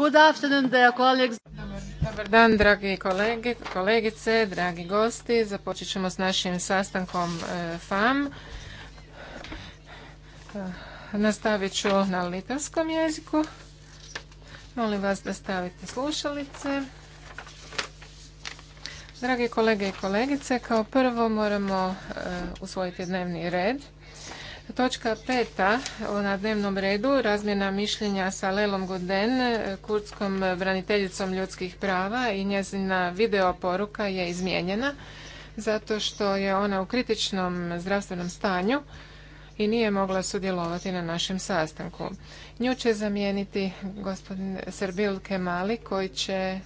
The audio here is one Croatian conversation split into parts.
Good afternoon, Dobar dan, dragi kolege, kolegice, dragi gosti. Započet ćemo s našim sastankom e, FAM. E, nastavit ću na litavskom jeziku. Molim vas da stavite slušalice. Dragi kolege i kolegice, kao prvo moramo e, usvojiti dnevni red. Točka peta na dnevnom redu, razmjena mišljenja sa Lelom Guden, kurdskom braniteljicom ljudskih prava i njezina videoporuka je izmijenjena zato što je ona u kritičnom zdravstvenom stanju i nije mogla sudjelovati na našem sastanku. Nju će zamijeniti gospodin Serbil Kemali koji će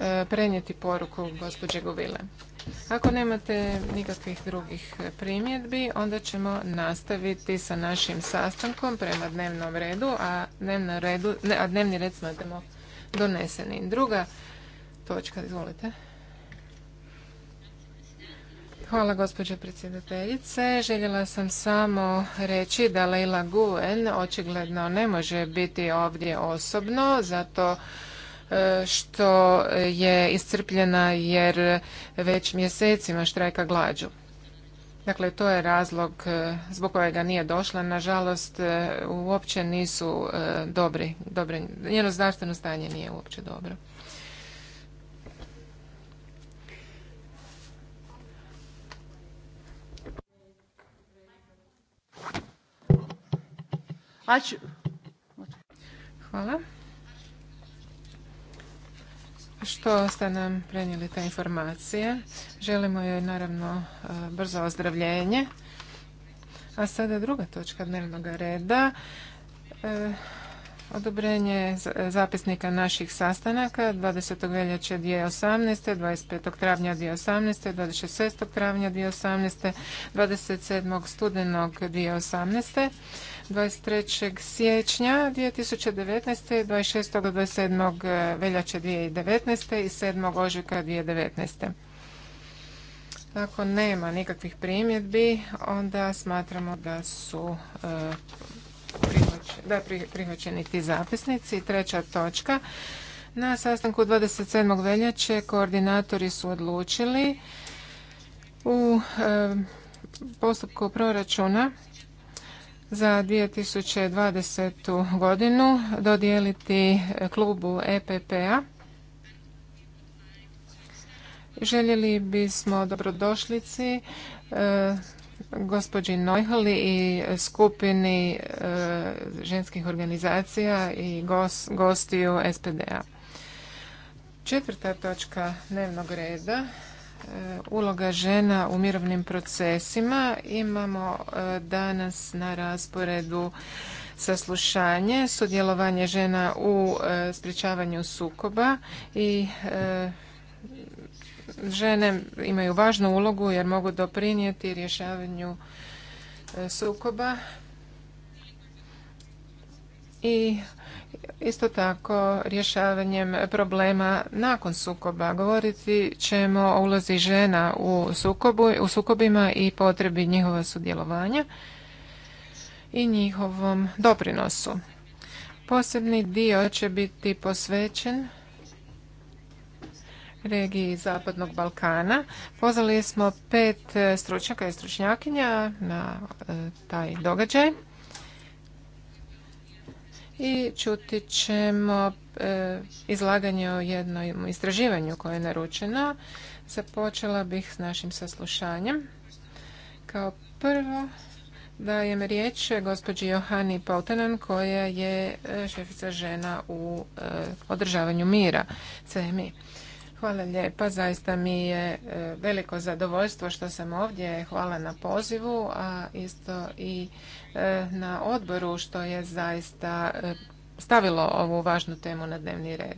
E, prenijeti poruku gospođe Guvile. Ako nemate nikakvih drugih e, primjedbi, onda ćemo nastaviti sa našim sastankom prema dnevnom redu, a, dnevno redu, ne, a dnevni red smatramo doneseni. Druga točka, izvolite. Hvala gospođo predsjedateljice. Željela sam samo reći da Leila Guen očigledno ne može biti ovdje osobno, zato E, što je iscrpljena jer već mjesecima štrajka glađu. Dakle, to je razlog e, zbog kojega nije došla. Nažalost, e, uopće nisu dobri. dobri njeno zdravstveno stanje nije uopće dobro. Hvala što ste nam prenijeli te informacije. Želimo joj naravno e, brzo ozdravljenje. A sada druga točka dnevnog reda. E, odobrenje zapisnika naših sastanaka 20. veljače 2018. 25. travnja 2018. 26. travnja 2018. 27. studenog 2018. 23. siječnja 2019. 26. do 27. veljače 2019. i 7. ožujka 2019. Ako nema nikakvih primjedbi, onda smatramo da su e, da prihvaćeni ti zapisnici. Treća točka. Na sastanku 27. veljače koordinatori su odlučili u e, postupku proračuna za 2020. godinu dodijeliti klubu EPP-a. Željeli bismo dobrodošlici e, gospođi nojholi i skupini e, ženskih organizacija i gostiju SPD-a. Četvrta točka dnevnog reda E, uloga žena u mirovnim procesima. Imamo e, danas na rasporedu saslušanje, sudjelovanje žena u e, sprječavanju sukoba i žene imaju važnu ulogu jer mogu doprinijeti rješavanju sukoba i Isto tako, rješavanjem problema nakon sukoba. Govoriti ćemo o ulozi žena u, sukobu, u sukobima i potrebi njihova sudjelovanja i njihovom doprinosu. Posebni dio će biti posvećen regiji Zapadnog Balkana. Pozvali smo pet stručnjaka i stručnjakinja na e, taj događaj i čuti ćemo e, izlaganje o jednom istraživanju koje je naručeno. Započela bih s našim saslušanjem. Kao prvo dajem riječ gospođi Johani Poutenan koja je e, šefica žena u e, održavanju mira CMI. Hvala lijepa, zaista mi je e, veliko zadovoljstvo što sam ovdje, hvala na pozivu, a isto i e, na odboru što je zaista e, stavilo ovu važnu temu na dnevni red.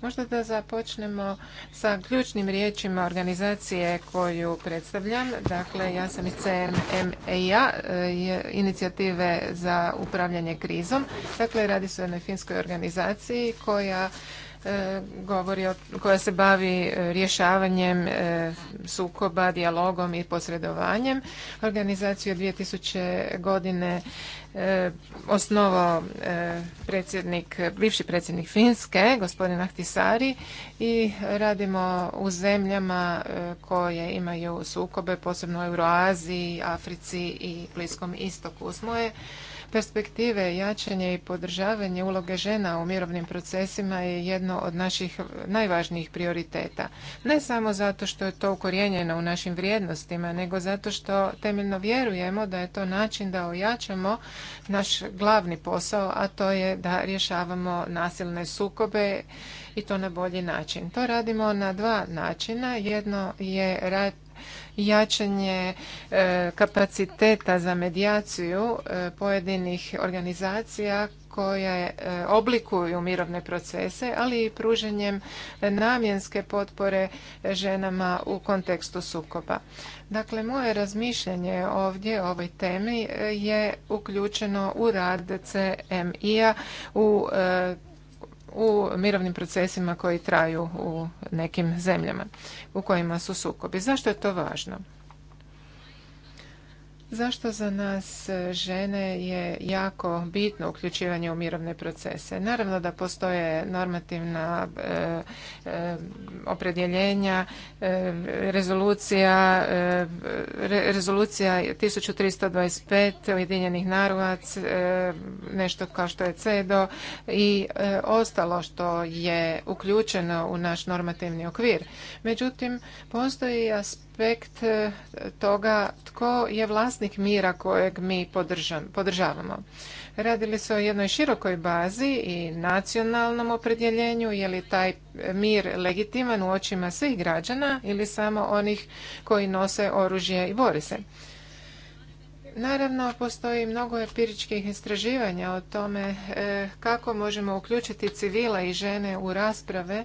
Možda da započnemo sa ključnim riječima organizacije koju predstavljam. Dakle, ja sam iz CMMEA, inicijative za upravljanje krizom. Dakle, radi se o jednoj finskoj organizaciji koja E, govori o, koja se bavi e, rješavanjem e, sukoba, dijalogom i posredovanjem. Organizaciju 2000 godine osnovao predsjednik, bivši predsjednik Finske, gospodin Ahtisari i radimo u zemljama koje imaju sukobe, posebno u Euroaziji, Africi i Bliskom istoku. Smo perspektive jačanje i podržavanje uloge žena u mirovnim procesima je jedno od naših najvažnijih prioriteta. Ne samo zato što je to ukorijenjeno u našim vrijednostima, nego zato što temeljno vjerujemo da je to način da ojačamo naš glavni posao, a to je da rješavamo nasilne sukobe i to na bolji način. To radimo na dva načina. Jedno je rad jačanje e, kapaciteta za medijaciju e, pojedinih organizacija koje e, oblikuju mirovne procese, ali i pruženjem namjenske potpore ženama u kontekstu sukoba. Dakle, moje razmišljanje ovdje o ovoj temi je uključeno u rad CMI-a u u mirovnim procesima koji traju u nekim zemljama u kojima su sukobi. Zašto je to važno? Zašto za nas e, žene je jako bitno uključivanje u mirovne procese? Naravno da postoje normativna e, e, opredjeljenja, rezolucija, rezolucija 1325 Ujedinjenih narovac, nešto kao što je CEDO i ostalo što je uključeno u naš normativni okvir. Međutim, postoji aspekt toga tko je vlast glasnik mira kojeg mi podržavamo. Radili se o jednoj širokoj bazi i nacionalnom opredjeljenju, je li taj mir legitiman u očima svih građana ili samo onih koji nose oružje i bore se. Naravno, postoji mnogo empiričkih istraživanja o tome eh, kako možemo uključiti civila i žene u rasprave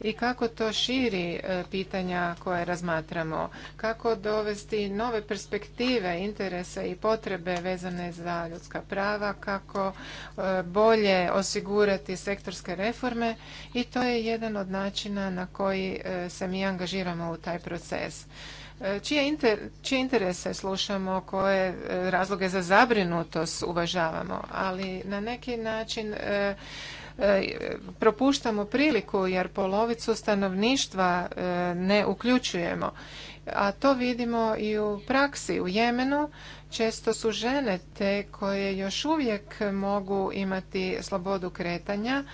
i kako to širi e, pitanja koje razmatramo, kako dovesti nove perspektive, interese i potrebe vezane za ljudska prava, kako e, bolje osigurati sektorske reforme i to je jedan od načina na koji e, se mi angažiramo u taj proces. Čije, inter, čije interese slušamo, koje razloge za zabrinutost uvažavamo, ali na neki način propuštamo priliku jer polovicu stanovništva e, ne uključujemo. A to vidimo i u praksi u Jemenu. Često su žene te koje još uvijek mogu imati slobodu kretanja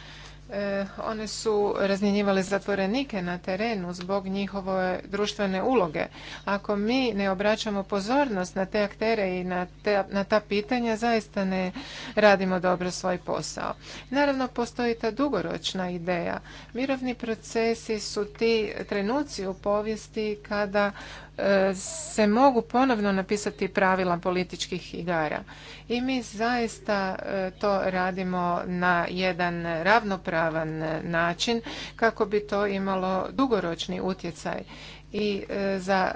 E, one su razmjenjivale zatvorenike na terenu zbog njihove društvene uloge. Ako mi ne obraćamo pozornost na te aktere i na, na ta pitanja, zaista ne radimo dobro svoj posao. Naravno, postoji ta dugoročna ideja. Mirovni procesi su ti trenuci u povijesti kada E, se mogu ponovno napisati pravila političkih igara. I mi zaista e, to radimo na jedan ravnopravan način kako bi to imalo dugoročni utjecaj. I, e, za,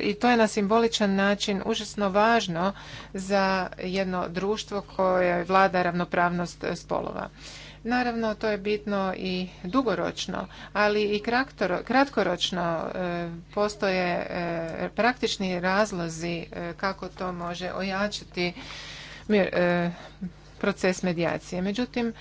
I to je na simboličan način užasno važno za jedno društvo koje vlada ravnopravnost spolova. Naravno, to je bitno i dugoročno, ali i kratkoročno e, postoje e, praktični razlozi e, kako to može ojačati proces medijacije. Međutim,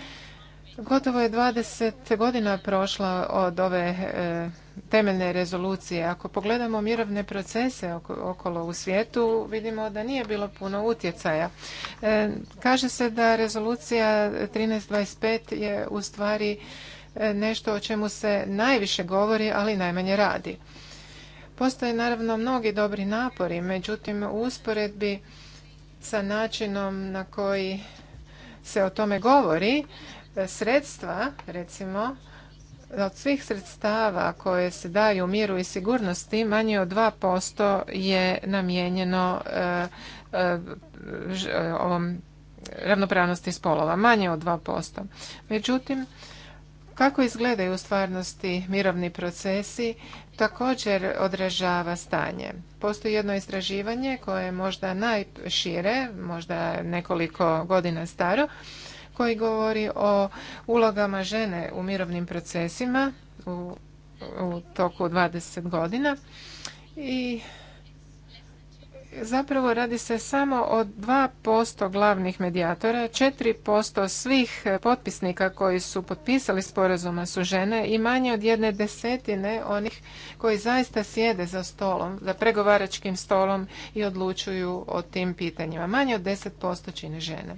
Gotovo je 20 godina prošla od ove e, temeljne rezolucije. Ako pogledamo mirovne procese okolo u svijetu, vidimo da nije bilo puno utjecaja. E, kaže se da rezolucija 1325 je u stvari e, nešto o čemu se najviše govori, ali najmanje radi. Postoje naravno mnogi dobri napori, međutim u usporedbi sa načinom na koji se o tome govori, sredstva, recimo, od svih sredstava koje se daju u miru i sigurnosti, manje od 2% je namijenjeno e, e, e, ovom ravnopravnosti spolova, manje od 2%. Međutim, kako izgledaju u stvarnosti mirovni procesi također odražava stanje. Postoji jedno istraživanje koje je možda najšire, možda nekoliko godina staro, koji govori o ulogama žene u mirovnim procesima u, u toku 20 godina i zapravo radi se samo o 2% glavnih medijatora, 4% svih potpisnika koji su potpisali sporazuma su žene i manje od jedne desetine onih koji zaista sjede za stolom, za pregovaračkim stolom i odlučuju o tim pitanjima. Manje od 10% čine žene.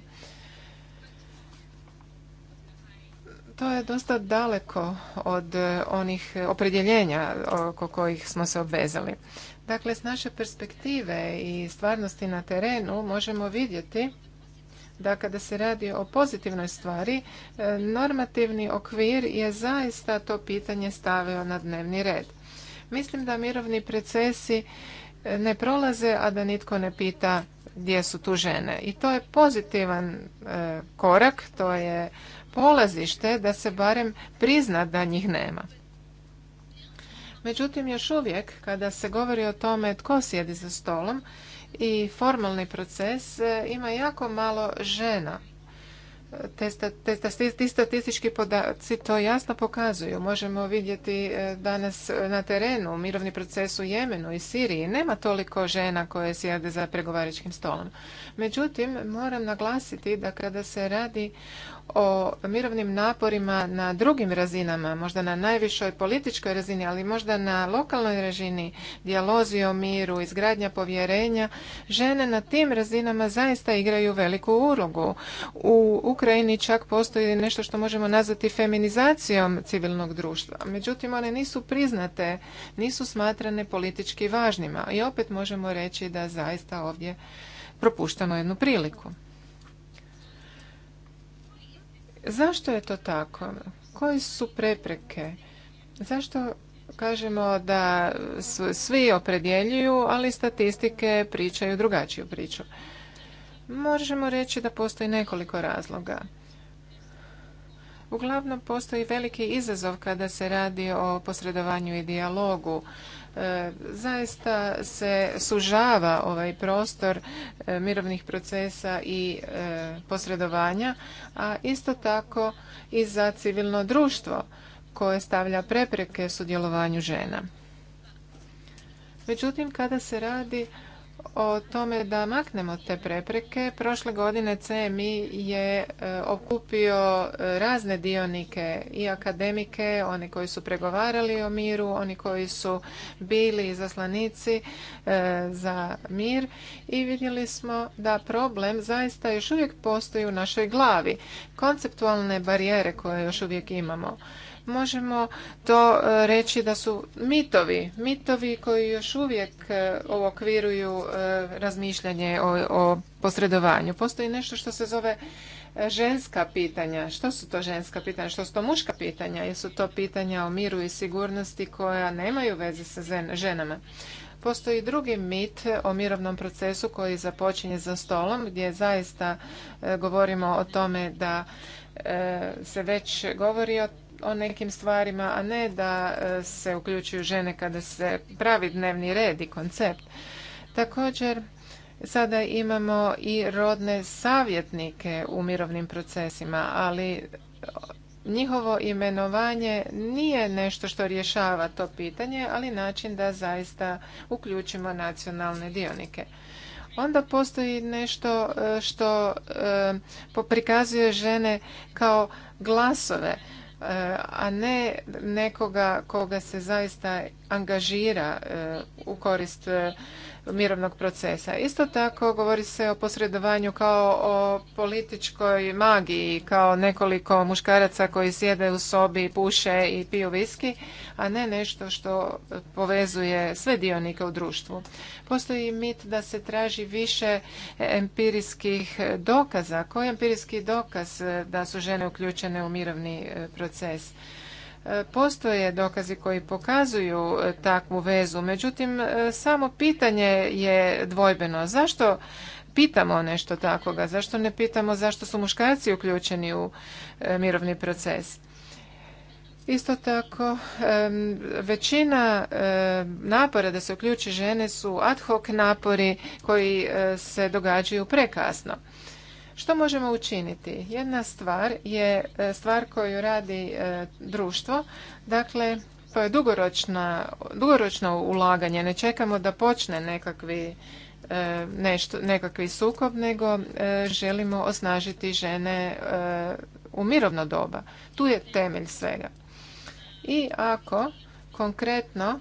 to je dosta daleko od eh, onih opredjeljenja oko kojih smo se obvezali. Dakle, s naše perspektive i stvarnosti na terenu možemo vidjeti da kada se radi o pozitivnoj stvari, eh, normativni okvir je zaista to pitanje stavio na dnevni red. Mislim da mirovni procesi eh, ne prolaze, a da nitko ne pita gdje su tu žene. I to je pozitivan korak, to je polazište da se barem prizna da njih nema. Međutim, još uvijek kada se govori o tome tko sjedi za stolom i formalni proces e, ima jako malo žena. Te, te, ti statistički podaci to jasno pokazuju. Možemo vidjeti e, danas na terenu mirovni proces u Jemenu i Siriji. Nema toliko žena koje sjede za pregovaračkim stolom. Međutim, moram naglasiti da kada se radi o mirovnim naporima na drugim razinama, možda na najvišoj političkoj razini, ali možda na lokalnoj razini, dijalozi o miru, izgradnja povjerenja, žene na tim razinama zaista igraju veliku ulogu. U Ukrajini čak postoji nešto što možemo nazvati feminizacijom civilnog društva. Međutim, one nisu priznate, nisu smatrane politički važnima i opet možemo reći da zaista ovdje propuštamo jednu priliku. Zašto je to tako? Koje su prepreke? Zašto kažemo da svi opredjeljuju, ali statistike pričaju drugačiju priču? Možemo reći da postoji nekoliko razloga. Uglavnom postoji veliki izazov kada se radi o posredovanju i dijalogu zaista se sužava ovaj prostor e, mirovnih procesa i e, posredovanja, a isto tako i za civilno društvo koje stavlja prepreke sudjelovanju žena. Međutim, kada se radi o tome da maknemo te prepreke. Prošle godine CMI je e, okupio e, razne dionike i akademike, oni koji su pregovarali o miru, oni koji su bili zaslanici e, za mir i vidjeli smo da problem zaista još uvijek postoji u našoj glavi. Konceptualne barijere koje još uvijek imamo možemo to e, reći da su mitovi, mitovi koji još uvijek e, uokviruju e, razmišljanje o, o posredovanju. Postoji nešto što se zove ženska pitanja. Što su to ženska pitanja? Što su to muška pitanja? Jesu to pitanja o miru i sigurnosti koja nemaju veze sa ženama? Postoji drugi mit o mirovnom procesu koji započinje za stolom gdje zaista govorimo o tome da se već govori o o nekim stvarima, a ne da e, se uključuju žene kada se pravi dnevni red i koncept. Također, sada imamo i rodne savjetnike u mirovnim procesima, ali njihovo imenovanje nije nešto što rješava to pitanje, ali način da zaista uključimo nacionalne dionike. Onda postoji nešto e, što e, prikazuje žene kao glasove E, a ne nekoga koga se zaista angažira e, u korist e, mirovnog procesa. Isto tako govori se o posredovanju kao o političkoj magiji, kao nekoliko muškaraca koji sjede u sobi, puše i piju viski, a ne nešto što povezuje sve dionike u društvu. Postoji mit da se traži više empirijskih dokaza. Koji empirijski dokaz da su žene uključene u mirovni e, proces? E, postoje dokazi koji pokazuju e, takvu vezu, međutim e, samo pitanje je dvojbeno. Zašto pitamo nešto takoga? Zašto ne pitamo zašto su muškarci uključeni u mirovni proces? Isto tako, većina napora da se uključi žene su ad hoc napori koji se događaju prekasno. Što možemo učiniti? Jedna stvar je e, stvar koju radi e, društvo. Dakle, to je dugoročno ulaganje. Ne čekamo da počne nekakvi e, nešto, nekakvi sukob, nego želimo osnažiti žene u mirovno doba. Tu je temelj svega. I ako konkretno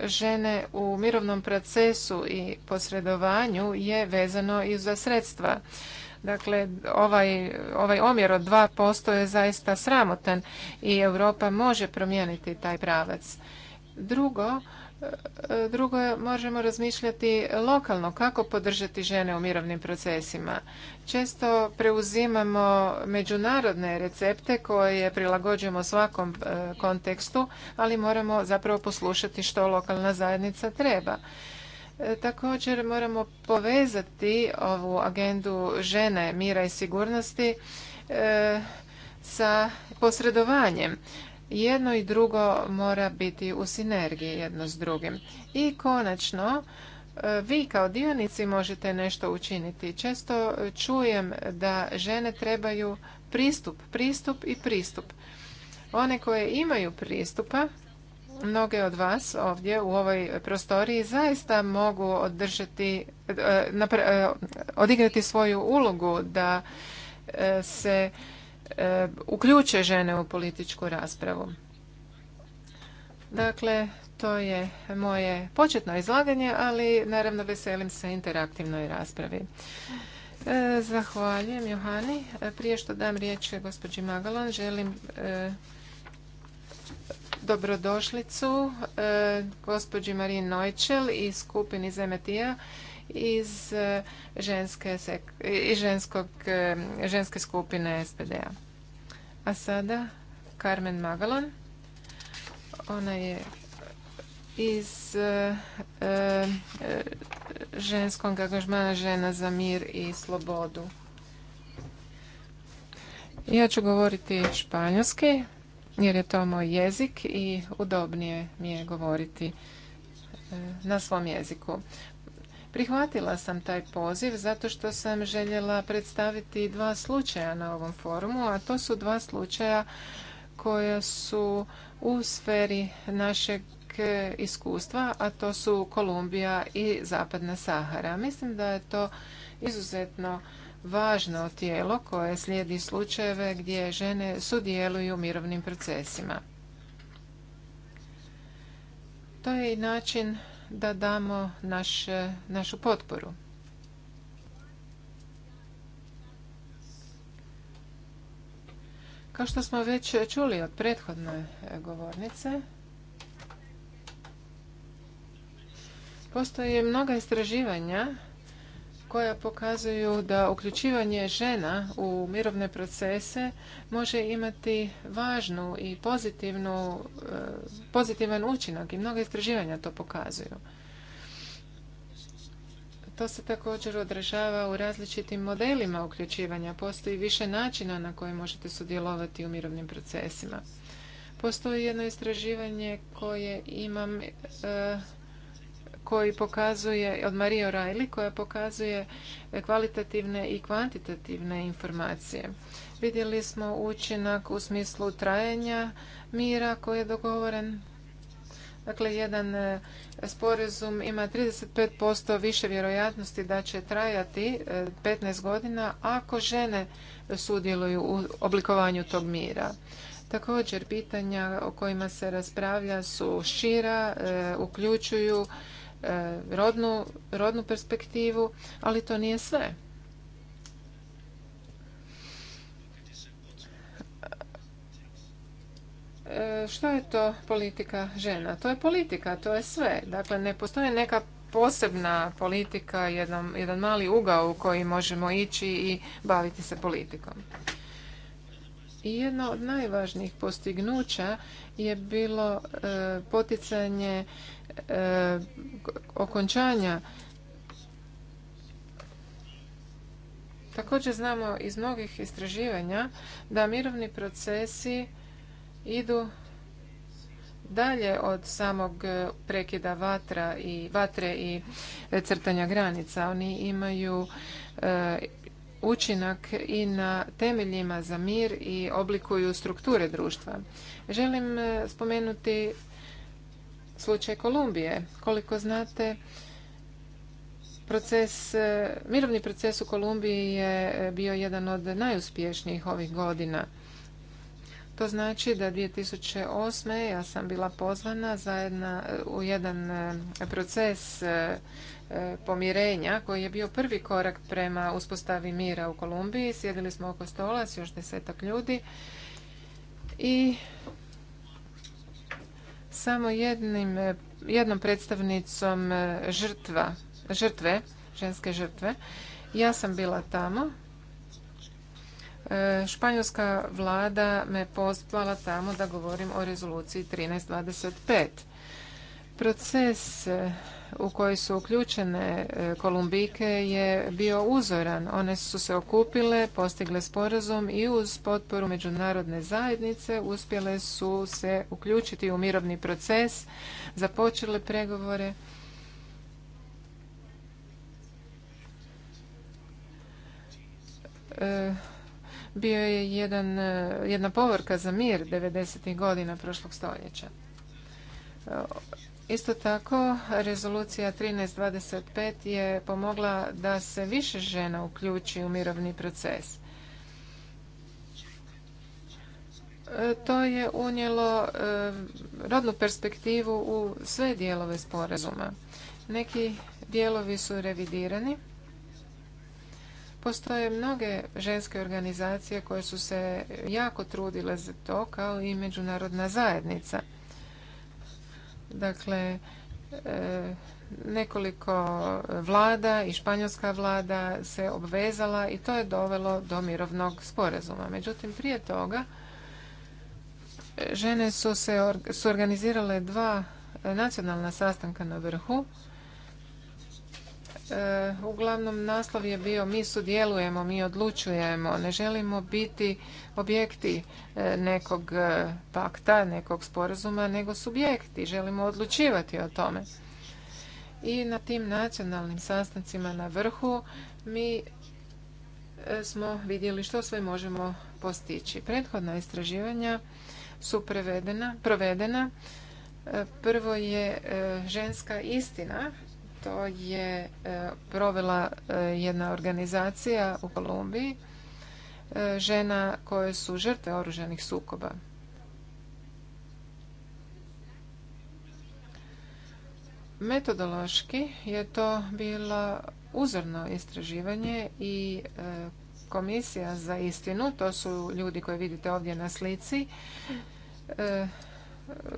žene u mirovnom procesu i posredovanju je vezano i za sredstva. Dakle, ovaj, ovaj omjer od 2% je zaista sramotan i Europa može promijeniti taj pravac. Drugo, Drugo možemo razmišljati lokalno kako podržati žene u mirovnim procesima. Često preuzimamo međunarodne recepte koje prilagođujemo svakom e, kontekstu, ali moramo zapravo poslušati što lokalna zajednica treba. E, također moramo povezati ovu agendu žene, mira i sigurnosti e, sa posredovanjem. Jedno i drugo mora biti u sinergiji jedno s drugim. I konačno, e, vi kao dionici možete nešto učiniti. Često čujem da žene trebaju pristup, pristup i pristup. One koje imaju pristupa, mnoge od vas ovdje u ovoj prostoriji zaista mogu održati, e, e, odigrati svoju ulogu da se E, uključe žene u političku raspravu. Dakle, to je moje početno izlaganje, ali naravno veselim se interaktivnoj raspravi. E, zahvaljujem Johani. E, prije što dam riječ gospođi Magalan, želim dobrodošlicu gospođi Marin Nojčel iz skupini Zemetija iz ženske, ženske skupine SPD-a. A sada Carmen Magalan. Ona je iz e, e, ženskog angažmana žena za mir i slobodu. Ja ću govoriti španjolski jer je to moj jezik i udobnije mi je govoriti e, na svom jeziku. Prihvatila sam taj poziv zato što sam željela predstaviti dva slučaja na ovom forumu, a to su dva slučaja koja su u sferi našeg iskustva, a to su Kolumbija i Zapadna Sahara. Mislim da je to izuzetno važno tijelo koje slijedi slučajeve gdje žene sudjeluju u mirovnim procesima. To je i način da damo našu potporu. Kao što smo već čuli od prethodne govornice, postoje mnoga istraživanja koja pokazuju da uključivanje žena u mirovne procese može imati važnu i pozitivnu, e, pozitivan učinak i mnoga istraživanja to pokazuju. To se također odražava u različitim modelima uključivanja. Postoji više načina na koje možete sudjelovati u mirovnim procesima. Postoji jedno istraživanje koje imam e, koji pokazuje, od Marije O'Reilly, koja pokazuje kvalitativne i kvantitativne informacije. Vidjeli smo učinak u smislu trajanja mira koji je dogovoren. Dakle, jedan e, sporazum ima 35% više vjerojatnosti da će trajati 15 e, godina ako žene sudjeluju u oblikovanju tog mira. Također, pitanja o kojima se raspravlja su šira, e, uključuju E, rodnu, perspektivu, ali to nije sve. E, što je to politika žena? To je politika, to je sve. Dakle, ne postoji neka posebna politika, jedan, jedan mali ugao u koji možemo ići i baviti se politikom. I jedno od najvažnijih postignuća je bilo e, poticanje e, okončanja Također znamo iz mnogih istraživanja da mirovni procesi idu dalje od samog prekida vatra i vatre i e, crtanja granica. Oni imaju učinak i na temeljima za mir i oblikuju strukture društva. Želim e, spomenuti slučaj Kolumbije. Koliko znate, proces, e, mirovni proces u Kolumbiji je e, bio jedan od najuspješnijih ovih godina. To znači da 2008. ja sam bila pozvana zajedna u jedan proces pomirenja koji je bio prvi korak prema uspostavi mira u Kolumbiji. Sjedili smo oko stola s još desetak ljudi i samo jednim, e, jednom predstavnicom e, žrtva, žrtve, ženske žrtve. Ja sam bila tamo. E, španjolska vlada me pozvala tamo da govorim o rezoluciji 1325. Proces u koji su uključene e, Kolumbike je bio uzoran. One su se okupile, postigle sporazum i uz potporu međunarodne zajednice uspjele su se uključiti u mirovni proces, započele pregovore. E, bio je jedan, e, jedna povorka za mir 90. godina prošlog stoljeća. Isto tako, rezolucija 1325 je pomogla da se više žena uključi u mirovni proces. E, to je unijelo e, rodnu perspektivu u sve dijelove sporazuma. Neki dijelovi su revidirani. Postoje mnoge ženske organizacije koje su se jako trudile za to, kao i međunarodna zajednica. Dakle, e, nekoliko vlada i španjolska vlada se obvezala i to je dovelo do mirovnog sporazuma. Međutim, prije toga e, žene su se su organizirale dva nacionalna sastanka na vrhu E, uglavnom naslov je bio mi sudjelujemo, mi odlučujemo, ne želimo biti objekti e, nekog e, pakta, nekog sporazuma, nego subjekti, želimo odlučivati o tome. I na tim nacionalnim sastancima na vrhu mi smo vidjeli što sve možemo postići. Prethodna istraživanja su provedena. Prvo je ženska istina to je e, provela e, jedna organizacija u Kolumbiji e, žena koje su žrtve oruženih sukoba. Metodološki je to bilo uzorno istraživanje i komisija za istinu, to su ljudi koje vidite ovdje na slici,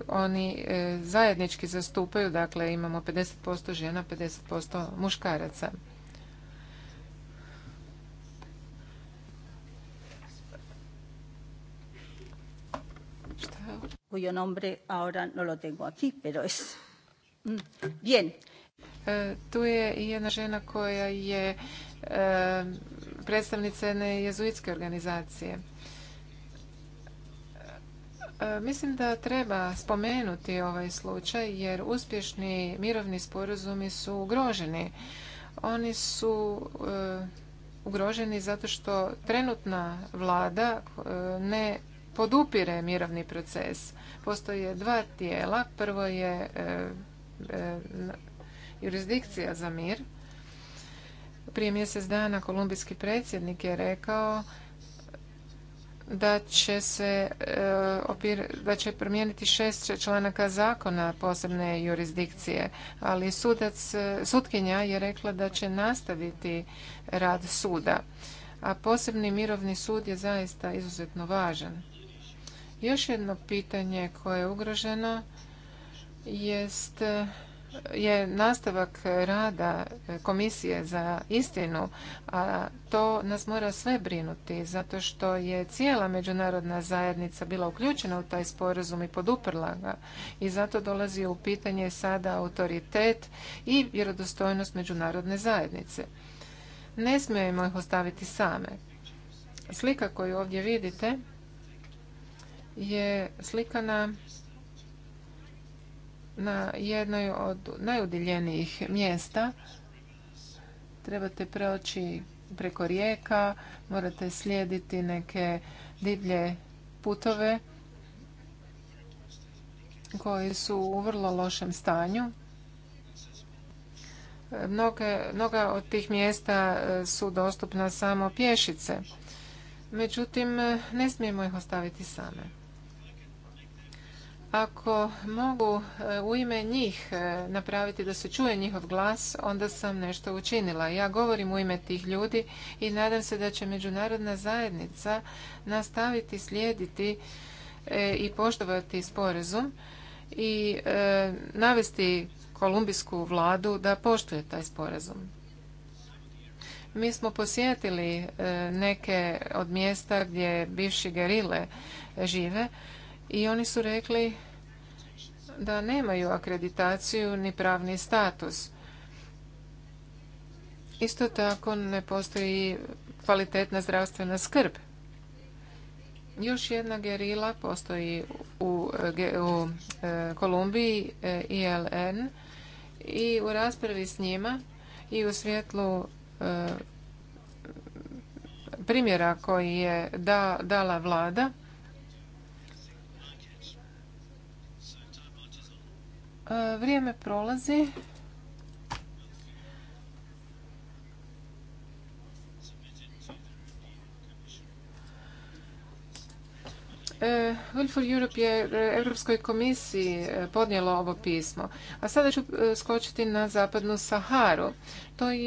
oni e, zajednički zastupaju, dakle imamo 50% žena, 50% muškaraca. cuyo nombre ahora no lo tengo aquí, pero es mm, bien. E, tu je i jedna žena koja je e, predstavnica jedne jezuitske organizacije. E, mislim da treba spomenuti ovaj slučaj jer uspješni mirovni sporazumi su ugroženi. Oni su e, ugroženi zato što trenutna vlada e, ne podupire mirovni proces. Postoje dva tijela. Prvo je jurisdikcija za mir. Prije mjesec dana kolumbijski predsjednik je rekao da će se e, da će promijeniti šest članaka zakona posebne jurisdikcije, ali sudac, e, sutkinja je rekla da će nastaviti rad suda. A posebni mirovni sud je zaista izuzetno važan. Još jedno pitanje koje je ugroženo jest e, je nastavak rada Komisije za istinu, a to nas mora sve brinuti, zato što je cijela međunarodna zajednica bila uključena u taj sporazum i poduprla ga i zato dolazi u pitanje sada autoritet i vjerodostojnost međunarodne zajednice. Ne smijemo ih ostaviti same. Slika koju ovdje vidite je na na jednoj od najudiljenijih mjesta. Trebate proći preko rijeka, morate slijediti neke divlje putove koji su u vrlo lošem stanju. Mnoge, mnoga od tih mjesta e, su dostupna samo pješice. Međutim, e, ne smijemo ih ostaviti same. Ako mogu e, u ime njih e, napraviti da se čuje njihov glas, onda sam nešto učinila. Ja govorim u ime tih ljudi i nadam se da će međunarodna zajednica nastaviti slijediti e, i poštovati sporazum i navesti kolumbijsku vladu da poštuje taj sporazum. Mi smo posjetili neke od mjesta gdje bivši gerile žive i oni su rekli da nemaju akreditaciju ni pravni status. Isto tako ne postoji kvalitetna zdravstvena skrb. Još jedna gerila postoji u, e, Kolumbiji, e, ILN, i u raspravi s njima i u svjetlu e, primjera koji je da, dala vlada, E, vrijeme prolazi. Will e, for Europe je Europskoj komisiji e, podnijelo ovo pismo. A sada ću skočiti na zapadnu Saharu. To je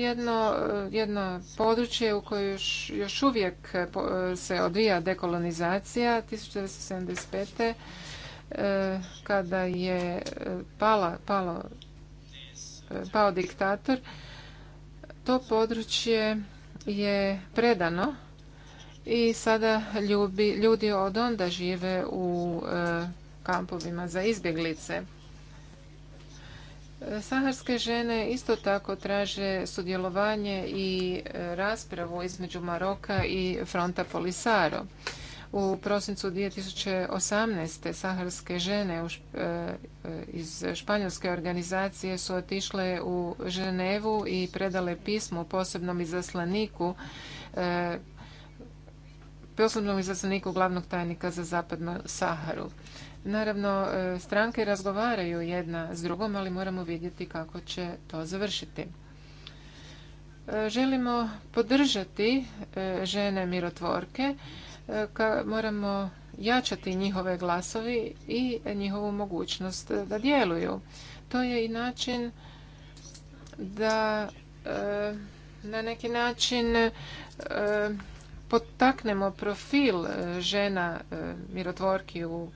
jedno, područje u kojoj još, još uvijek se odvija dekolonizacija 1975. E, kada je e, pala, palo, e, pao diktator, to područje je predano i sada ljubi, ljudi od onda žive u kampovima za izbjeglice. Saharske žene isto tako traže sudjelovanje i raspravu između Maroka i fronta Polisaro. U prosincu 2018. saharske žene e, e, iz španjolske organizacije su otišle u Ženevu i predale pismo posebnom izaslaniku e, posebnom izaslaniku glavnog tajnika za zapadnu Saharu. Naravno, stranke razgovaraju jedna s drugom, ali moramo vidjeti kako će to završiti. Želimo podržati žene mirotvorke, moramo jačati njihove glasovi i njihovu mogućnost da djeluju. To je i način da e, na neki način e, potaknemo profil e, žena mirotvorki u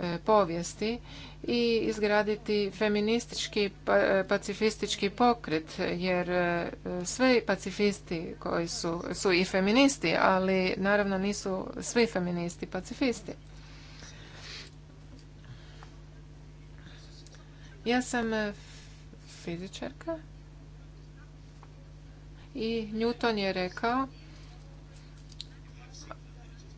E, povijesti i izgraditi feministički pa, e, pacifistički pokret jer e, sve pacifisti koji su su i feministi, ali naravno nisu svi feministi pacifisti. Ja sam fizičarka i Newton je rekao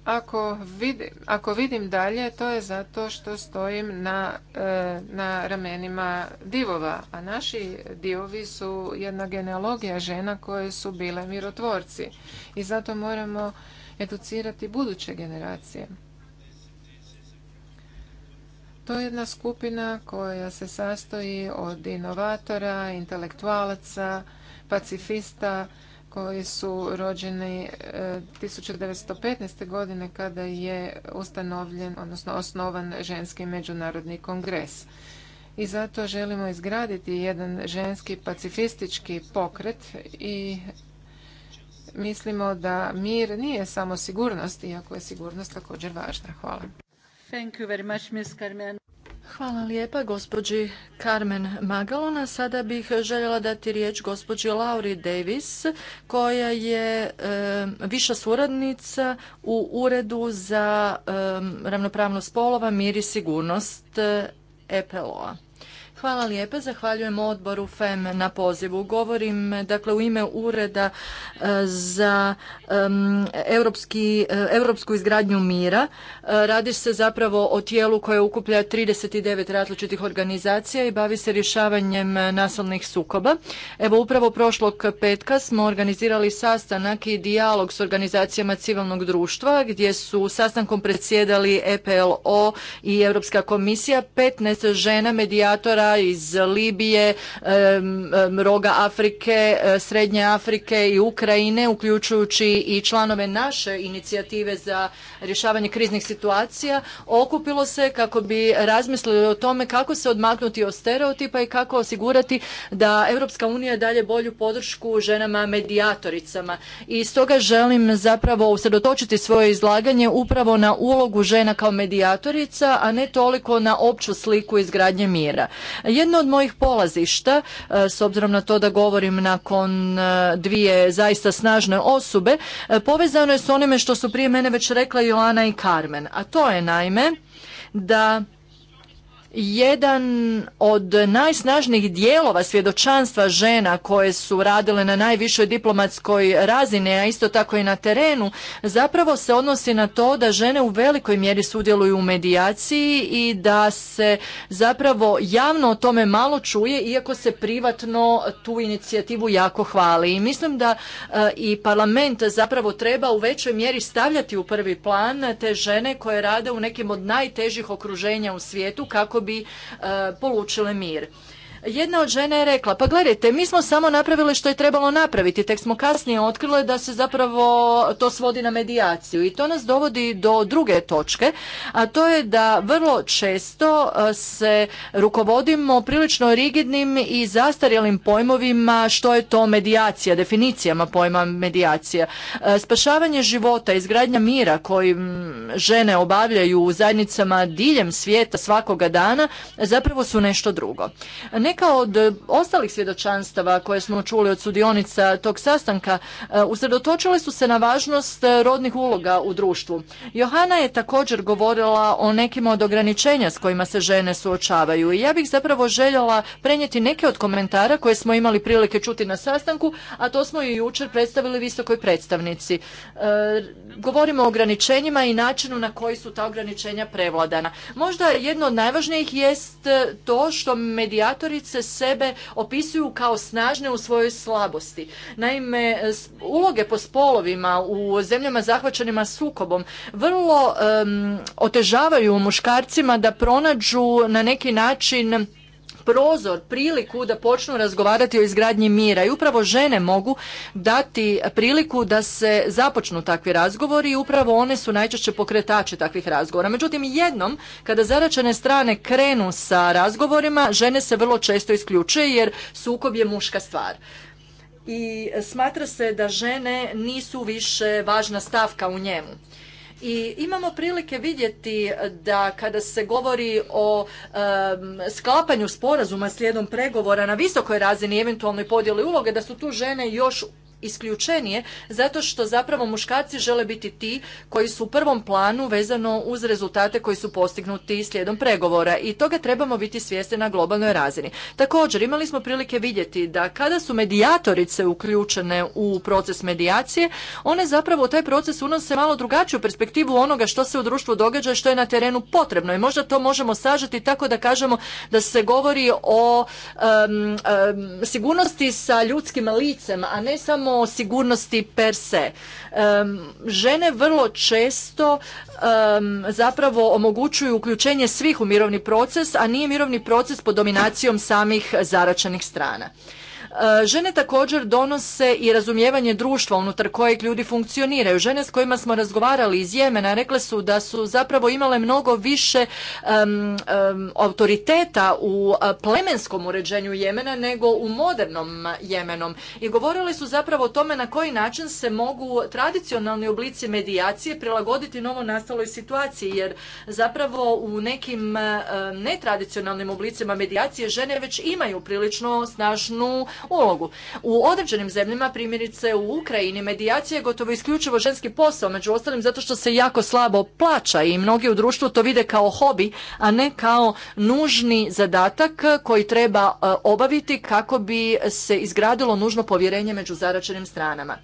ako vidim, ako vidim dalje, to je zato što stojim na, e, na ramenima divova, a naši divovi su jedna genealogija žena koje su bile mirotvorci i zato moramo educirati buduće generacije. To je jedna skupina koja se sastoji od inovatora, intelektualaca, pacifista, koji su rođeni 1915. E, godine kada je ustanovljen, odnosno osnovan ženski međunarodni kongres. I zato želimo izgraditi jedan ženski pacifistički pokret i mislimo da mir nije samo sigurnost, iako je sigurnost također važna. Hvala. Hvala lijepa gospođi Carmen Magalona. Sada bih željela dati riječ gospođi Lauri Davis koja je viša suradnica u Uredu za ravnopravnost polova, mir i sigurnost EPLO-a. Hvala lijepa. Zahvaljujem odboru FEM na pozivu. Govorim dakle u ime ureda e, za europski, e, europsku izgradnju mira. E, radi se zapravo o tijelu koje ukuplja 39 različitih organizacija i bavi se rješavanjem nasilnih sukoba. Evo upravo prošlog petka smo organizirali sastanak i dijalog s organizacijama civilnog društva gdje su sastankom predsjedali EPLO i Europska komisija 15 žena medijatora iz Libije, roga Afrike, e, Srednje Afrike i Ukrajine, uključujući i članove naše inicijative za rješavanje kriznih situacija, okupilo se kako bi razmislili o tome kako se odmaknuti od stereotipa i kako osigurati da Europska unija dalje bolju podršku ženama medijatoricama. I stoga želim zapravo usredotočiti svoje izlaganje upravo na ulogu žena kao medijatorica, a ne toliko na opću sliku izgradnje mira. Jedno od mojih polazišta, e, s obzirom na to da govorim nakon e, dvije zaista snažne osobe, e, povezano je s onime što su prije mene već rekla Joana i Carmen, a to je naime da jedan od najsnažnijih dijelova svjedočanstva žena koje su radile na najvišoj diplomatskoj razini, a isto tako i na terenu, zapravo se odnosi na to da žene u velikoj mjeri sudjeluju u medijaciji i da se zapravo javno o tome malo čuje, iako se privatno tu inicijativu jako hvali. I mislim da eh, i parlament zapravo treba u većoj mjeri stavljati u prvi plan te žene koje rade u nekim od najtežih okruženja u svijetu kako kako bi e, polučile mir. Jedna od žena je rekla, pa gledajte, mi smo samo napravili što je trebalo napraviti, tek smo kasnije otkrile da se zapravo to svodi na medijaciju i to nas dovodi do druge točke, a to je da vrlo često e, se rukovodimo prilično rigidnim i zastarjelim pojmovima što je to medijacija, definicijama pojma medijacija. E, spašavanje života, izgradnja mira koji žene obavljaju u zajednicama diljem svijeta svakoga dana zapravo su nešto drugo. Neka od e, ostalih svjedočanstava koje smo čuli od sudionica tog sastanka e, usredotočile su se na važnost e, rodnih uloga u društvu. Johana je također govorila o nekim od ograničenja s kojima se žene suočavaju i ja bih zapravo željela prenijeti neke od komentara koje smo imali prilike čuti na sastanku, a to smo i jučer predstavili visokoj predstavnici. govorimo o ograničenjima i načinu na koji su ta ograničenja prevladana. Možda jedno od najvažnijih jest to što medijatori se sebe opisuju kao snažne u svojoj slabosti. Naime, uloge po spolovima u zemljama zahvaćenima sukobom vrlo otežavaju muškarcima da pronađu na neki način prozor, priliku da počnu razgovarati o izgradnji mira i upravo žene mogu dati priliku da se započnu takvi razgovori i upravo one su najčešće pokretači takvih razgovora. Međutim, jednom kada zaračene strane krenu sa razgovorima, žene se vrlo često isključuje jer sukob je muška stvar i smatra se da žene nisu više važna stavka u njemu. I imamo prilike vidjeti da kada se govori o sklapanju sporazuma slijedom pregovora na visokoj razini eventualnoj podjeli uloge, da su tu žene još isključenije zato što zapravo muškarci žele biti ti koji su u prvom planu vezano uz rezultate koji su postignuti slijedom pregovora i toga trebamo biti svjesni na globalnoj razini. Također, imali smo prilike vidjeti da kada su medijatorice uključene u proces medijacije, one zapravo u taj proces unose malo drugačiju perspektivu onoga što se u društvu događa i što je na terenu potrebno i možda to možemo sažeti tako da kažemo da se govori o sigurnosti sa ljudskim licem, a ne samo o sigurnosti per se. Žene vrlo često zapravo omogućuju uključenje svih u mirovni proces, a nije mirovni proces pod dominacijom samih zaračenih strana. E, žene također donose i razumijevanje društva unutar kojeg ljudi funkcioniraju. Žene s kojima smo razgovarali iz Jemena rekle su da su zapravo imale mnogo više autoriteta u e, plemenskom uređenju Jemena nego u modernom Jemenom. I govorili su zapravo o tome na koji način se mogu tradicionalni oblici medijacije prilagoditi novo nastaloj situaciji jer zapravo u nekim um, netradicionalnim oblicima medijacije žene već imaju prilično snažnu ulogu. U određenim zemljama, primjerice u Ukrajini, medijacija je gotovo isključivo ženski posao, među ostalim zato što se jako slabo plaća i mnogi u društvu to vide kao hobi, a ne kao nužni zadatak koji treba eh, obaviti kako bi se izgradilo nužno povjerenje među zaračenim stranama.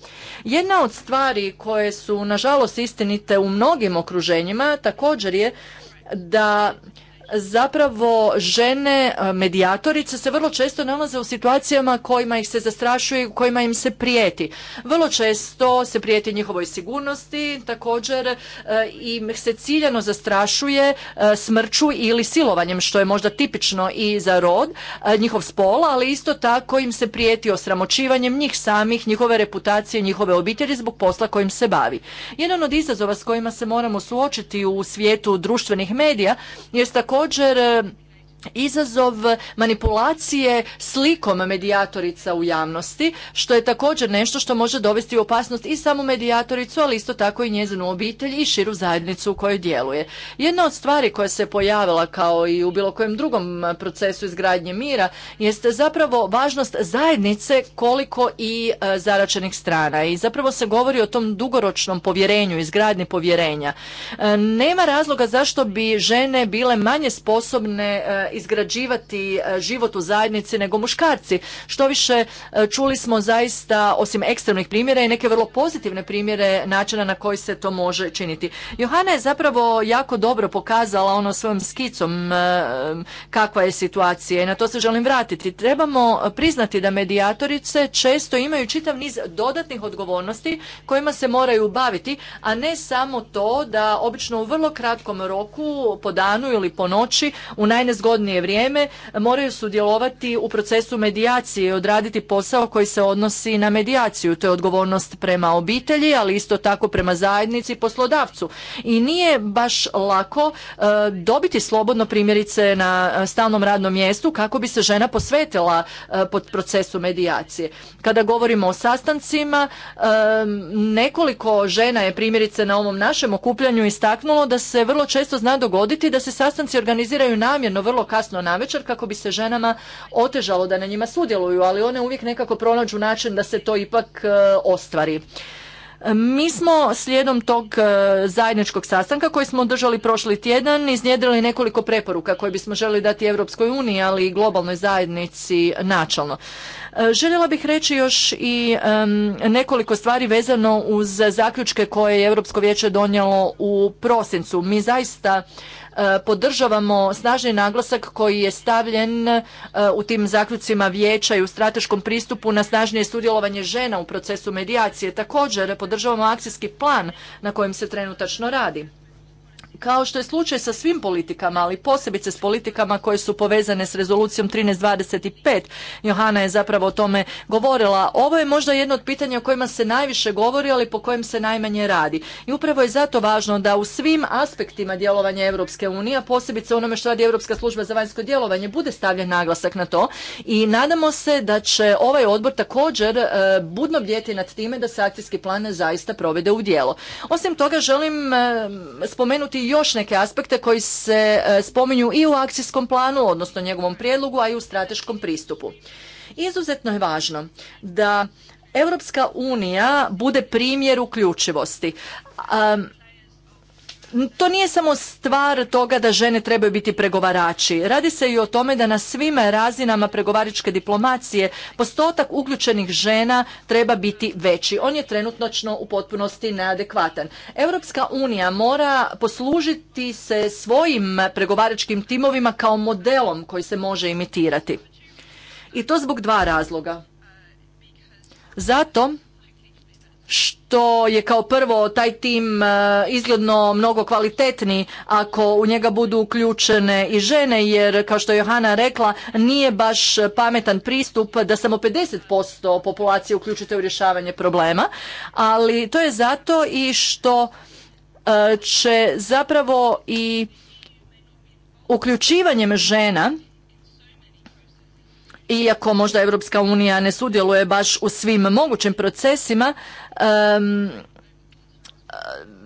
Jedna od stvari koje su nažalost istinite u mnogim okruženjima također je da zapravo žene e, medijatorice se vrlo često nalaze u situacijama kojima ih se zastrašuje i kojima im se prijeti. Vrlo često se prijeti njihovoj sigurnosti, također e, im se ciljano zastrašuje e, smrću ili silovanjem, što je možda tipično i za rod, njihov spol, ali isto tako im se prijeti osramočivanjem njih samih, njihove reputacije, njihove obitelji zbog posla kojim se bavi. Jedan od izazova s kojima se moramo suočiti u svijetu društvenih medija jest također također izazov manipulacije slikom medijatorica u javnosti, što je također nešto što može dovesti u opasnost i samu medijatoricu, ali isto tako i njezinu obitelj i širu zajednicu u kojoj djeluje. Jedna od stvari koja se pojavila kao i u bilo kojem drugom procesu izgradnje mira jeste zapravo važnost zajednice koliko i e, zaračenih strana. I zapravo se govori o tom dugoročnom povjerenju, izgradnji povjerenja. E, nema razloga zašto bi žene bile manje sposobne e, izgrađivati e, život u zajednici nego muškarci. Što više e, čuli smo zaista osim ekstremnih primjera i neke vrlo pozitivne primjere načina na koji se to može činiti. Johana je zapravo jako dobro pokazala ono svojom skicom e, kakva je situacija i na to se želim vratiti. Trebamo priznati da medijatorice često imaju čitav niz dodatnih odgovornosti kojima se moraju baviti, a ne samo to da obično u vrlo kratkom roku po danu ili po noći u najnezgodnijem vrijeme moraju sudjelovati u procesu medijacije i odraditi posao koji se odnosi na medijaciju. To je odgovornost prema obitelji, ali isto tako prema zajednici i poslodavcu. I nije baš lako e, dobiti slobodno primjerice na e, stalnom radnom mjestu kako bi se žena posvetila e, pod procesu medijacije. Kada govorimo o sastancima, nekoliko žena je primjerice na ovom našem okupljanju istaknulo da se vrlo često zna dogoditi da se sastanci organiziraju namjerno vrlo kasno večer kako bi se ženama otežalo da na njima sudjeluju, ali one uvijek nekako pronađu način da se to ipak e, ostvari. Mi smo slijedom tog e, zajedničkog sastanka koji smo održali prošli tjedan iznjedrili nekoliko preporuka koje bismo želi dati Europskoj uniji, ali i globalnoj zajednici načalno. E, željela bih reći još i nekoliko stvari vezano uz zaključke koje je Europsko vijeće donijelo u prosincu. Mi zaista E, podržavamo snažni naglasak koji je stavljen e, u tim zaključcima vijeća i u strateškom pristupu na snažnije sudjelovanje žena u procesu medijacije. Također podržavamo akcijski plan na kojem se trenutačno radi kao što je slučaj sa svim politikama, ali posebice s politikama koje su povezane s rezolucijom 1325. Johana je zapravo o tome govorila. Ovo je možda jedno od pitanja o kojima se najviše govori, ali po kojem se najmanje radi. I upravo je zato važno da u svim aspektima djelovanja Europske unije, posebice onome što radi Europska služba za vanjsko djelovanje, bude stavljen naglasak na to. I nadamo se da će ovaj odbor također e, budno bdjeti nad time da se akcijski plan zaista provede u djelo. Osim toga želim e, spomenuti još neke aspekte koji se e, spominju i u akcijskom planu, odnosno njegovom prijedlogu, a i u strateškom pristupu. Izuzetno je važno da Europska unija bude primjer uključivosti to nije samo stvar toga da žene trebaju biti pregovarači. Radi se i o tome da na svim razinama pregovaračke diplomacije postotak uključenih žena treba biti veći. On je trenutnočno u potpunosti neadekvatan. Europska unija mora poslužiti se svojim pregovaračkim timovima kao modelom koji se može imitirati. I to zbog dva razloga. Zato što je kao prvo taj tim e, izgledno mnogo kvalitetniji ako u njega budu uključene i žene jer kao što je Johana rekla nije baš pametan pristup da samo 50% populacije uključite u rješavanje problema ali to je zato i što e, će zapravo i uključivanjem žena iako možda Europska unija ne sudjeluje baš u svim mogućim procesima,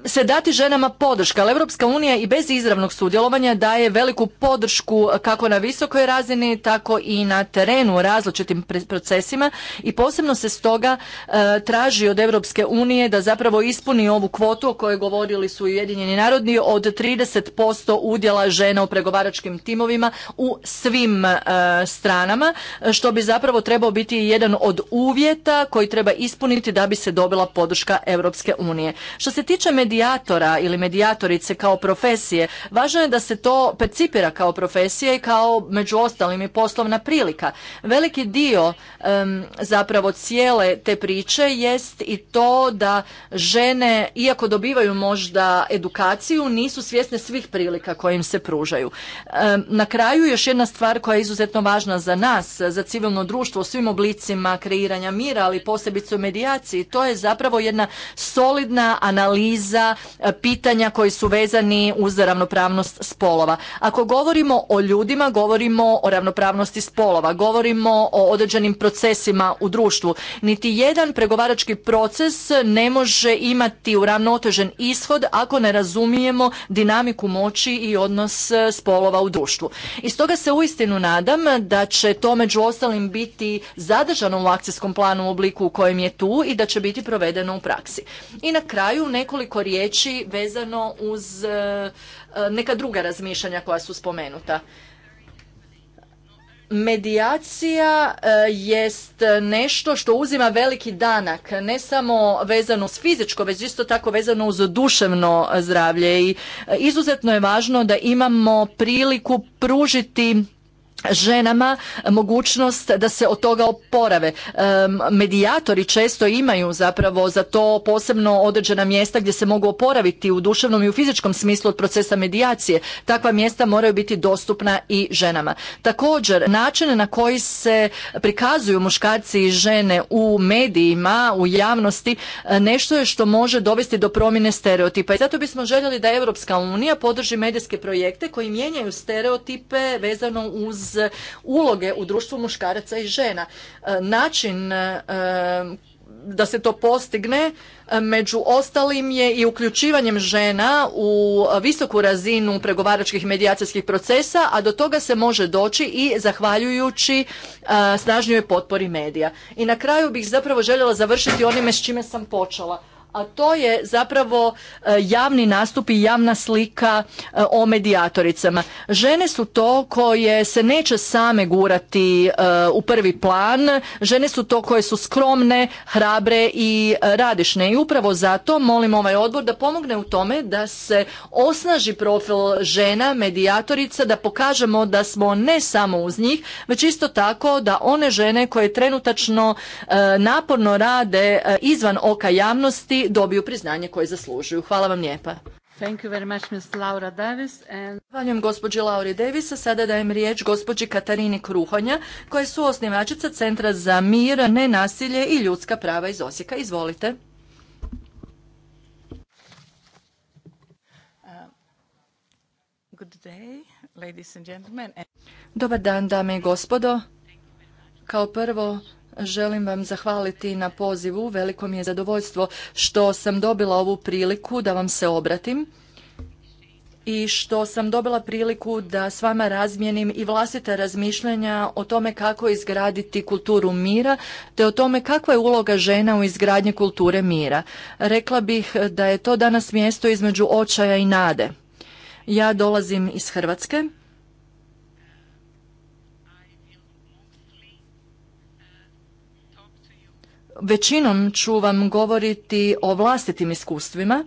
se dati ženama podrška, ali Europska unija i bez izravnog sudjelovanja daje veliku podršku kako na visokoj razini, tako i na terenu u različitim procesima i posebno se stoga e, traži od Europske unije da zapravo ispuni ovu kvotu o kojoj govorili su Ujedinjeni narodni od 30% udjela žena u pregovaračkim timovima u svim e, stranama, što bi zapravo trebao biti jedan od uvjeta koji treba ispuniti da bi se dobila podrška Europske unije. Što se tiče medijalnosti medijatora ili medijatorice kao profesije. Važno je da se to percipira kao profesija i kao među ostalim i poslovna prilika. Veliki dio zapravo cijele te priče jest i to da žene, iako dobivaju možda edukaciju, nisu svjesne svih prilika koje im se pružaju. na kraju još jedna stvar koja je izuzetno važna za nas, za civilno društvo u svim oblicima kreiranja mira, ali posebice u medijaciji, to je zapravo jedna solidna analiza E, pitanja koji su vezani uz ravnopravnost spolova. Ako govorimo o ljudima, govorimo o ravnopravnosti spolova, govorimo o određenim procesima u društvu. Niti jedan pregovarački proces ne može imati uravnotežen ishod ako ne razumijemo dinamiku moći i odnos e, spolova u društvu. I stoga se uistinu nadam da će to među ostalim biti zadržano u akcijskom planu u obliku u kojem je tu i da će biti provedeno u praksi. I na kraju nekoliko riječi vezano uz e, e, neka druga razmišljanja koja su spomenuta. Medijacija e, jest nešto što uzima veliki danak, ne samo vezano s fizičko, već isto tako vezano uz duševno zdravlje i izuzetno je važno da imamo priliku pružiti ženama mogućnost da se od toga oporave. Medijatori često imaju zapravo za to posebno određena mjesta gdje se mogu oporaviti u duševnom i u fizičkom smislu od procesa medijacije. Takva mjesta moraju biti dostupna i ženama. Također, način na koji se prikazuju muškarci i žene u medijima, u javnosti, nešto je što može dovesti do promjene stereotipa. I zato bismo željeli da Europska unija podrži medijske projekte koji mijenjaju stereotipe vezano uz uloge u društvu muškaraca i žena. E, način e, da se to postigne e, među ostalim je i uključivanjem žena u visoku razinu pregovaračkih medijacijskih procesa, a do toga se može doći i zahvaljujući snažnjoj potpori medija. I na kraju bih zapravo željela završiti onime s čime sam počela, a to je zapravo e, javni nastup i javna slika e, o medijatoricama. Žene su to koje se neće same gurati e, u prvi plan, žene su to koje su skromne, hrabre i radišne i upravo zato molim ovaj odbor da pomogne u tome da se osnaži profil žena, medijatorica, da pokažemo da smo ne samo uz njih, već isto tako da one žene koje trenutačno naporno rade izvan oka javnosti dobiju priznanje koje zaslužuju. Hvala vam lijepa. Thank you very much, Ms. Laura Davis. And... gospođi Lauri Davis, a sada dajem riječ gospođi Katarini Kruhonja, koja je osnivačica Centra za mir, nenasilje i ljudska prava iz Osijeka. Izvolite. Uh, Dobar dan, dame i gospodo. Kao prvo, Želim vam zahvaliti na pozivu. Veliko mi je zadovoljstvo što sam dobila ovu priliku da vam se obratim i što sam dobila priliku da s vama razmijenim i vlastita razmišljanja o tome kako izgraditi kulturu mira, te o tome kakva je uloga žena u izgradnji kulture mira. Rekla bih da je to danas mjesto između očaja i nade. Ja dolazim iz Hrvatske većinom ću vam govoriti o vlastitim iskustvima,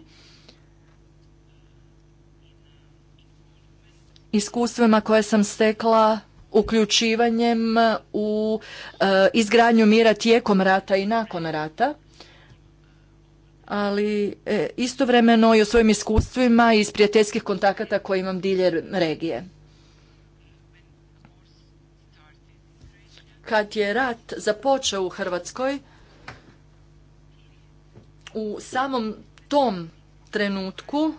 iskustvima koje sam stekla uključivanjem u e, izgradnju mira tijekom rata i nakon rata ali e, istovremeno i o svojim iskustvima i iz prijateljskih kontakata koje imam dilje regije kad je rat započeo u hrvatskoj u samom tom trenutku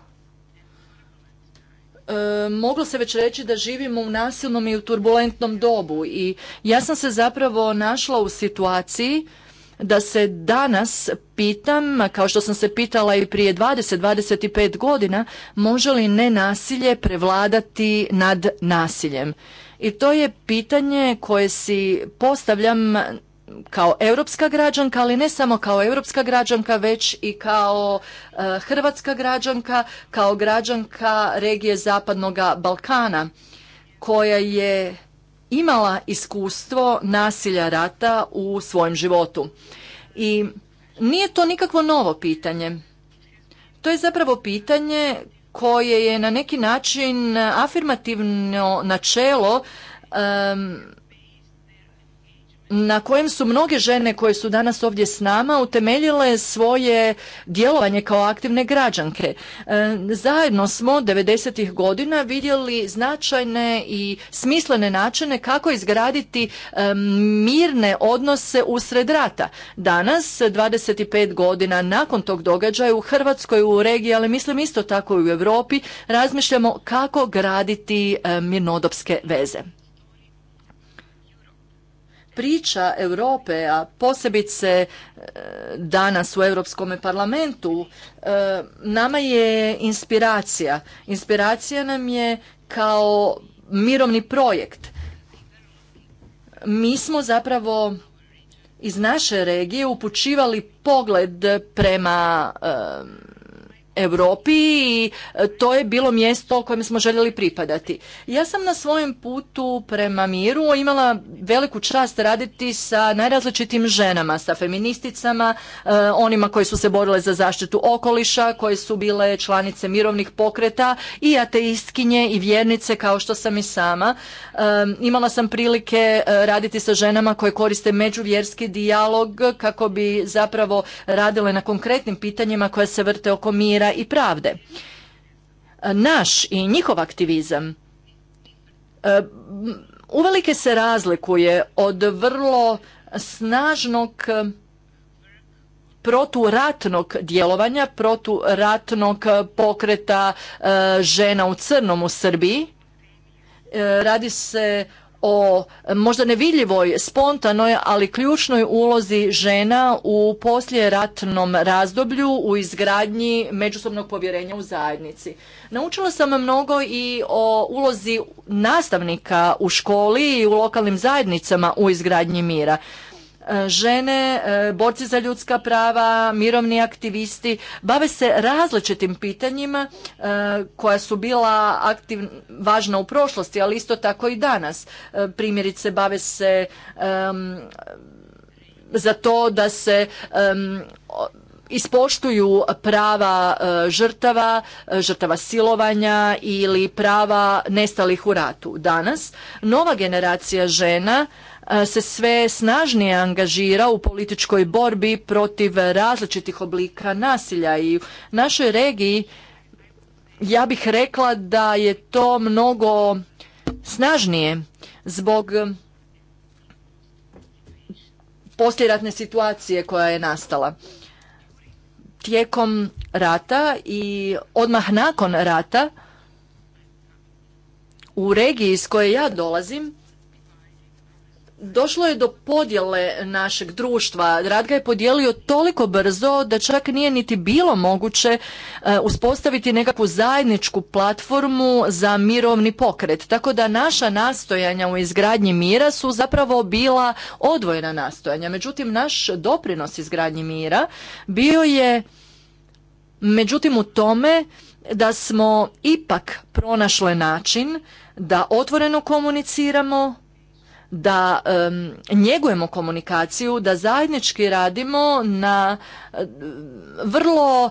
e, moglo se već reći da živimo u nasilnom i u turbulentnom dobu i ja sam se zapravo našla u situaciji da se danas pitam, kao što sam se pitala i prije 20-25 godina, može li nenasilje prevladati nad nasiljem? I to je pitanje koje si postavljam kao europska građanka, ali ne samo kao europska građanka, već i kao e, hrvatska građanka, kao građanka regije Zapadnog Balkana, koja je imala iskustvo nasilja rata u svojem životu. I nije to nikakvo novo pitanje. To je zapravo pitanje koje je na neki način afirmativno načelo na kojem su mnoge žene koje su danas ovdje s nama utemeljile svoje djelovanje kao aktivne građanke. E, zajedno smo 90. godina vidjeli značajne i smislene načine kako izgraditi e, mirne odnose usred rata. Danas, 25 godina nakon tog događaja u Hrvatskoj, u regiji, ali mislim isto tako i u Europi, razmišljamo kako graditi e, mirnodopske veze priča Europe, a posebice e, danas u Europskom parlamentu, e, nama je inspiracija. Inspiracija nam je kao mirovni projekt. Mi smo zapravo iz naše regije upućivali pogled prema e, Europi i e, to je bilo mjesto kojem smo željeli pripadati. Ja sam na svojem putu prema miru imala veliku čast raditi sa najrazličitim ženama, sa feministicama, e, onima koji su se borile za zaštitu okoliša, koje su bile članice mirovnih pokreta i ateistkinje i vjernice kao što sam i sama. E, imala sam prilike raditi sa ženama koje koriste međuvjerski dijalog kako bi zapravo radile na konkretnim pitanjima koja se vrte oko mira i pravde. Naš i njihov aktivizam e, uvelike se razlikuje od vrlo snažnog e, proturatnog djelovanja, proturatnog pokreta e, žena u crnom u Srbiji. Radi se o možda nevidljivoj, spontanoj, ali ključnoj ulozi žena u posljeratnom razdoblju u izgradnji međusobnog povjerenja u zajednici. Naučila sam mnogo i o ulozi nastavnika u školi i u lokalnim zajednicama u izgradnji mira. E, žene, e, borci za ljudska prava, mirovni aktivisti, bave se različitim pitanjima e, koja su bila važna u prošlosti, ali isto tako i danas. Primjerice, bave se za to da se ispoštuju prava žrtava, žrtava silovanja ili prava nestalih u ratu. Danas nova generacija žena E, se sve snažnije angažira u političkoj borbi protiv različitih oblika nasilja i u našoj regiji ja bih rekla da je to mnogo snažnije zbog posljeratne situacije koja je nastala. Tijekom rata i odmah nakon rata u regiji iz koje ja dolazim došlo je do podjele našeg društva. Rad ga je podijelio toliko brzo da čak nije niti bilo moguće e, uspostaviti nekakvu zajedničku platformu za mirovni pokret. Tako da naša nastojanja u izgradnji mira su zapravo bila odvojena nastojanja. Međutim, naš doprinos izgradnji mira bio je međutim u tome da smo ipak pronašle način da otvoreno komuniciramo da njegujemo komunikaciju, da zajednički radimo na eh, vrlo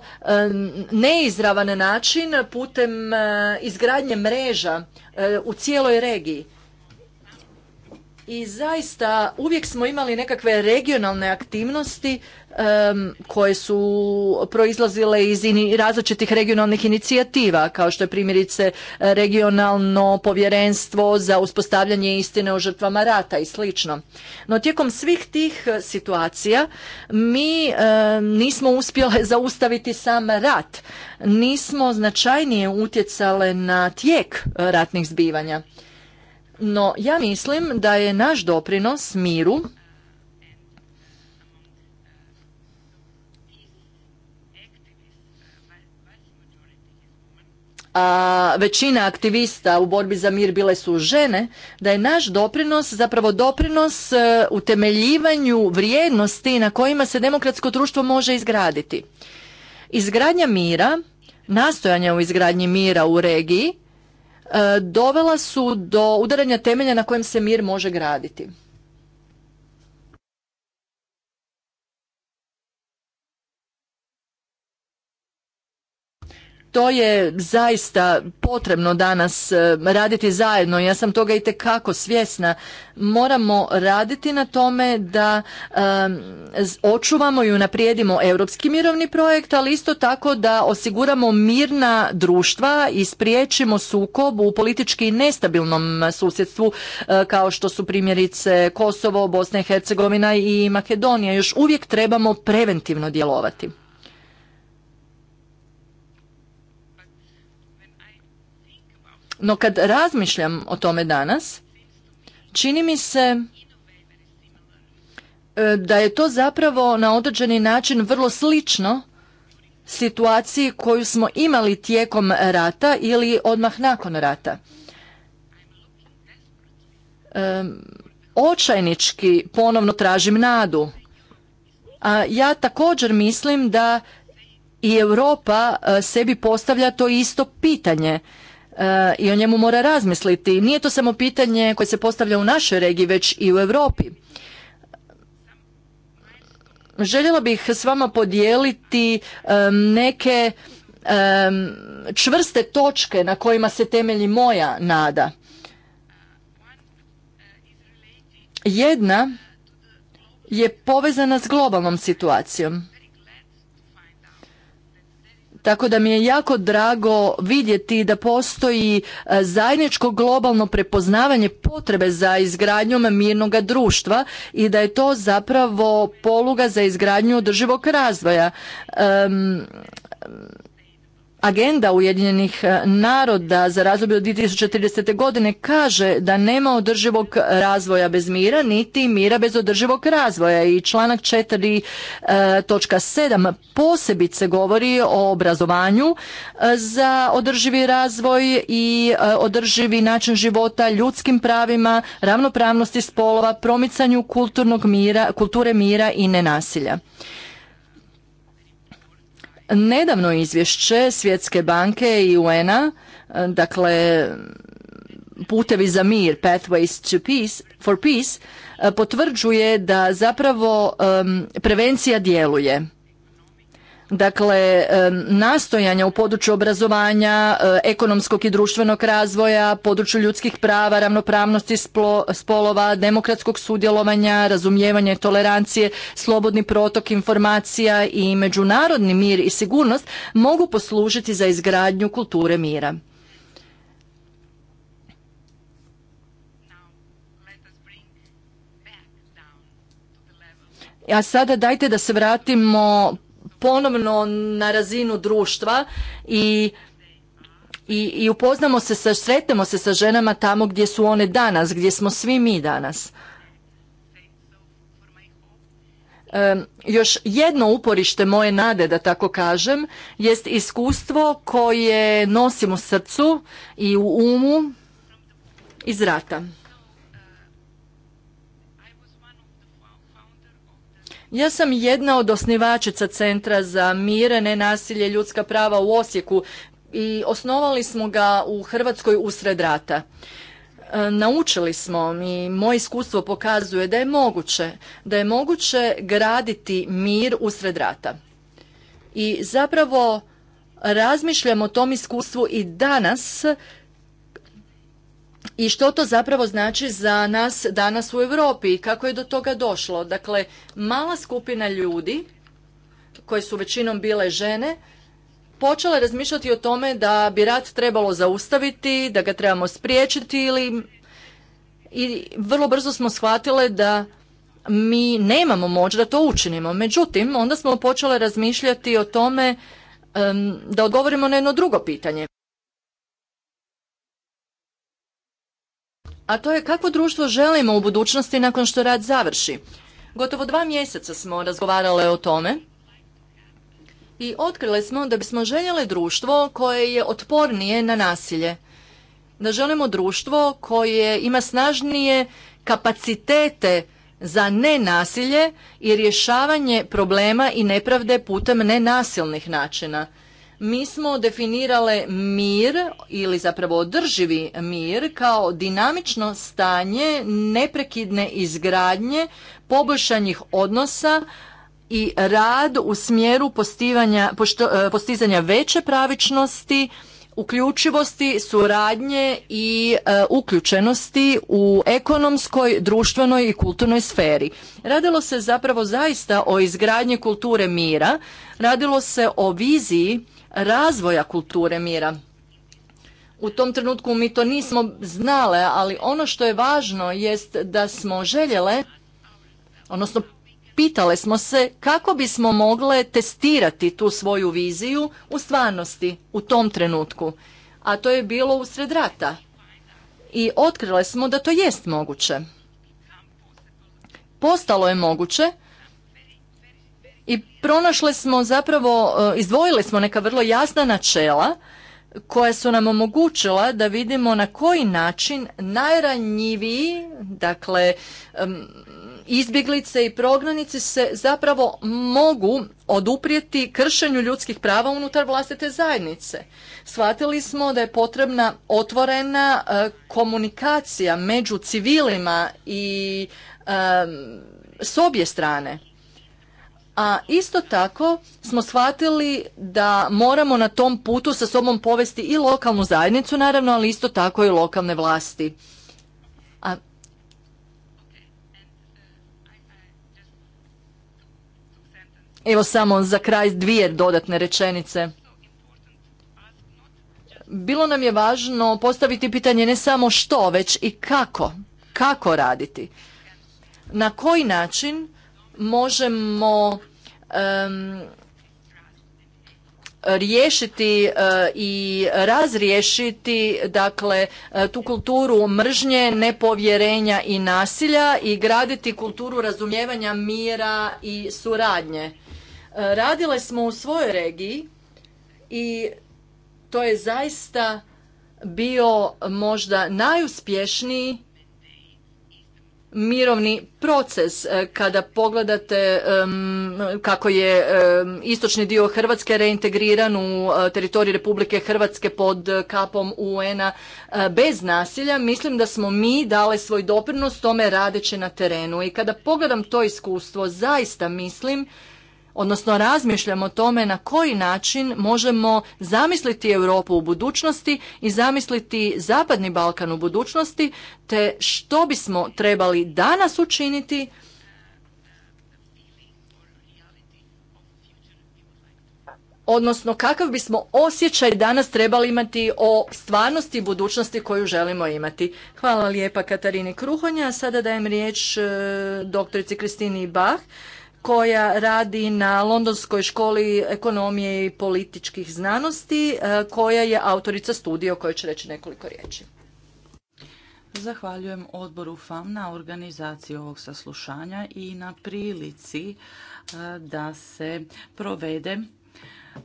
neizravan način putem eh, izgradnje mreža eh, u cijeloj regiji i zaista uvijek smo imali nekakve regionalne aktivnosti koje su proizlazile iz različitih regionalnih inicijativa kao što je primjerice regionalno povjerenstvo za uspostavljanje istine o žrtvama rata i slično. No tijekom svih tih eh, situacija mi nismo uspjele zaustaviti sam rat, nismo značajnije utjecale na tijek eh, ratnih zbivanja. No ja mislim da je naš doprinos miru a većina aktivista u borbi za mir bile su žene, da je naš doprinos zapravo doprinos e, utemeljivanju vrijednosti na kojima se demokratsko društvo može izgraditi. Izgradnja mira, nastojanja u izgradnji mira u regiji, dovela su do udaranja temelja na kojem se mir može graditi. to je zaista potrebno danas e, raditi zajedno. Ja sam toga i kako svjesna. Moramo raditi na tome da očuvamo i unaprijedimo europski mirovni projekt, ali isto tako da osiguramo mirna društva i spriječimo sukob u politički nestabilnom susjedstvu e, kao što su primjerice Kosovo, Bosna i Hercegovina i Makedonija. Još uvijek trebamo preventivno djelovati. No kad razmišljam o tome danas, čini mi se e, da je to zapravo na određeni način vrlo slično situaciji koju smo imali tijekom rata ili odmah nakon rata. E, očajnički ponovno tražim nadu. A ja također mislim da i Europa e, sebi postavlja to isto pitanje E, i o njemu mora razmisliti. Nije to samo pitanje koje se postavlja u našoj regiji, već i u Europi. Željela bih s vama podijeliti e, neke e, čvrste točke na kojima se temelji moja nada. Jedna je povezana s globalnom situacijom. Tako da mi je jako drago vidjeti da postoji e, zajedničko globalno prepoznavanje potrebe za izgradnjom mirnog društva i da je to zapravo poluga za izgradnju održivog razvoja. Agenda Ujedinjenih e, naroda za razdoblje od 2030. godine kaže da nema održivog razvoja bez mira, niti mira bez održivog razvoja i članak 4.7 e, posebice govori o obrazovanju e, za održivi razvoj i održivi način života, ljudskim pravima, ravnopravnosti spolova, promicanju kulturnog mira, kulture mira i nenasilja. Nedavno izvješće Svjetske banke i un dakle putevi za mir, Pathways to Peace, for Peace, potvrđuje da zapravo prevencija djeluje dakle nastojanja u području obrazovanja, eh, ekonomskog i društvenog razvoja, području ljudskih prava, ravnopravnosti spolova, demokratskog sudjelovanja, razumijevanja i tolerancije, slobodni protok informacija i međunarodni mir i sigurnost mogu poslužiti za izgradnju kulture mira. A sada dajte da se vratimo ponovno na razinu društva i i, i upoznamo se, sa, sretemo se sa ženama tamo gdje su one danas, gdje smo svi mi danas. još jedno uporište moje nade, da tako kažem, jest iskustvo koje nosim u srcu i u umu iz rata. Ja sam jedna od osnivačica Centra za mire, nenasilje i ljudska prava u Osijeku i osnovali smo ga u Hrvatskoj usred rata. E, naučili smo i moje iskustvo pokazuje da je moguće, da je moguće graditi mir usred rata. I zapravo razmišljam o tom iskustvu i danas i što to zapravo znači za nas danas u Europi i kako je do toga došlo. Dakle, mala skupina ljudi, koje su većinom bile žene, počele razmišljati o tome da bi rat trebalo zaustaviti, da ga trebamo spriječiti ili i vrlo brzo smo shvatile da mi nemamo moć da to učinimo. Međutim, onda smo počele razmišljati o tome da odgovorimo na jedno drugo pitanje. a to je kako društvo želimo u budućnosti nakon što rad završi. Gotovo dva mjeseca smo razgovarale o tome i otkrile smo da bismo željeli društvo koje je otpornije na nasilje. Da želimo društvo koje ima snažnije kapacitete za nenasilje i rješavanje problema i nepravde putem nenasilnih načina mi smo definirale mir ili zapravo održivi mir kao dinamično stanje neprekidne izgradnje poboljšanih odnosa i rad u smjeru e, postizanja veće pravičnosti, uključivosti, suradnje i e, uključenosti u ekonomskoj, društvenoj i kulturnoj sferi. Radilo se zapravo zaista o izgradnji kulture mira, radilo se o viziji razvoja kulture mira. U tom trenutku mi to nismo znale, ali ono što je važno jest da smo željele, odnosno pitale smo se kako bismo mogle testirati tu svoju viziju u stvarnosti u tom trenutku. A to je bilo usred rata. I otkrile smo da to jest moguće. Postalo je moguće i pronašli smo zapravo, e, izdvojili smo neka vrlo jasna načela koja su nam omogućila da vidimo na koji način najranjiviji, dakle izbjeglice i prognanici se zapravo mogu oduprijeti kršenju ljudskih prava unutar vlastite zajednice. Shvatili smo da je potrebna otvorena e, komunikacija među civilima i s obje strane a isto tako smo shvatili da moramo na tom putu sa sobom povesti i lokalnu zajednicu, naravno, ali isto tako i lokalne vlasti. Evo samo za kraj dvije dodatne rečenice. Bilo nam je važno postaviti pitanje ne samo što, već i kako. Kako raditi? Na koji način možemo um, riješiti e, i razriješiti dakle e, tu kulturu mržnje, nepovjerenja i nasilja i graditi kulturu razumijevanja mira i suradnje. E, radile smo u svojoj regiji i to je zaista bio možda najuspješniji mirovni proces e, kada pogledate kako je istočni dio Hrvatske reintegriran u e, teritorij Republike Hrvatske pod kapom UN-a e, bez nasilja, mislim da smo mi dale svoj doprinos tome radeći na terenu. I kada pogledam to iskustvo, zaista mislim odnosno razmišljamo o tome na koji način možemo zamisliti Europu u budućnosti i zamisliti Zapadni Balkan u budućnosti, te što bismo trebali danas učiniti odnosno kakav bismo osjećaj danas trebali imati o stvarnosti budućnosti koju želimo imati. Hvala lijepa Katarini Kruhonja. Sada dajem riječ e, doktorici Kristini Bah koja radi na Londonskoj školi ekonomije i političkih znanosti, e, koja je autorica studija o kojoj će reći nekoliko riječi. Zahvaljujem odboru FAM na organizaciji ovog saslušanja i na prilici e, da se provede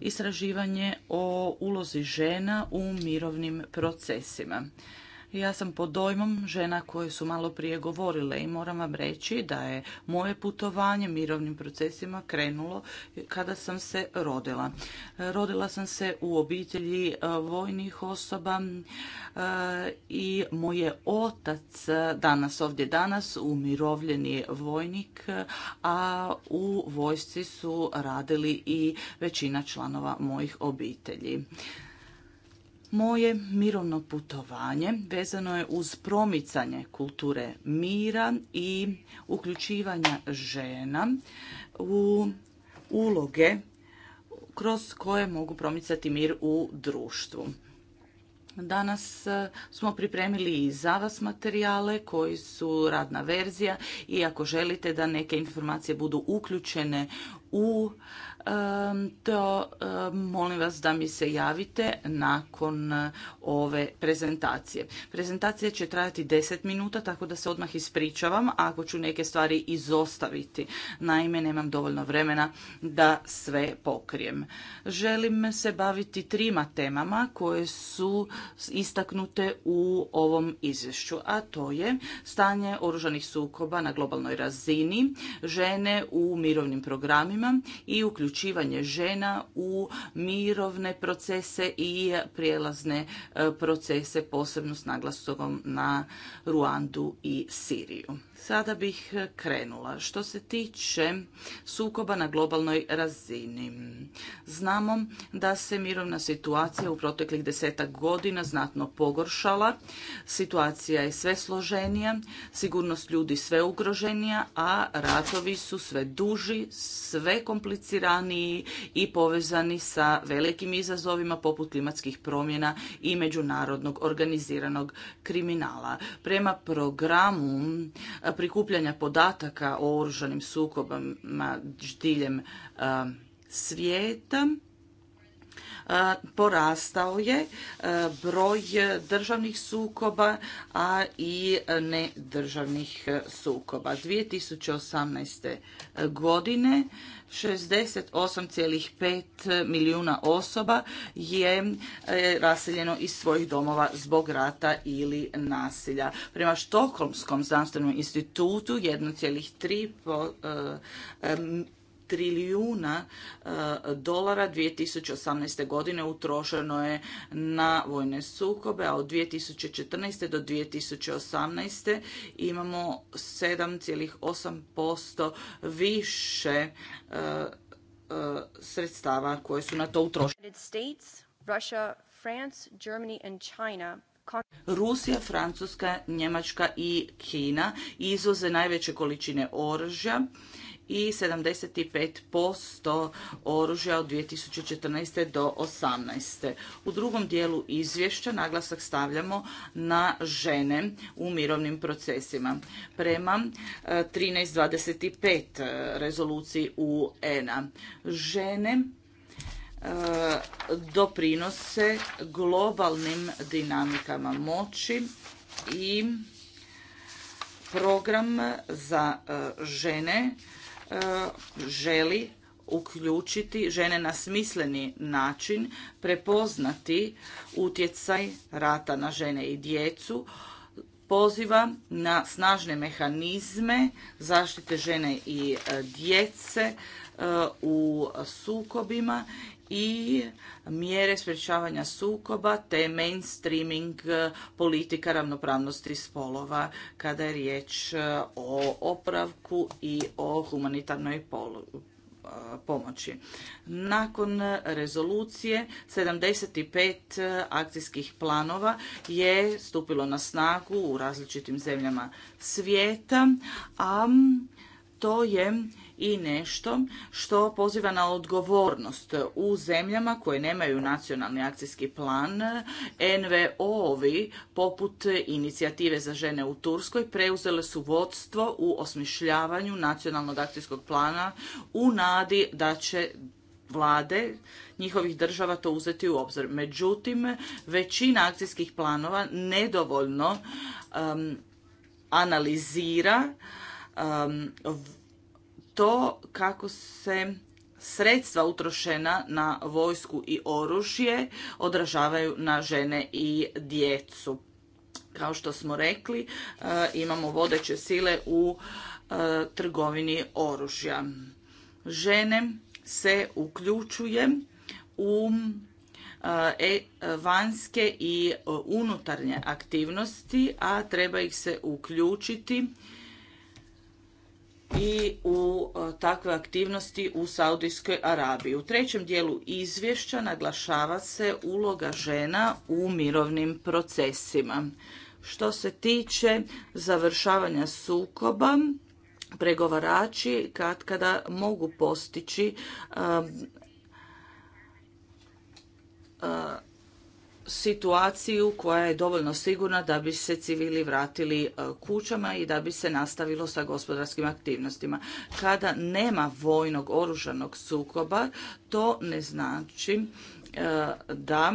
istraživanje o ulozi žena u mirovnim procesima. Ja sam pod dojmom žena koje su malo prije govorile i moram vam reći da je moje putovanje mirovnim procesima krenulo kada sam se rodila. Rodila sam se u obitelji e, vojnih osoba e, i moj je otac danas ovdje danas umirovljeni vojnik, a u vojsci su radili i većina članova mojih obitelji. Moje mirovno putovanje vezano je uz promicanje kulture mira i uključivanja žena u uloge kroz koje mogu promicati mir u društvu. Danas e, smo pripremili i za vas materijale koji su radna verzija i ako želite da neke informacije budu uključene u to molim vas da mi se javite nakon e, ove prezentacije. Prezentacija će trajati 10 minuta, tako da se odmah ispričavam ako ću neke stvari izostaviti. Naime, nemam dovoljno vremena da sve pokrijem. Želim se baviti trima temama koje su istaknute u ovom izvješću, a to je stanje oružanih sukoba na globalnoj razini, žene u mirovnim programima i uključenje uključivanje žena u mirovne procese i prijelazne e, procese, posebno s naglaskom na Ruandu i Siriju. Sada bih krenula. Što se tiče sukoba na globalnoj razini, znamo da se mirovna situacija u proteklih desetak godina znatno pogoršala. Situacija je sve složenija, sigurnost ljudi sve ugroženija, a ratovi su sve duži, sve kompliciraniji i povezani sa velikim izazovima poput klimatskih promjena i međunarodnog organiziranog kriminala. Prema programu prikupljanja podataka o oružanim sukobama diljem svijeta porastao je broj državnih sukoba, a i nedržavnih sukoba. 2018. godine 68,5 milijuna osoba je e, raseljeno iz svojih domova zbog rata ili nasilja. Prema Štokholmskom znanstvenom institutu 1,3 trilijuna e, dolara 2018. godine utrošeno je na vojne sukobe, a od 2014. do 2018. imamo 7,8% više e, e, sredstava koje su na to utrošene. Rusija, Francuska, Njemačka i Kina izvoze najveće količine oružja i 75% oružja od 2014. do 2018. U drugom dijelu izvješća naglasak stavljamo na žene u mirovnim procesima. Prema 13.25 e, e, rezoluciji UN-a žene e, doprinose globalnim dinamikama moći i program za žene E, želi uključiti žene na smisleni način, prepoznati utjecaj rata na žene i djecu, poziva na snažne mehanizme zaštite žene i e, djece e, u sukobima i mjere sprječavanja sukoba te mainstreaming e, politika ravnopravnosti spolova kada je riječ e, o opravku i o humanitarnoj e, pomoći. Nakon rezolucije 75 akcijskih planova je stupilo na snagu u različitim zemljama svijeta, a to je i nešto što poziva na odgovornost u zemljama koje nemaju nacionalni akcijski plan. NVO-ovi poput inicijative za žene u Turskoj preuzele su vodstvo u osmišljavanju nacionalnog akcijskog plana u nadi da će vlade njihovih država to uzeti u obzir. Međutim, većina akcijskih planova nedovoljno um, analizira um, to kako se sredstva utrošena na vojsku i oružje odražavaju na žene i djecu. Kao što smo rekli, e, imamo vodeće sile u e, trgovini oružja. Žene se uključuje u e, vanjske i unutarnje aktivnosti, a treba ih se uključiti i u e, takve aktivnosti u Saudijskoj Arabiji. U trećem dijelu izvješća naglašava se uloga žena u mirovnim procesima. Što se tiče završavanja sukoba, pregovarači kad kada mogu postići e, e, situaciju koja je dovoljno sigurna da bi se civili vratili e, kućama i da bi se nastavilo sa gospodarskim aktivnostima. Kada nema vojnog oružanog sukoba, to ne znači e, da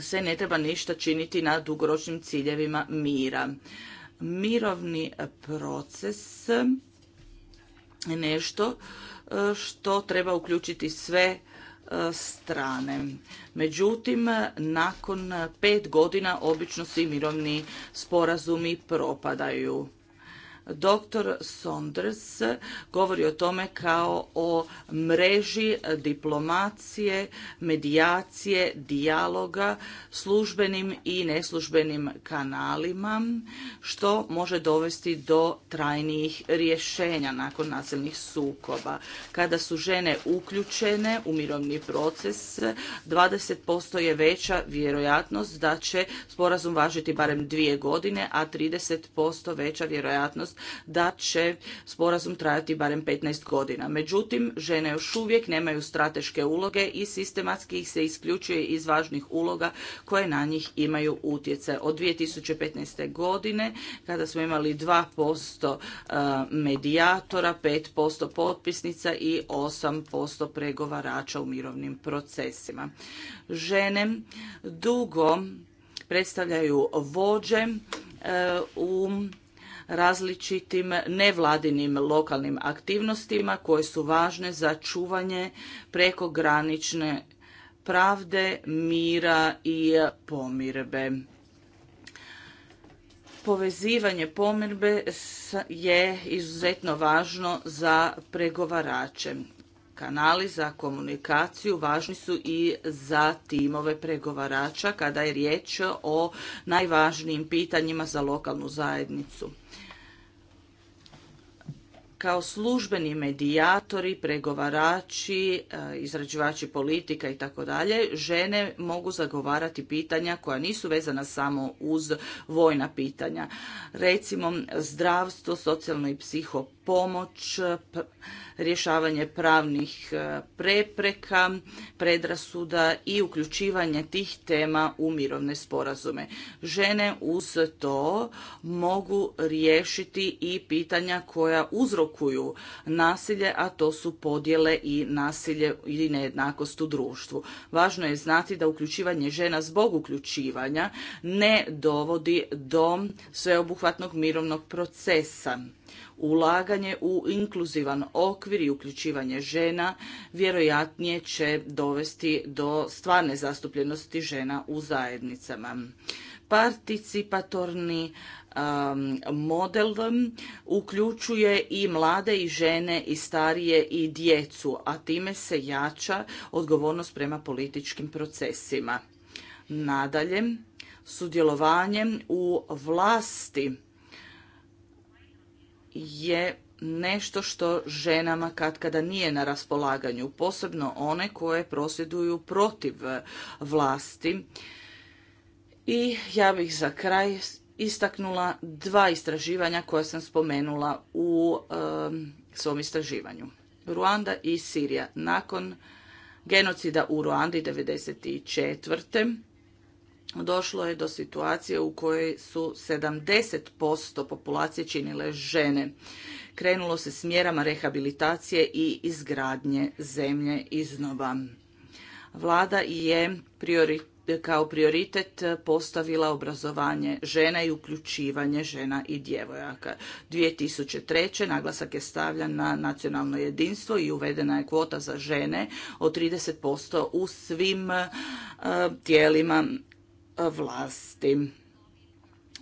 se ne treba ništa činiti na dugoročnim ciljevima mira. Mirovni proces je nešto e, što treba uključiti sve strane. Međutim, nakon pet godina obično svi mirovni sporazumi propadaju. Doktor Sonders govori o tome kao o mreži diplomacije, medijacije, dijaloga, službenim i neslužbenim kanalima, što može dovesti do trajnijih rješenja nakon nasilnih sukoba. Kada su žene uključene u mirovni proces, 20% je veća vjerojatnost da će sporazum važiti barem dvije godine, a 30% veća vjerojatnost da će sporazum trajati barem 15 godina. Međutim, žene još uvijek nemaju strateške uloge i sistematski ih se isključuje iz važnih uloga koje na njih imaju utjecaj. Od 2015. godine, kada smo imali 2% eh, medijatora, 5% potpisnica i 8% pregovarača u mirovnim procesima. Žene dugo predstavljaju vođe eh, u različitim nevladinim lokalnim aktivnostima koje su važne za čuvanje prekogranične pravde, mira i pomirbe. Povezivanje pomirbe je izuzetno važno za pregovarače kanali za komunikaciju važni su i za timove pregovarača kada je riječ o najvažnijim pitanjima za lokalnu zajednicu. Kao službeni medijatori, pregovarači, e, izrađivači politika i tako dalje, žene mogu zagovarati pitanja koja nisu vezana samo uz vojna pitanja. Recimo zdravstvo, socijalno i psiho pomoć, rješavanje pravnih e, prepreka, predrasuda i uključivanje tih tema u mirovne sporazume. Žene uz to mogu riješiti i pitanja koja uzrokuju nasilje, a to su podjele i nasilje i nejednakost u društvu. Važno je znati da uključivanje žena zbog uključivanja ne dovodi do sveobuhvatnog mirovnog procesa Ulaganje u inkluzivan okvir i uključivanje žena vjerojatnije će dovesti do stvarne zastupljenosti žena u zajednicama. Participatorni um, model uključuje i mlade i žene i starije i djecu, a time se jača odgovornost prema političkim procesima. Nadalje, sudjelovanjem u vlasti je nešto što ženama katkada nije na raspolaganju, posebno one koje prosjeduju protiv e, vlasti. I ja bih za kraj istaknula dva istraživanja koja sam spomenula u e, svom istraživanju. Ruanda i Sirija. Nakon genocida u Ruandi 1994 došlo je do situacije u kojoj su 70% populacije činile žene. Krenulo se s mjerama rehabilitacije i izgradnje zemlje iznova. Vlada je kao prioritet postavila obrazovanje žena i uključivanje žena i djevojaka. 2003. naglasak je stavljan na nacionalno jedinstvo i uvedena je kvota za žene od 30% u svim eh, tijelima vlasti.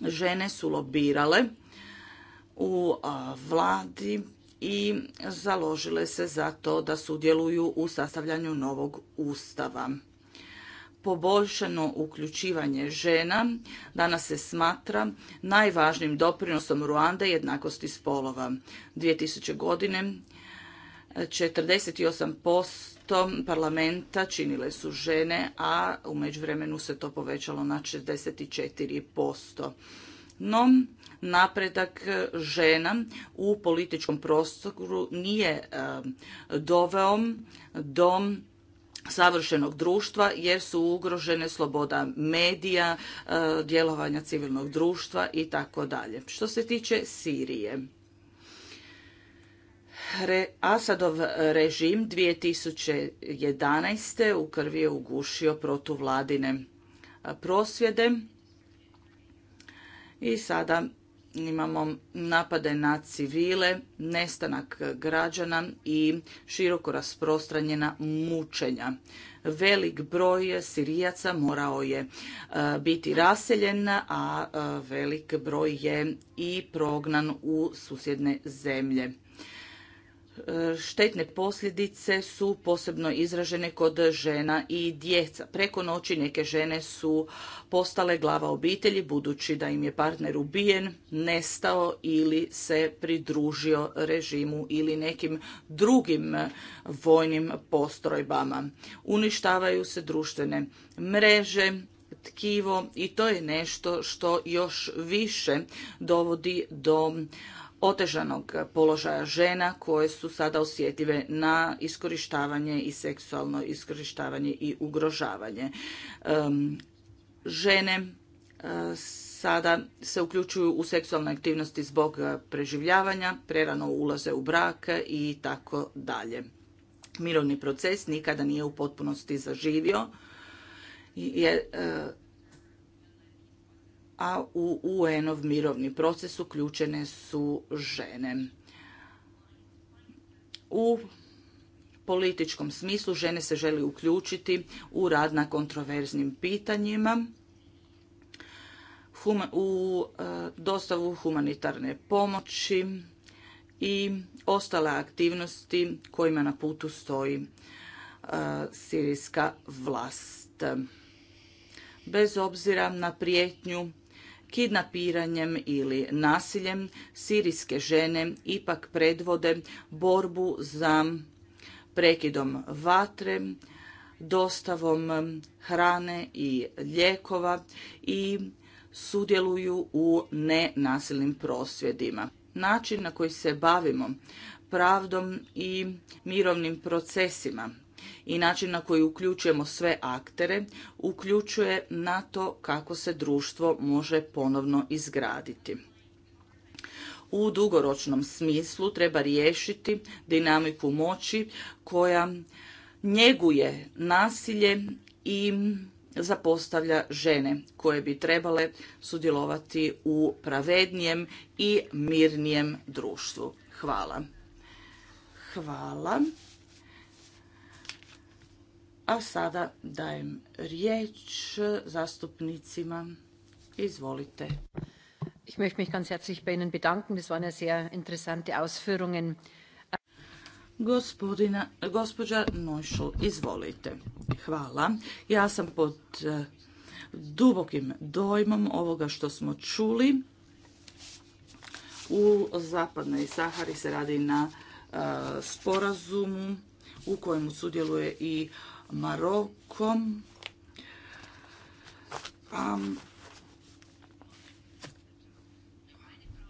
Žene su lobirale u vladi i založile se za to da sudjeluju u sastavljanju novog ustava. Poboljšano uključivanje žena danas se smatra najvažnijim doprinosom Ruande jednakosti spolova. 2000 godine 48% tom parlamenta činile su žene, a u međuvremenu se to povećalo na 64%. No, napredak žena u političkom prostoru nije eh, doveo do savršenog društva jer su ugrožene sloboda medija, eh, djelovanja civilnog društva i tako dalje. Što se tiče Sirije, Asadov režim 2011. u krvi je ugušio protuvladine prosvjede i sada imamo napade na civile, nestanak građana i široko rasprostranjena mučenja. Velik broj Sirijaca morao je biti raseljen, a velik broj je i prognan u susjedne zemlje štetne posljedice su posebno izražene kod žena i djeca. Preko noći neke žene su postale glava obitelji budući da im je partner ubijen, nestao ili se pridružio režimu ili nekim drugim vojnim postrojbama. Uništavaju se društvene mreže, tkivo i to je nešto što još više dovodi do otežanog položaja žena koje su sada osjetljive na iskorištavanje i seksualno iskorištavanje i ugrožavanje. žene e, sada se uključuju u seksualne aktivnosti zbog preživljavanja, prerano ulaze u brak i tako dalje. Mirovni proces nikada nije u potpunosti zaživio. Je, e, a u UN-ov mirovni proces uključene su žene. U političkom smislu žene se želi uključiti u rad na kontroverznim pitanjima, u e, dostavu humanitarne pomoći i ostale aktivnosti kojima na putu stoji e, sirijska vlast. Bez obzira na prijetnju kidnapiranjem ili nasiljem sirijske žene ipak predvode borbu za prekidom vatre, dostavom hrane i lijekova i sudjeluju u nenasilnim prosvjedima. Način na koji se bavimo pravdom i mirovnim procesima i način na koji uključujemo sve aktere uključuje na to kako se društvo može ponovno izgraditi. U dugoročnom smislu treba riješiti dinamiku moći koja njeguje nasilje i zapostavlja žene koje bi trebale sudjelovati u pravednijem i mirnijem društvu. Hvala. Hvala. A sada dajem riječ zastupnicima. Izvolite. Ich möchte mich ganz herzlich bei Ihnen bedanken. Das waren ja sehr interessante Ausführungen. Gospodina, gospođa Nojšul, izvolite. Hvala. Ja sam pod eh, dubokim dojmom ovoga što smo čuli. U Zapadnoj Sahari se radi na eh, sporazumu u kojemu sudjeluje i Marokom.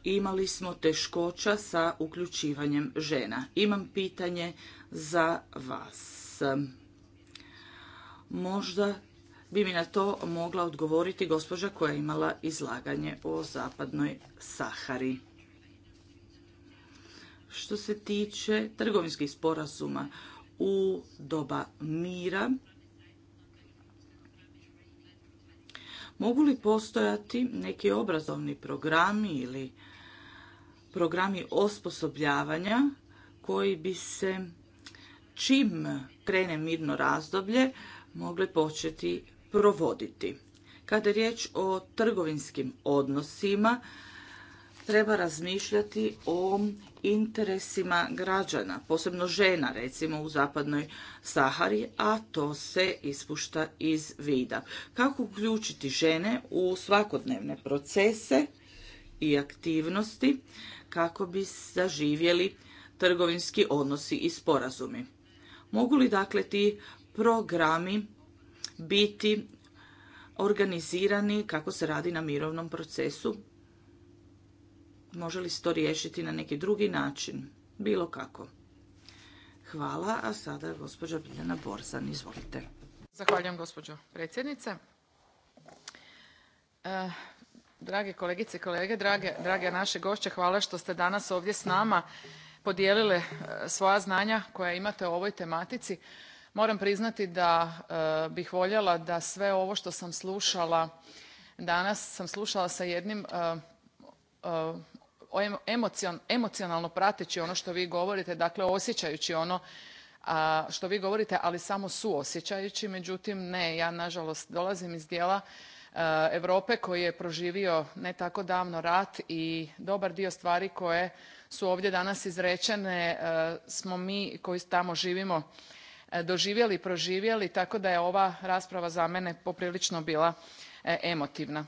imali smo teškoća sa uključivanjem žena. Imam pitanje za vas. Možda bi mi na to mogla odgovoriti gospođa koja je imala izlaganje o zapadnoj Sahari. Što se tiče trgovinskih sporazuma, u doba mira mogu li postojati neki obrazovni programi ili programi osposobljavanja koji bi se čim krene mirno razdoblje mogli početi provoditi. Kada je riječ o trgovinskim odnosima, treba razmišljati o interesima građana, posebno žena recimo u zapadnoj Sahari, a to se ispušta iz vida. Kako uključiti žene u svakodnevne procese i aktivnosti kako bi zaživjeli trgovinski odnosi i sporazumi. Mogu li dakle ti programi biti organizirani kako se radi na mirovnom procesu Može li se to riješiti na neki drugi način? Bilo kako. Hvala, a sada gospođa Biljana Borzan, izvolite. Zahvaljujem gospođo predsjednice. Eh, drage kolegice i kolege, drage, naše gošće, hvala što ste danas ovdje s nama podijelile eh, svoja znanja koja imate o ovoj tematici. Moram priznati da eh, bih voljela da sve ovo što sam slušala danas sam slušala sa jednim emocionalno prateći ono što vi govorite, dakle osjećajući ono što vi govorite, ali samo suosjećajući. Međutim, ne, ja nažalost dolazim iz dijela e, Europe koji je proživio ne tako davno rat i dobar dio stvari koje su ovdje danas izrečene e, smo mi koji tamo živimo e, doživjeli i proživjeli, tako da je ova rasprava za mene poprilično bila emotivna.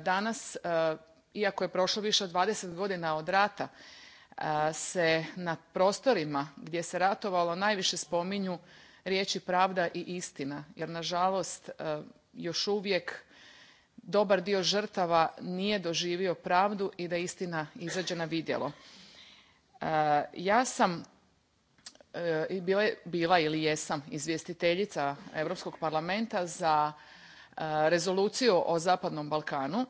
Danas iako je prošlo više od twenty godina od rata se na prostorima gdje se ratovalo najviše spominju riječi pravda i istina jer nažalost, još uvijek dobar dio žrtava nije doživio pravdu i da istina izae na vidjelo. ja sam e, bila ili jesam izvjestiteljica europskog parlamenta za rezoluciju o zapadnom balkanu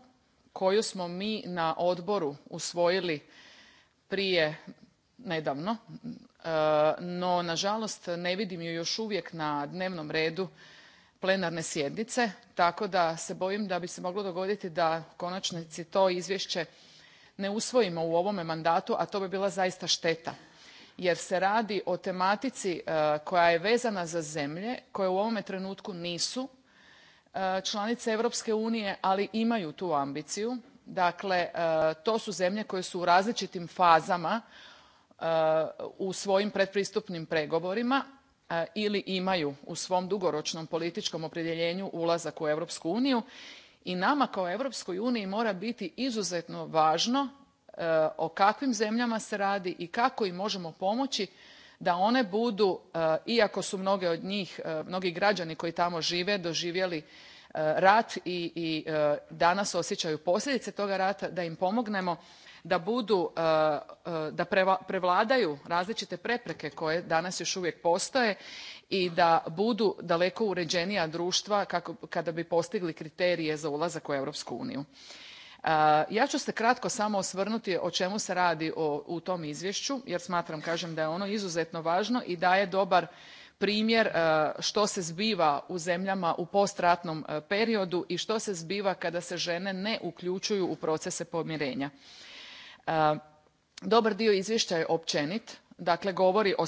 koju smo mi na odboru usvojili prije nedavno, e, no nažalost ne vidim ju još uvijek na dnevnom redu plenarne sjednice, tako da se bojim da bi se moglo dogoditi da konačnici to izvješće ne usvojimo u ovome mandatu, a to bi bila zaista šteta jer se radi o tematici e, koja je vezana za zemlje koje u ovome trenutku nisu članice europske unije ali imaju tu ambiciju dakle e, to su zemlje koje su u različitim fazama e, u svojim pretpristupnim pregovorima e, ili imaju u svom dugoročnom političkom opredjeljenju ulazak u europsku uniju i nama kao europskoj uniji mora biti izuzetno važno o kakvim zemljama se radi i kako im možemo pomoći da one budu e, iako su mnoge od njih e, mnogi građani koji tamo žive doživjeli e, rat i, danas osjećaju posljedice toga rata da im pomognemo da budu da prevladaju različite prepreke koje danas još uvijek postoje i da budu daleko uređenija društva kada bi postigli kriterije za ulazak u europsku uniju. Eh, ja ću se kratko samo osvrnuti o čemu se radi u tom izvješću jer smatram kažem da je ono izuzetno važno i daje dobar primjer eh, što se zbiva u zemljama u postratnom eh, periodu i što se zbiva kada se žene ne uključuju u procese pomirenja. Dobar dio izvješća je općenit, dakle govori o,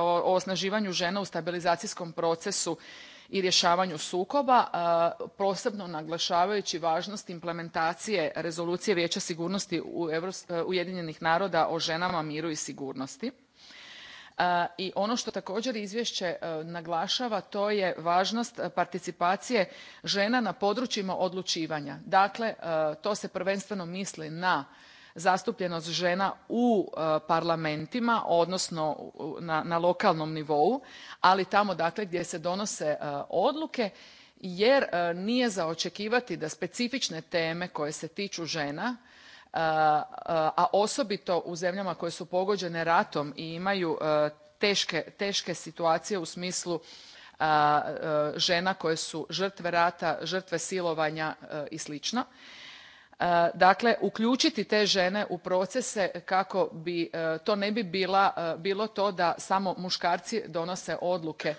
o osnaživanju žena u stabilizacijskom procesu i rješavanju sukoba, posebno naglašavajući važnost implementacije Rezolucije Vijeća sigurnosti e, Ujedinjenih naroda o ženama, miru i sigurnosti. I ono što također izvješće e, naglašava to je važnost participacije žena na područjima odlučivanja. Dakle, e, to se prvenstveno misli na zastupljenost žena u e, parlamentima, odnosno na, lokalnom nivou, ali tamo dakle gdje se donose e, odluke jer e, nije za očekivati da specifične teme koje se tiču žena a osobito u zemljama koje su pogođene ratom i imaju teške, teške situacije u smislu žena koje su žrtve rata, žrtve silovanja i slično, E, dakle uključiti te žene u procese kako bi e, to ne bi e, bilo to da samo muškarci donose odluke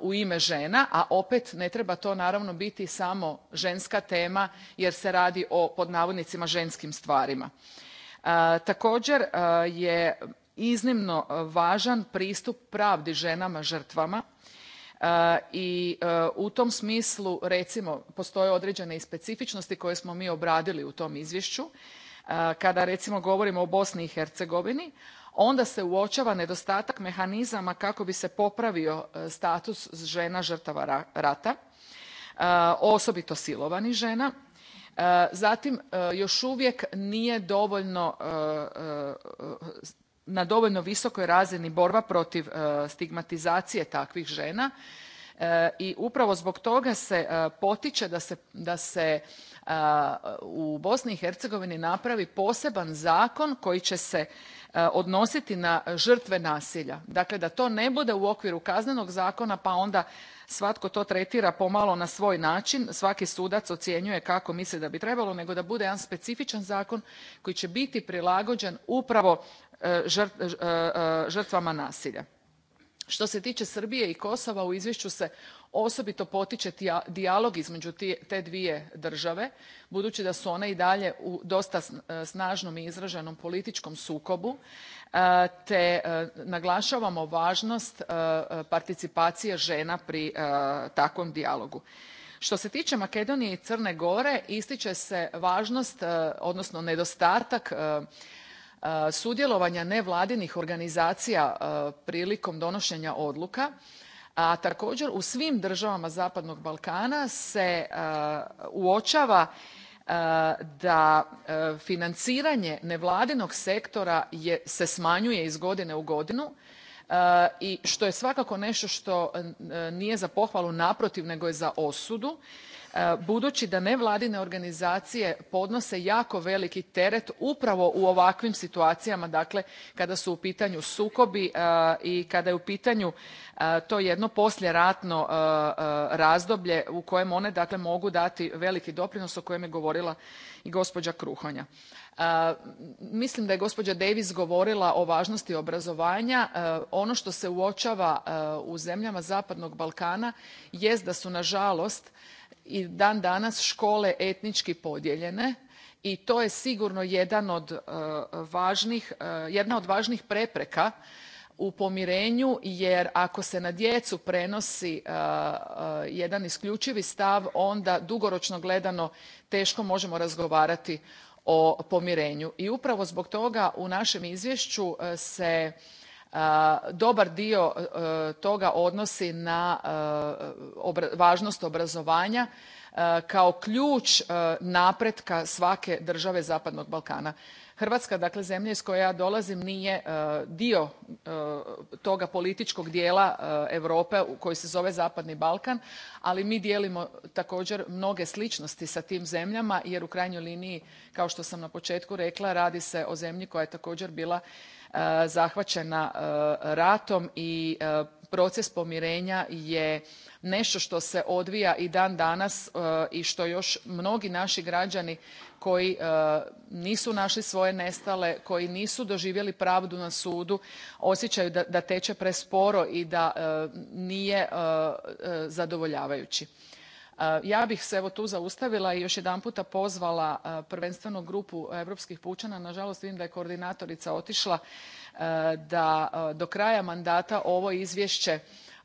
u ime žena, a opet ne treba to naravno biti samo ženska tema jer se radi o pod ženskim stvarima. Također je iznimno važan pristup pravdi ženama žrtvama E, i e, u tom smislu recimo postoje određene i specifičnosti koje smo mi obradili u tom izvješću e, kada recimo govorimo o Bosni i Hercegovini onda se uočava nedostatak mehanizama kako bi se popravio status žena žrtava rata osobito silovanih žena zatim još uvijek nije dovoljno na dovoljno visokoj razini borba protiv e, stigmatizacije takvih žena e, i upravo zbog toga se e, potiče da se, da se u Bosni i Hercegovini napravi poseban zakon koji će se odnositi na žrtve nasilja. Dakle, da to ne bude u okviru Kaznenog zakona pa onda svatko to tretira pomalo na svoj način svaki sudac ocjenjuje kako misli da bi trebalo nego da bude jedan specifičan zakon koji će biti prilagođen upravo e, e, e, žrtvama nasilja što se tiče srbije i kosova u izvješću se osobito potiče dijalog između te dvije države budući da su one i dalje u dosta e, snažnom i izraženom političkom sukobu e, te e, naglašavamo važnost participacije žena pri takvom dijalogu. Što se tiče Makedonije i Crne Gore ističe se važnost, odnosno nedostatak sudjelovanja nevladinih organizacija e, prilikom donošenja odluka a također u svim državama zapadnog balkana se e, uočava e, da financiranje nevladinog sektora se smanjuje iz godine u godinu i što je svakako nešto što nije za pohvalu naprotiv nego je za osudu E, budući da nevladine organizacije podnose jako veliki teret upravo u ovakvim situacijama, dakle kada su u pitanju sukobi e, i kada je u pitanju e, to jedno poslijeratno razdoblje u kojem one dakle mogu dati veliki doprinos o kojem je govorila i gospođa Kruhonja. Mislim da je gospođa Davis govorila o važnosti obrazovanja. Ono što se uočava u zemljama zapadnog Balkana jest da su nažalost i dan danas škole etnički podijeljene i to je sigurno jedan od e, važnih, e, jedna od važnih prepreka u pomirenju jer ako se na djecu prenosi e, jedan isključivi stav onda dugoročno gledano teško možemo razgovarati o pomirenju i upravo zbog toga u našem izvješću se dobar dio e, toga odnosi na e, važnost obrazovanja e, kao ključ napretka svake države zapadnog balkana hrvatska dakle zemlja iz koje ja dolazim nije dio toga političkog dijela europe koji se zove zapadni balkan ali mi dijelimo također mnoge sličnosti sa tim zemljama jer u krajnjoj liniji kao što sam na početku rekla radi se o zemlji koja je također bila zahvaćena e, ratom i e, proces pomirenja je nešto što se odvija i dan danas e, i što još mnogi naši građani koji nisu našli svoje nestale, koji nisu doživjeli pravdu na sudu osjećaju da, da teče presporo i da nije zadovoljavajući. Ja bih se evo tu zaustavila i još jedanput pozvala prvenstveno grupu europskih pučana, nažalost vidim da je koordinatorica otišla, da do kraja mandata ovo izvješće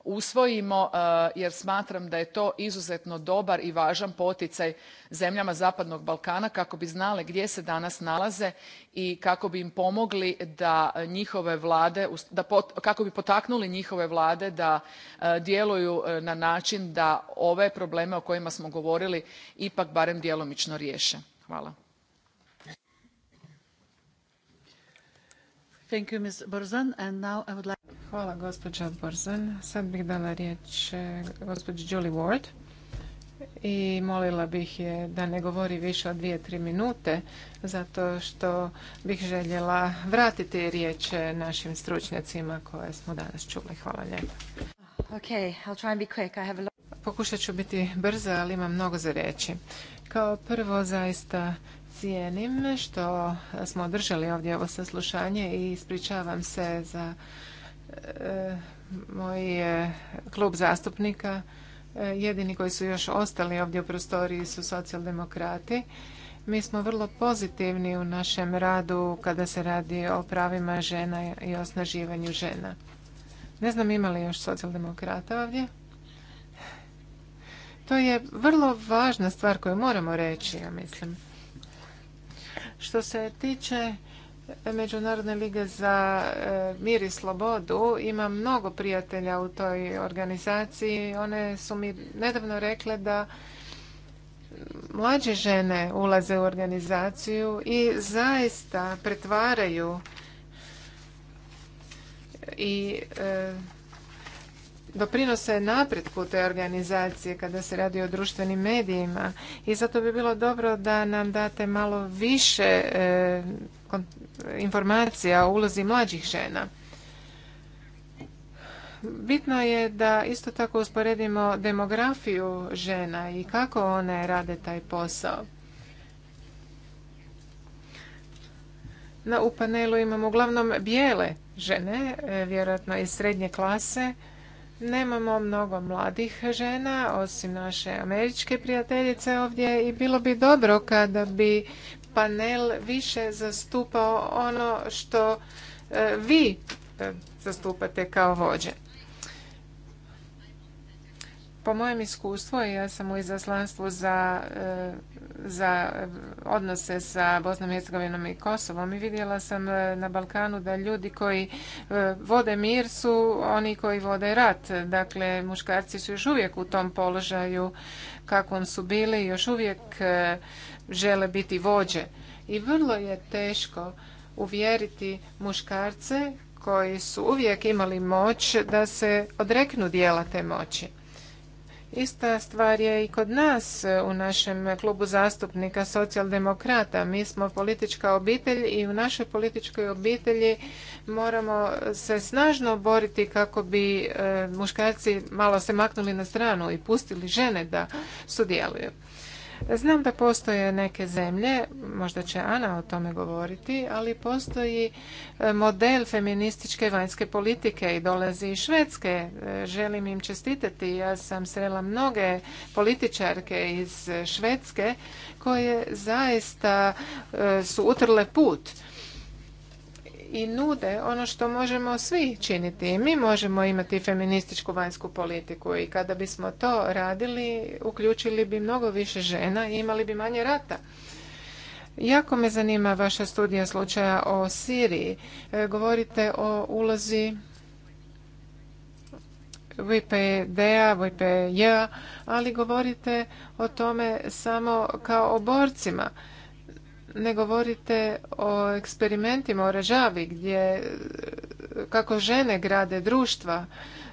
usvojimo e, jer smatram da je to izuzetno dobar i važan poticaj zemljama zapadnog balkana kako bi znale gdje se danas nalaze i kako bi im pomogli da njihove vlade da kako bi potaknuli njihove vlade da e, djeluju e, na način da ove probleme o kojima smo govorili ipak barem djelomično riješe. hvala. Thank you, Borzan. And Hvala, gospođa Borzan. Sad bih dala riječ e, gospođi Julie Ward i molila bih je da ne govori više od dvije, tri minute, zato što bih željela vratiti riječ e, našim stručnjacima koje smo danas čuli. Hvala lijepo. Okay, Pokušat ću biti brza, ali imam mnogo za reći. Kao prvo, zaista Cijenim što smo održali ovdje ovo saslušanje i ispričavam se za e, moj e, klub zastupnika. E, jedini koji su još ostali ovdje u prostoriji su socijaldemokrati. Mi smo vrlo pozitivni u našem radu kada se radi o pravima žena i osnaživanju žena. Ne znam ima li još socijaldemokrata ovdje. To je vrlo važna stvar koju moramo reći, ja mislim. Što se tiče Međunarodne lige za e, mir i slobodu ima mnogo prijatelja u toj organizaciji. One su mi nedavno rekle da mlađe žene ulaze u organizaciju i zaista pretvaraju i e, doprinose napretku te organizacije kada se radi o društvenim medijima i zato bi bilo dobro da nam date malo više e, informacija o ulozi mlađih žena. Bitno je da isto tako usporedimo demografiju žena i kako one rade taj posao. Na, u panelu imamo uglavnom bijele žene, e, vjerojatno iz srednje klase, Nemamo mnogo mladih žena, osim naše američke prijateljice ovdje i bilo bi dobro kada bi panel više zastupao ono što e, vi e, zastupate kao vođe. Po mojem iskustvu, ja sam u izaslanstvu za e, za odnose sa Bosnom, Hercegovinom i Kosovom i vidjela sam e, na Balkanu da ljudi koji e, vode mir su oni koji vode rat. Dakle, muškarci su još uvijek u tom položaju kakvom su bili, još uvijek e, žele biti vođe. I vrlo je teško uvjeriti muškarce koji su uvijek imali moć da se odreknu dijela te moći. Ista stvar je i kod nas e, u našem klubu zastupnika socijaldemokrata. Mi smo politička obitelj i u našoj političkoj obitelji moramo se snažno boriti kako bi e, muškarci malo se maknuli na stranu i pustili žene da sudjeluju. Znam da postoje neke zemlje, možda će Ana o tome govoriti, ali postoji e, model feminističke vanjske politike i dolazi iz Švedske. E, želim im čestitati. Ja sam srela mnoge političarke iz Švedske koje zaista e, su utrle put i nude ono što možemo svi činiti. Mi možemo imati feminističku vanjsku politiku i kada bismo to radili, uključili bi mnogo više žena i imali bi manje rata. Jako me zanima vaša studija slučaja o Siriji. E, govorite o ulozi VPD-a, VPJ-a, ali govorite o tome samo kao o borcima ne govorite o eksperimentima, o režavi, gdje kako žene grade društva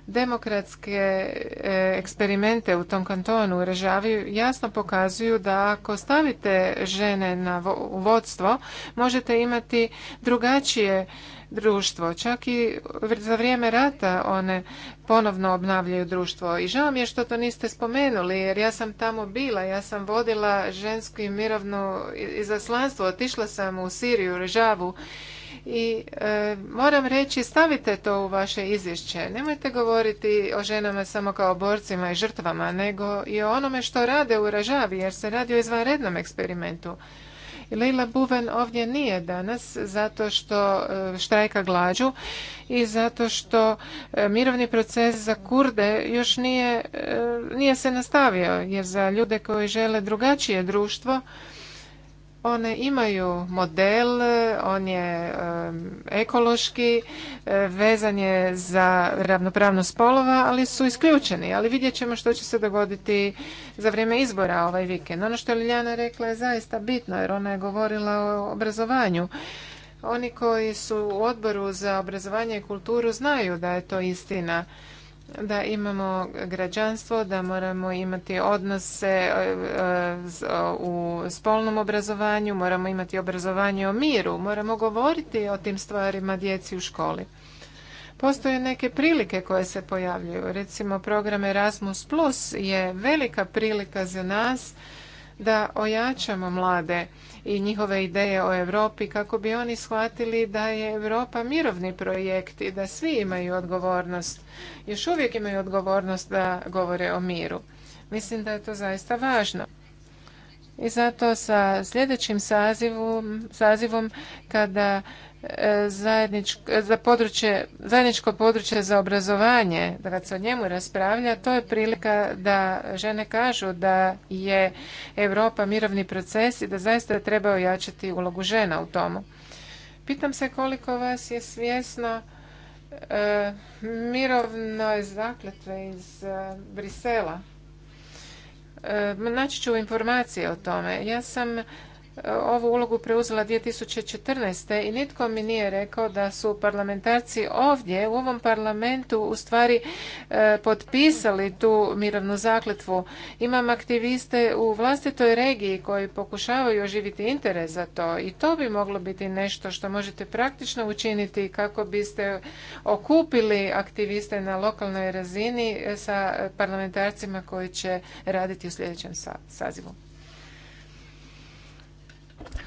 Demokratske e, eksperimente u tom kantonu u Režavi jasno pokazuju da ako stavite žene na vodstvo, možete imati drugačije društvo. Čak i za vrijeme rata one ponovno obnavljaju društvo. I žao mi je što to niste spomenuli, jer ja sam tamo bila, ja sam vodila žensku i mirovno izaslanstvo, otišla sam u Siriju, Režavu i e, moram reći stavite to u vaše izvješće. Nemojte govoriti o ženama samo kao borcima i žrtvama, nego i o onome što rade u Ražavi, jer se radi o izvanrednom eksperimentu. Leila Buven ovdje nije danas zato što e, štrajka glađu i zato što e, mirovni proces za kurde još nije, nije se nastavio jer za ljude koji žele drugačije društvo one imaju model, on je ekološki, e, vezan je za ravnopravnost spolova, ali su isključeni. Ali vidjet ćemo što će se dogoditi za vrijeme izbora ovaj vikend. Ono što je Liljana rekla je zaista bitno jer ona je govorila o obrazovanju. Oni koji su u odboru za obrazovanje i kulturu znaju da je to istina da imamo građanstvo, da moramo imati odnose e, e, u spolnom obrazovanju, moramo imati obrazovanje o miru, moramo govoriti o tim stvarima djeci u školi. Postoje neke prilike koje se pojavljuju. Recimo program Erasmus Plus je velika prilika za nas da ojačamo mlade i njihove ideje o Europi kako bi oni shvatili da je Europa mirovni projekt i da svi imaju odgovornost, još uvijek imaju odgovornost da govore o miru. Mislim da je to zaista važno. I zato sa sljedećim sazivom, sazivom kada za područje, zajedničko područje za obrazovanje, da kad se o njemu raspravlja, to je prilika da žene kažu da je Europa mirovni proces i da zaista treba ojačati ulogu žena u tomu. Pitam se koliko vas je svjesno e, mirovno zakletve iz e, Brisela. E, naći ću informacije o tome. Ja sam ovu ulogu preuzela 2014. i nitko mi nije rekao da su parlamentarci ovdje u ovom parlamentu u stvari e, potpisali tu mirovnu zakletvu. Imam aktiviste u vlastitoj regiji koji pokušavaju oživiti interes za to i to bi moglo biti nešto što možete praktično učiniti kako biste okupili aktiviste na lokalnoj razini e, sa parlamentarcima koji će raditi u sljedećem sazivu.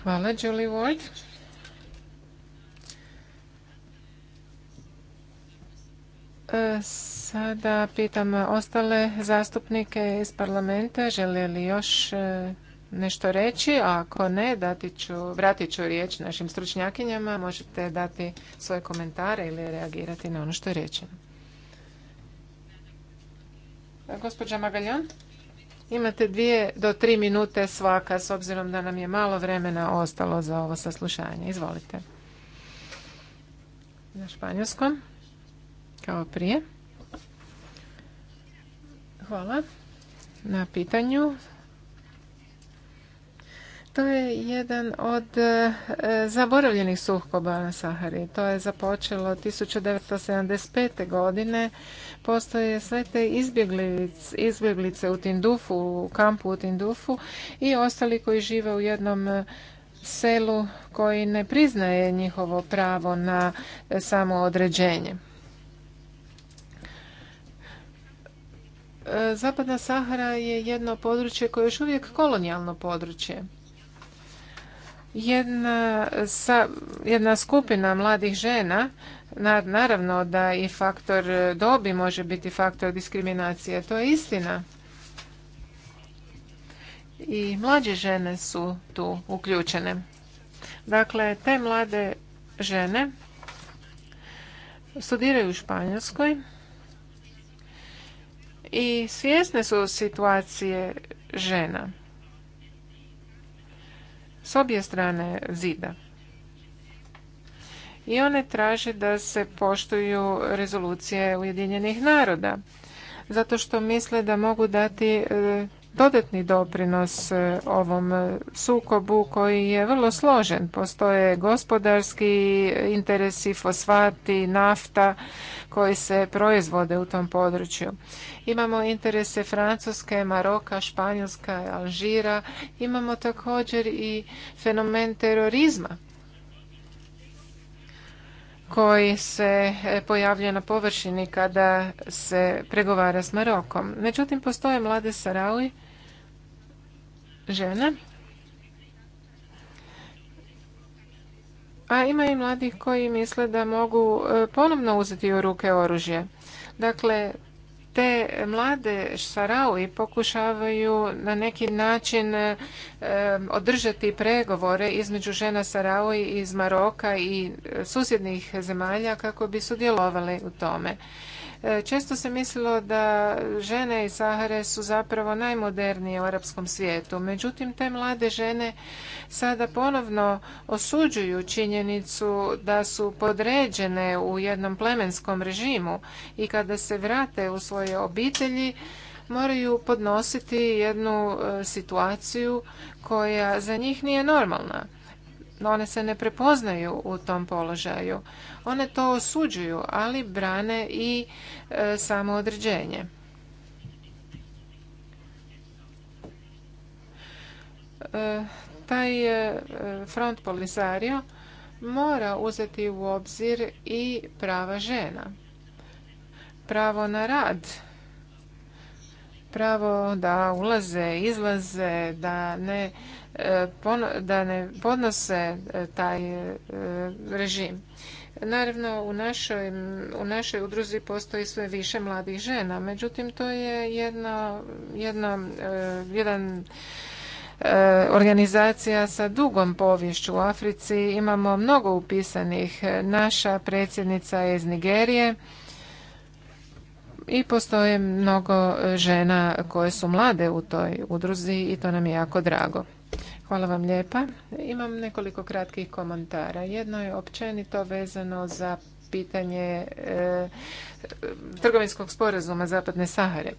Hvala, Julie Ward. E, sada pitam ostale zastupnike iz parlamenta, žele li još e, nešto reći, a ako ne, dati ću, vratit ću riječ našim stručnjakinjama, možete dati svoje komentare ili reagirati na ono što je rečeno. E, gospođa Magaljan. Imate dvije do tri minute svaka, s obzirom da nam je malo vremena ostalo za ovo saslušanje. Izvolite. Na španjolskom, kao prije. Hvala na pitanju. To je jedan od e, zaboravljenih suhkoba na Sahari. To je započelo 1975. godine postoje sve te izbjeglice, u Tindufu, u kampu u Tindufu i ostali koji žive u jednom e, selu koji ne priznaje njihovo pravo na e, samoodređenje. E, Zapadna Sahara je jedno područje koje je još uvijek kolonijalno područje. Jedna, sa, jedna skupina mladih žena Naravno da i faktor e, dobi može biti faktor diskriminacije, to je istina. I mlađe žene su tu uključene. Dakle, te mlade žene studiraju u Španjolskoj i svjesne su situacije žena s obje strane zida i one traže da se poštuju rezolucije Ujedinjenih naroda zato što misle da mogu dati e, dodatni doprinos e, ovom e, sukobu koji je vrlo složen. Postoje gospodarski interesi, fosfati, nafta koji se proizvode u tom području. Imamo interese Francuske, Maroka, Španjolska, Alžira. Imamo također i fenomen terorizma koji se e, pojavljuje na površini kada se pregovara s Marokom. Međutim, postoje mlade sarali, žene, a ima i mladih koji misle da mogu e, ponovno uzeti u ruke oružje. Dakle, te mlade Sarauji pokušavaju na neki način e, održati pregovore između žena Sarauji iz Maroka i susjednih zemalja kako bi sudjelovali u tome. E, često se mislilo da žene iz Sahare su zapravo najmodernije u arapskom svijetu. Međutim, te mlade žene sada ponovno osuđuju činjenicu da su podređene u jednom plemenskom režimu i kada se vrate u svoje obitelji, moraju podnositi jednu e, situaciju koja za njih nije normalna one se ne prepoznaju u tom položaju. One to osuđuju, ali brane i e, samoodređenje. E, taj e, front polisario mora uzeti u obzir i prava žena. Pravo na rad pravo da ulaze, izlaze, da ne, e, da ne podnose e, taj e, režim. Naravno, u našoj, u našoj udruzi postoji sve više mladih žena, međutim, to je jedna, jedna, jedan organizacija sa dugom povješću u Africi. Imamo mnogo upisanih. Naša predsjednica je iz Nigerije i postoje mnogo e, žena koje su mlade u toj udruzi i to nam je jako drago. Hvala vam lijepa. Imam nekoliko kratkih komentara. Jedno je općenito vezano za pitanje e, e, trgovinskog sporazuma Zapadne Sahare.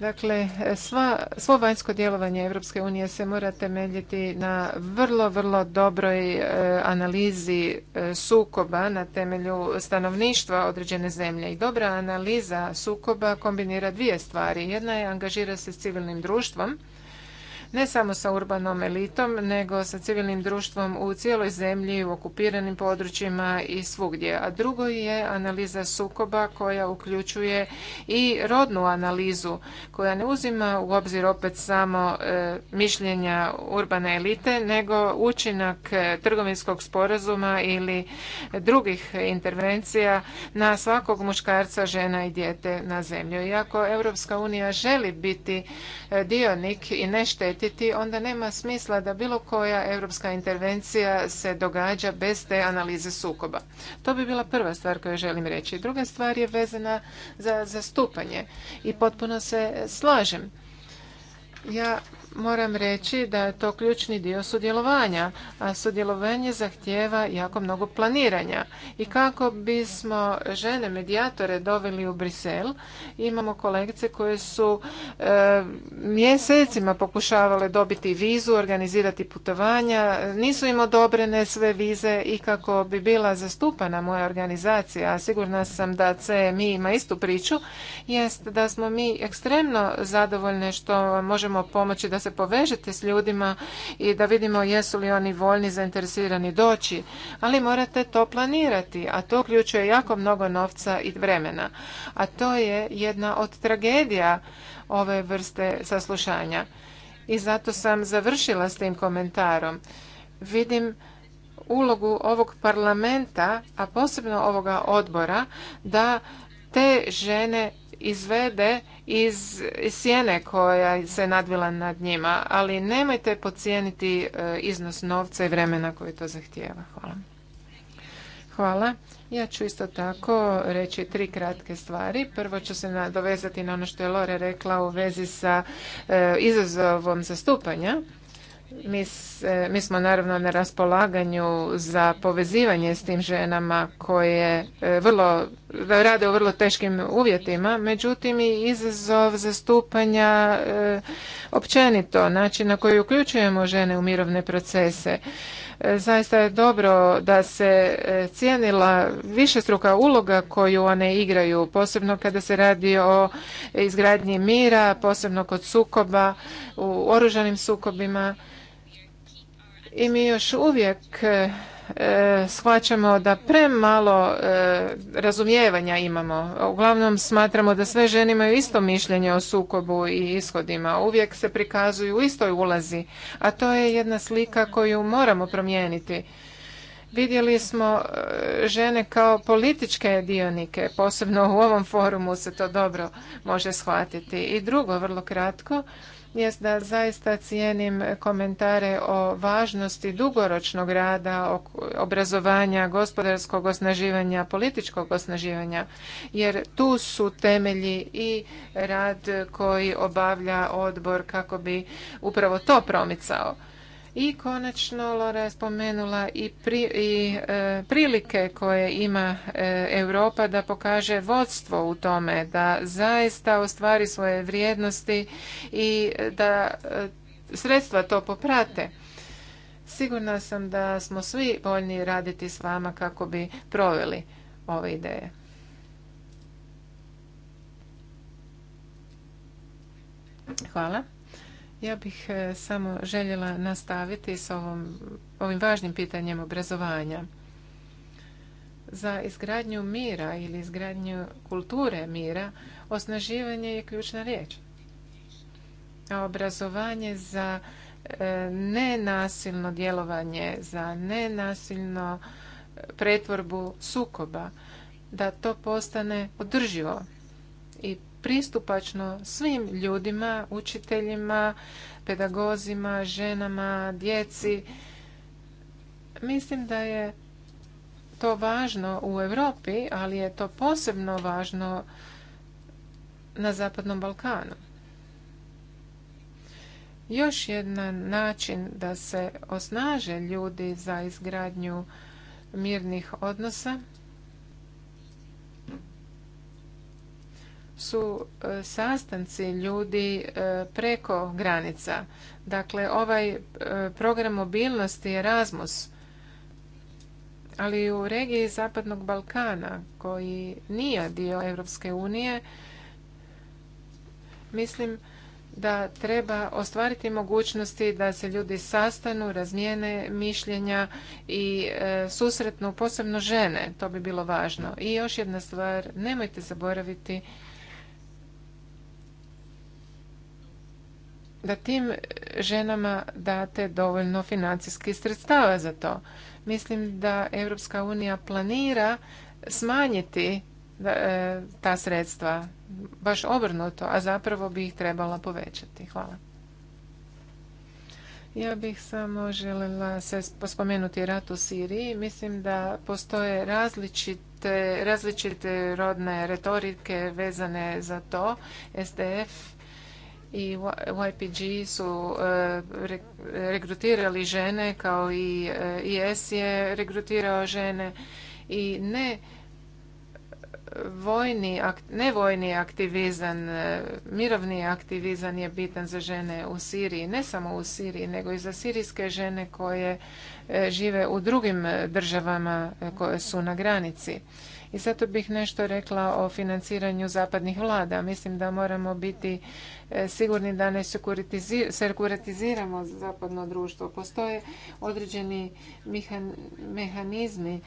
Dakle, sva, svo vanjsko djelovanje Europske unije se mora temeljiti na vrlo, vrlo dobroj e, analizi e, sukoba na temelju stanovništva određene zemlje. I dobra analiza sukoba kombinira dvije stvari. Jedna je angažira se s civilnim društvom, ne samo sa urbanom elitom, nego sa civilnim društvom u cijeloj zemlji, u okupiranim područjima i svugdje. A drugo je analiza sukoba koja uključuje i rodnu analizu koja ne uzima u obzir opet samo e, mišljenja urbane elite, nego učinak e, trgovinskog sporazuma ili drugih intervencija na svakog muškarca, žena i dijete na zemlju. Iako Europska unija želi biti e, dionik i neštetnik primijetiti, onda nema smisla da bilo koja europska intervencija se događa bez te analize sukoba. To bi bila prva stvar koju želim reći. Druga stvar je vezana za zastupanje i potpuno se slažem. Ja Moram reći da je to ključni dio sudjelovanja, a sudjelovanje zahtjeva jako mnogo planiranja. I kako bismo žene medijatore doveli u Brisel, imamo kolegice koje su e, mjesecima pokušavale dobiti vizu, organizirati putovanja, nisu im odobrene sve vize i kako bi bila zastupana moja organizacija, a sigurna sam da mi ima istu priču, jest da smo mi ekstremno zadovoljne što možemo pomoći da se povežete s ljudima i da vidimo jesu li oni voljni, zainteresirani doći, ali morate to planirati, a to uključuje jako mnogo novca i vremena. A to je jedna od tragedija ove vrste saslušanja. I zato sam završila s tim komentarom. Vidim ulogu ovog parlamenta, a posebno ovoga odbora, da te žene izvede iz sjene koja se nadvila nad njima, ali nemojte podcijeniti e, iznos novca i vremena koji to zahtijeva. Hvala. Hvala. Ja ću isto tako reći tri kratke stvari. Prvo ću se nadovezati na ono što je Lore rekla u vezi sa e, izazovom zastupanja. E, mi, smo naravno na raspolaganju za povezivanje s tim ženama koje e, vrlo, rade u vrlo teškim uvjetima, međutim i izazov zastupanja e, općenito, način na koji uključujemo žene u mirovne procese. Zaista je dobro da se cijenila višestruka uloga koju one igraju, posebno kada se radi o izgradnji mira, posebno kod sukoba, u oružanim sukobima i mi još uvijek e, e, shvaćamo da premalo e, razumijevanja imamo. Uglavnom smatramo da sve žene imaju isto mišljenje o sukobu i ishodima. Uvijek se prikazuju u istoj ulazi, a to je jedna slika koju moramo promijeniti. Vidjeli smo žene kao političke dionike, posebno u ovom forumu se to dobro može shvatiti. I drugo, vrlo kratko, jest da zaista cijenim komentare o važnosti dugoročnog rada, obrazovanja, gospodarskog osnaživanja, političkog osnaživanja, jer tu su temelji i rad koji obavlja odbor kako bi upravo to promicao. I konačno Lora je spomenula i, i e, prilike koje ima e, Europa da pokaže vodstvo u tome, da zaista ostvari svoje vrijednosti i da e, sredstva to poprate. Sigurna sam da smo svi voljni raditi s vama kako bi proveli ove ideje. Hvala. Ja bih e, samo željela nastaviti s ovom, ovim važnim pitanjem obrazovanja. Za izgradnju mira ili izgradnju kulture mira osnaživanje je ključna riječ. A obrazovanje za e, nenasilno djelovanje, za nenasilno e, pretvorbu sukoba, da to postane održivo i pristupačno svim ljudima, učiteljima, pedagozima, ženama, djeci. Mislim da je to važno u Europi, ali je to posebno važno na Zapadnom Balkanu. Još jedan način da se osnaže ljudi za izgradnju mirnih odnosa su e, sastanci ljudi e, preko granica. Dakle, ovaj e, program mobilnosti je Erasmus, ali u regiji Zapadnog Balkana, koji nije dio Europske unije, mislim da treba ostvariti mogućnosti da se ljudi sastanu, razmijene mišljenja i susretnu posebno žene. To bi bilo važno. I još jedna stvar, nemojte zaboraviti da tim ženama date dovoljno financijskih sredstava za to. Mislim da Europska unija planira smanjiti e, ta sredstva, baš obrnuto, a zapravo bi ih trebala povećati. Hvala. Ja bih samo želela se pospomenuti rat u Siriji. Mislim da postoje različite, različite rodne retorike vezane za to. SDF i YPG su e, regrutirali žene kao i e, IS je regrutirao žene i ne e, vojni, ne vojni aktivizam, mirovni aktivizam je bitan za žene u Siriji, ne samo u Siriji, nego i za sirijske žene koje žive u drugim državama koje su na granici. I zato bih nešto rekla o financiranju zapadnih vlada. Mislim da moramo biti e, sigurni da ne sekuratiziramo zapadno društvo. Postoje određeni mehanizmi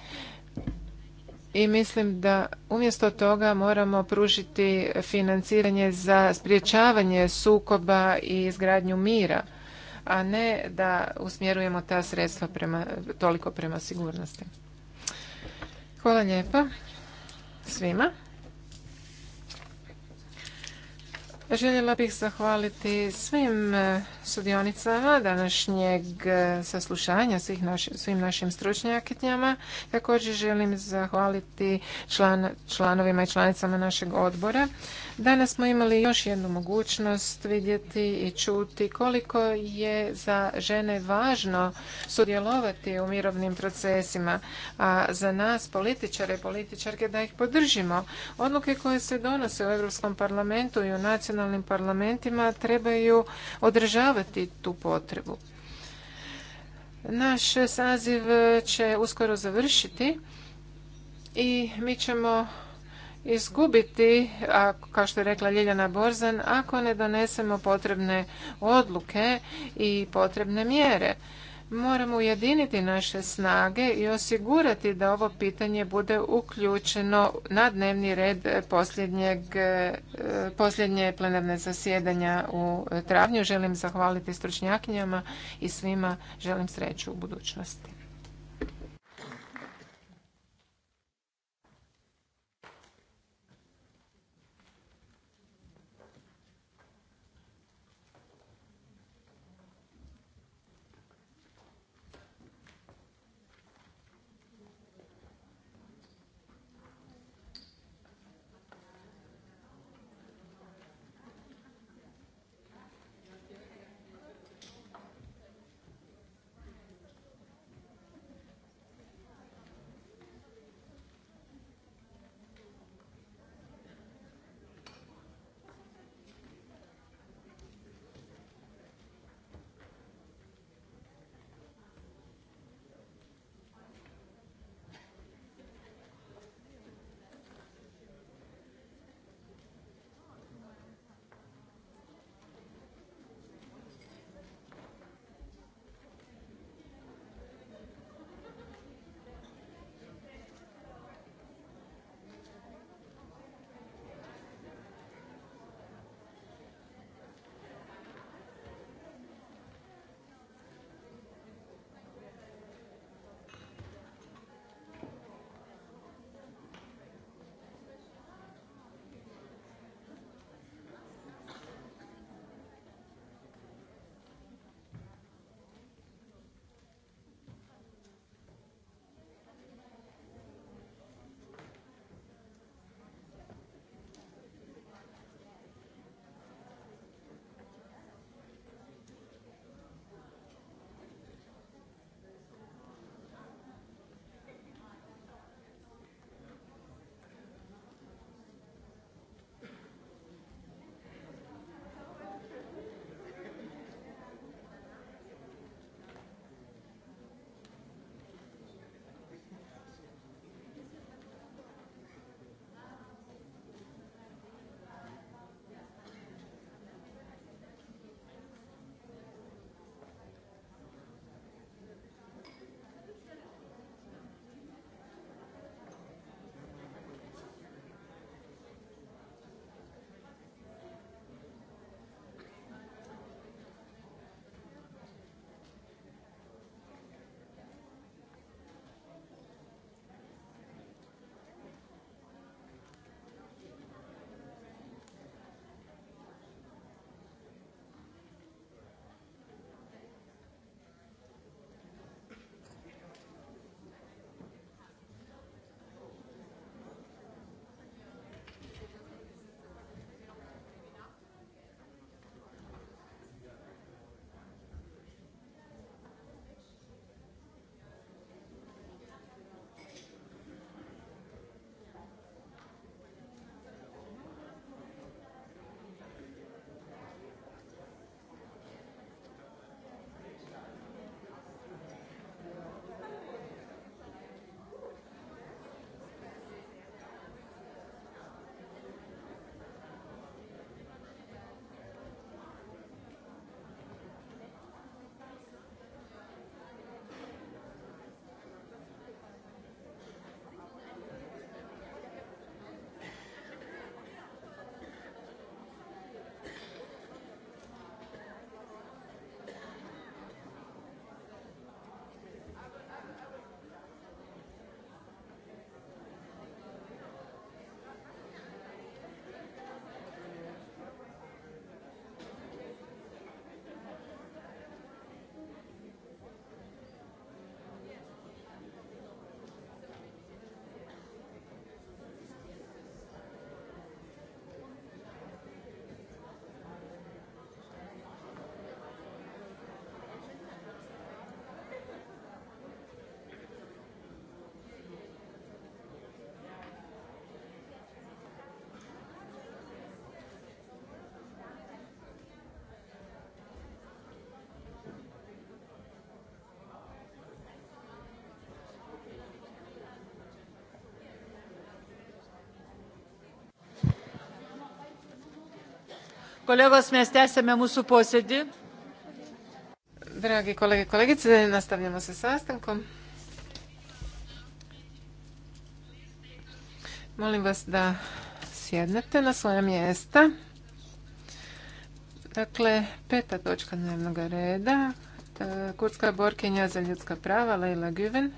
i mislim da umjesto toga moramo pružiti financiranje za sprječavanje sukoba i izgradnju mira, a ne da usmjerujemo ta sredstva prema, toliko prema sigurnosti. Hvala lijepa svima. Željela bih zahvaliti svim e, sudionicama današnjeg e, saslušanja, svim našim stručnjakinjama. Također želim zahvaliti članovima i članicama našeg odbora. Danas smo imali još jednu mogućnost vidjeti i čuti koliko je za žene važno sudjelovati u mirovnim procesima, a za nas političare i političarke da ih podržimo. Odluke koje se donose u Europskom parlamentu i u nacionalnim parlamentima trebaju održavati tu potrebu. Naš saziv će uskoro završiti i mi ćemo izgubiti, kao što je rekla Ljiljana Borzan, ako ne donesemo potrebne odluke i potrebne mjere. Moramo ujediniti naše snage i osigurati da ovo pitanje bude uključeno na dnevni red e, posljednje plenarne zasjedanja u travnju. Želim zahvaliti stručnjakinjama i svima želim sreću u budućnosti. Kolegos, mes tęsėme mūsų posėdį. Dragi kolege i kolegice, nastavljamo sa sastankom. Molim vas da sjednete na svoja mjesta. Dakle, peta točka dnevnog reda. Kurska borkinja za ljudska prava, Leila Güven.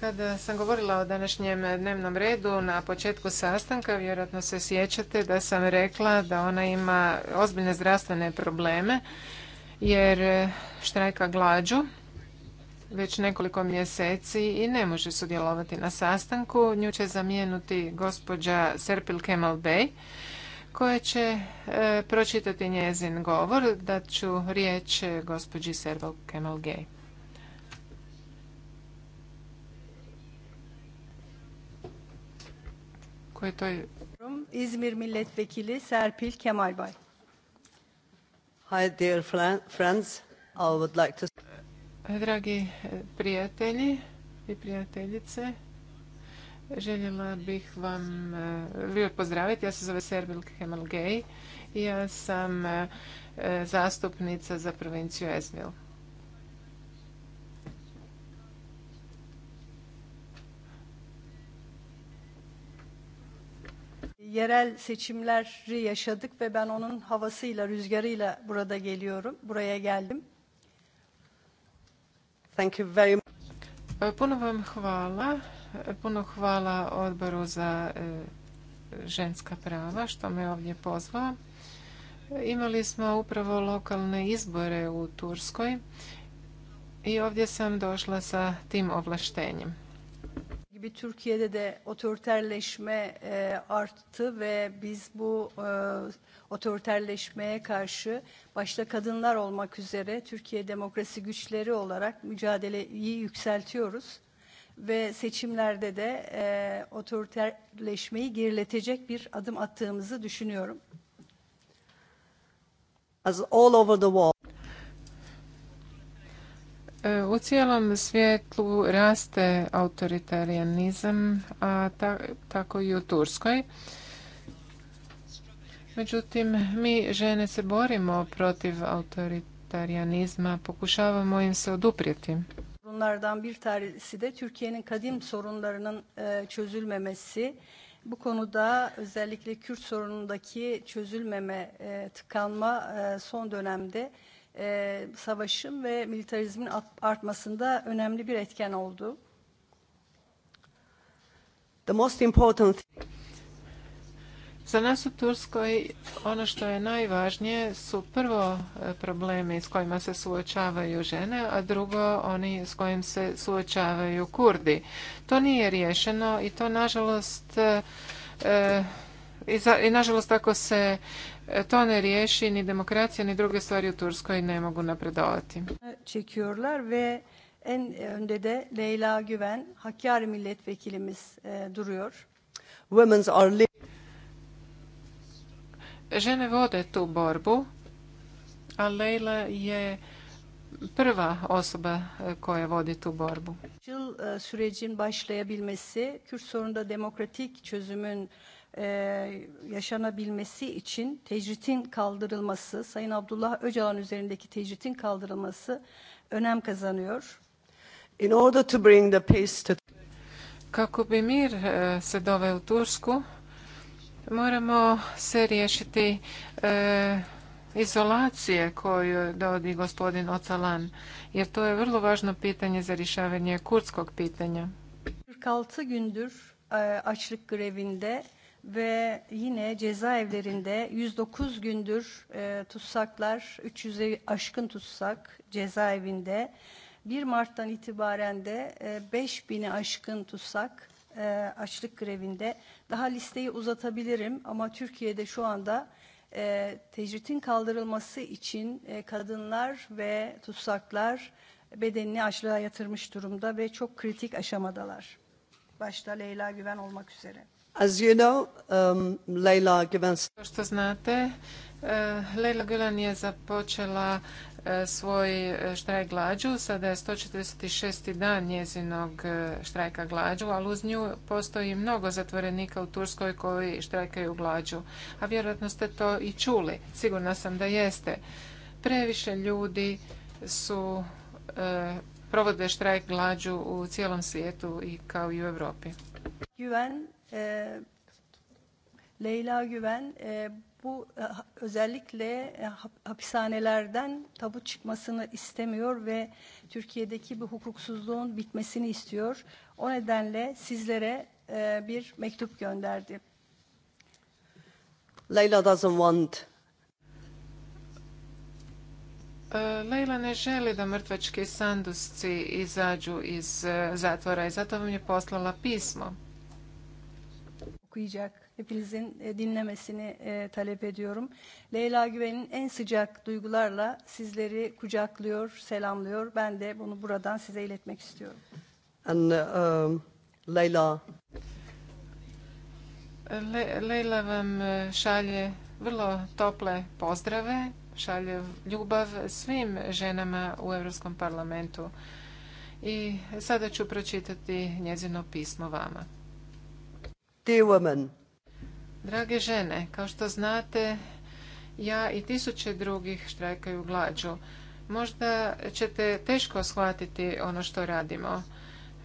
Kada sam govorila o današnjem dnevnom redu na početku sastanka, vjerojatno se sjećate da sam rekla da ona ima ozbiljne zdravstvene probleme jer štrajka glađu već nekoliko mjeseci i ne može sudjelovati na sastanku. Nju će zamijenuti gospođa Serpil Kemal Bey koja će e, pročitati njezin govor. da ću riječ gospođi Serpil Kemal Bey. Koji to je? Izmir Milletvekili Serpil Kemalbay. Hi dear friends, I would like to... Eh, dragi eh, prijatelji i prijateljice, željela bih vam eh, lijep pozdraviti. Ja se zove Serbil Kemalgej i ja sam zastupnica za provinciju Ezmil. yerel seçimleri yaşadık ve ben onun havasıyla, rüzgarıyla burada geliyorum. Buraya geldim. Thank you very much. E, puno vam hvala. E, puno hvala odboru za e, ženska prava što me ovdje pozvao. Imali smo upravo lokalne izbore u Turskoj i ovdje sam došla sa tim ovlaštenjem gibi Türkiye'de de otoriterleşme e, arttı ve biz bu e, otoriterleşmeye karşı başta kadınlar olmak üzere Türkiye demokrasi güçleri olarak mücadeleyi yükseltiyoruz ve seçimlerde de e, otoriterleşmeyi geriletecek bir adım attığımızı düşünüyorum. As all over the world E, u cijelom svijetu raste autoritarianizam, a tako i u Turskoj. Međutim, mi žene se borimo protiv autoritarianizma, pokušavamo im se oduprijeti. Bunlardan bir tanesi de Türkiye'nin kadim sorunlarının e, çözülmemesi. Bu konuda özellikle Kürt sorunundaki çözülmeme, e, tıkanma son dönemde e, savaşın ve militarizmin artmasında önemli bir etken oldu. The most important za nas u Turskoj ono što je najvažnije su prvo e, problemi s kojima se suočavaju žene, a drugo oni s kojim se suočavaju kurdi. To nije rješeno i to nažalost e, e, i, za, i nažalost ako se E, to ne riješi ni demokracija ni druge stvari u Turskoj ne mogu napredovati. Çekiyorlar ve en önde de Leyla Güven Hakkari milletvekilimiz e, duruyor. Women's are Žene vode tu borbu, a Leyla je prva osoba e, koja vodi tu borbu. sürecin başlayabilmesi, Kürt sorunda demokratik çözümün E, yaşanabilmesi için tecritin kaldırılması, Sayın Abdullah Öcalan üzerindeki tecritin kaldırılması önem kazanıyor. In order to bring the peace to... Kako bi mir e, se doveo u Tursku, moramo se riješiti e, izolacije koju dodi gospodin Ocalan, jer to je vrlo važno pitanje za rješavanje kurdskog pitanja. 46 gündür e, açlık grevinde ve yine cezaevlerinde 109 gündür e, tutsaklar 300'e aşkın tutsak cezaevinde 1 Mart'tan itibaren de e, 5000'i aşkın tutsak e, açlık grevinde daha listeyi uzatabilirim ama Türkiye'de şu anda e, tecritin kaldırılması için e, kadınlar ve tutsaklar bedenini açlığa yatırmış durumda ve çok kritik aşamadalar. Başta Leyla Güven olmak üzere. As you um, Što znate, eh, Leila Gülen je započela eh, svoj eh, štrajk glađu. Sada je 146. dan njezinog štrajka glađu, ali uz nju postoji mnogo zatvorenika u Turskoj koji štrajkaju glađu. A vjerojatno ste to i čuli. Sigurna sam da jeste. Previše ljudi su provode štrajk glađu u cijelom svijetu i kao i u Europi. UN e, Leyla Güven e, bu e, özellikle e, hapishanelerden tabut çıkmasını istemiyor ve Türkiye'deki bu hukuksuzluğun bitmesini istiyor. O nedenle sizlere e, bir mektup gönderdi. Leyla doesn't want e, Lejla ne želi da mrtvački sandusci izađu iz zatvora i zato vam je poslala pismo okuyacak. Hepinizin e, dinlemesini e, talep ediyorum. Leyla Güven'in en sıcak duygularla sizleri kucaklıyor, selamlıyor. Ben de bunu buradan size iletmek istiyorum. And um, Leyla Le, Leyla vam e, šalje vrlo tople pozdrave, šalje ljubav svim ženama u Europskom parlamentu. I sada ću pročitati njezino pismo vama. Drage žene, kao što znate, ja i tisuće drugih štrajkaju glađu. Možda ćete teško shvatiti ono što radimo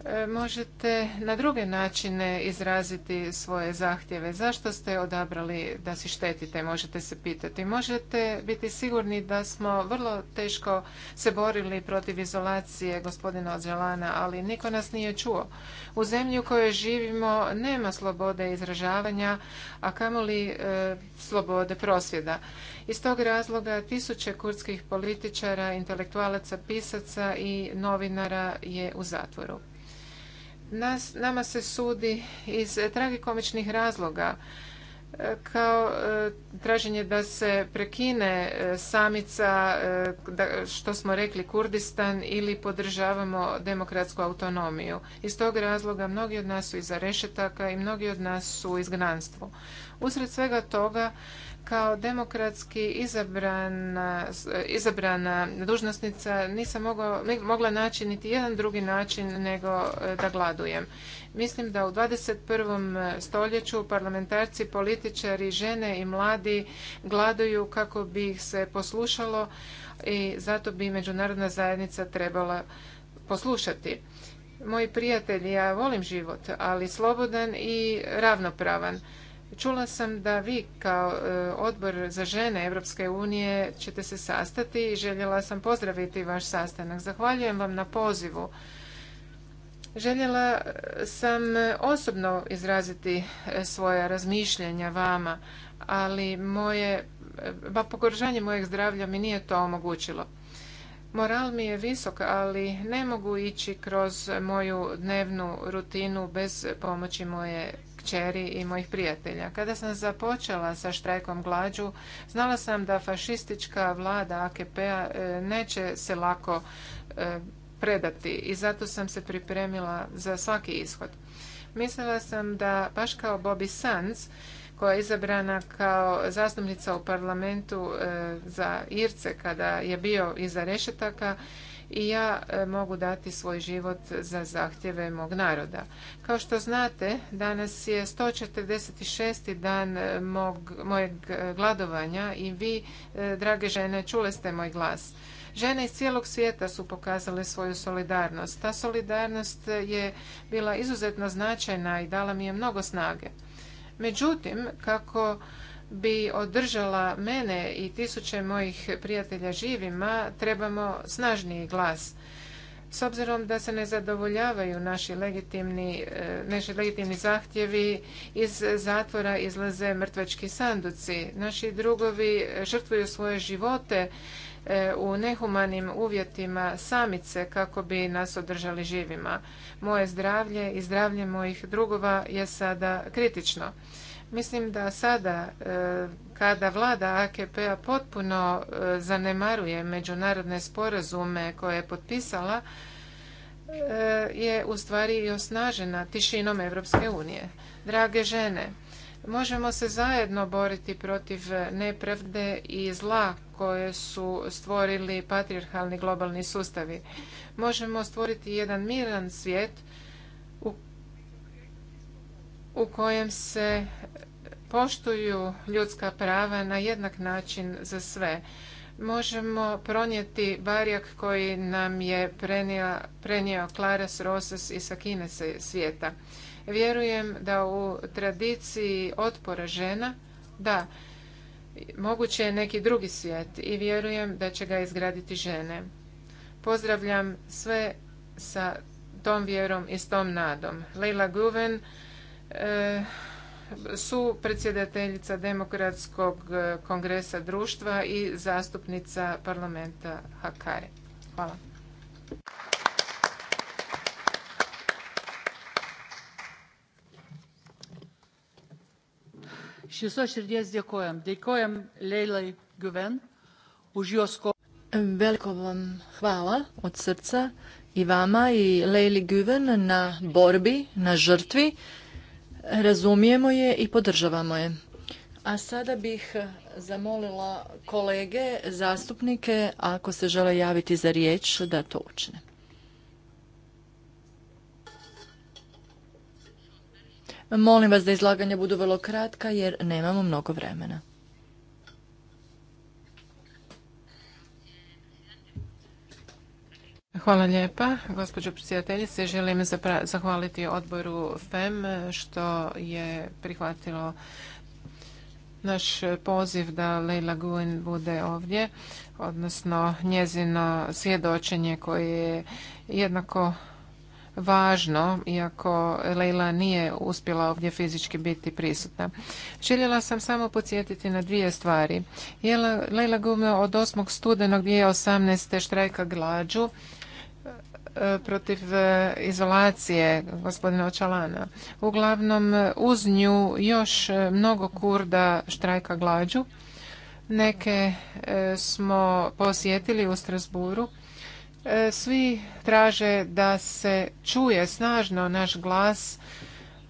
E, možete na druge načine izraziti svoje zahtjeve. Zašto ste odabrali da si štetite, možete se pitati. Možete biti sigurni da smo vrlo teško se borili protiv izolacije gospodina Odželana, ali niko nas nije čuo. U zemlji u kojoj živimo nema slobode izražavanja, a kamoli e, slobode prosvjeda. Iz tog razloga tisuće kurdskih političara, intelektualaca, pisaca i novinara je u zatvoru nama se sudi iz tragikomičnih razloga e, kao e, traženje da se prekine e, samica što smo rekli Kurdistan ili podržavamo demokratsku autonomiju. Iz tog razloga mnogi od nas su iza rešetaka i mnogi od nas su u izgnanstvu. Usred svega toga kao demokratski izabrana, izabrana dužnosnica nisam mogla naći niti jedan drugi način nego e, da gladujem. Mislim da u 21. E, stoljeću parlamentarci, političari, žene i mladi gladuju kako bi ih se poslušalo i zato bi međunarodna zajednica trebala poslušati. Moji prijatelji, ja volim život, ali slobodan i ravnopravan Čula sam da vi kao e, odbor za žene Europske unije ćete se sastati i željela sam pozdraviti vaš sastanak. Zahvaljujem vam na pozivu. Željela e, sam osobno izraziti e, svoja razmišljenja vama, ali moje, ba pogoržanje mojeg zdravlja mi nije to omogućilo. Moral mi je visok, ali ne mogu ići kroz moju dnevnu rutinu bez pomoći moje kćeri i mojih prijatelja. Kada sam započela sa štrajkom glađu, znala sam da fašistička vlada AKP-a e, neće se lako e, predati i zato sam se pripremila za svaki ishod. Mislila sam da, baš kao Bobby Sands, koja je izabrana kao zastupnica u parlamentu e, za Irce kada je bio iza rešetaka, i ja e, mogu dati svoj život za zahtjeve mog naroda. Kao što znate, danas je 146. dan e, mojeg e, gladovanja i vi, drage žene, čule ste moj glas. Žene iz cijelog svijeta su pokazale svoju solidarnost. Ta solidarnost je bila izuzetno značajna i dala mi je mnogo snage. Međutim, kako bi održala mene i tisuće mojih prijatelja živima, trebamo snažniji glas. S obzirom da se ne zadovoljavaju naši legitimni, e, naši legitimni zahtjevi, iz zatvora izlaze mrtvački sanduci. Naši drugovi žrtvuju svoje živote e, u nehumanim uvjetima samice kako bi nas održali živima. Moje zdravlje i zdravlje mojih drugova je sada kritično. Mislim da sada, e, kada vlada AKP-a potpuno e, zanemaruje međunarodne sporazume koje je potpisala, e, je u stvari i osnažena tišinom Europske unije. Drage žene, možemo se zajedno boriti protiv nepravde i zla koje su stvorili patriarhalni globalni sustavi. Možemo stvoriti jedan miran svijet u kojem se poštuju ljudska prava na jednak način za sve. Možemo pronijeti barjak koji nam je prenio Klares, Rosas i Sakine svijeta. Vjerujem da u tradiciji otpora žena, da, moguće je neki drugi svijet i vjerujem da će ga izgraditi žene. Pozdravljam sve sa tom vjerom i s tom nadom. Leila Guven, eh, su predsjedateljica Demokratskog e, kongresa društva i zastupnica parlamenta Hakare. Hvala. širdies dėkojam. Dėkojam Leilai Guven už Veliko vam hvala od srca i vama i Leili Guven na borbi, na žrtvi razumijemo je i podržavamo je. A sada bih zamolila kolege, zastupnike, ako se žele javiti za riječ, da to učine. Molim vas da izlaganja budu vrlo kratka jer nemamo mnogo vremena. Hvala lijepa, gospođo predsjedateljice. Želim zahvaliti odboru FEM što je prihvatilo naš poziv da Leila Guin bude ovdje, odnosno njezino svjedočenje koje je jednako važno, iako Leila nije uspjela ovdje fizički biti prisutna. Željela sam samo podsjetiti na dvije stvari. Leila Gume od 8. studenog 2018. štrajka glađu E, protiv e, izolacije gospodina Očalana. Uglavnom, e, uz nju još mnogo kurda štrajka glađu. Neke smo posjetili u Strasburu. Svi traže da se čuje snažno naš glas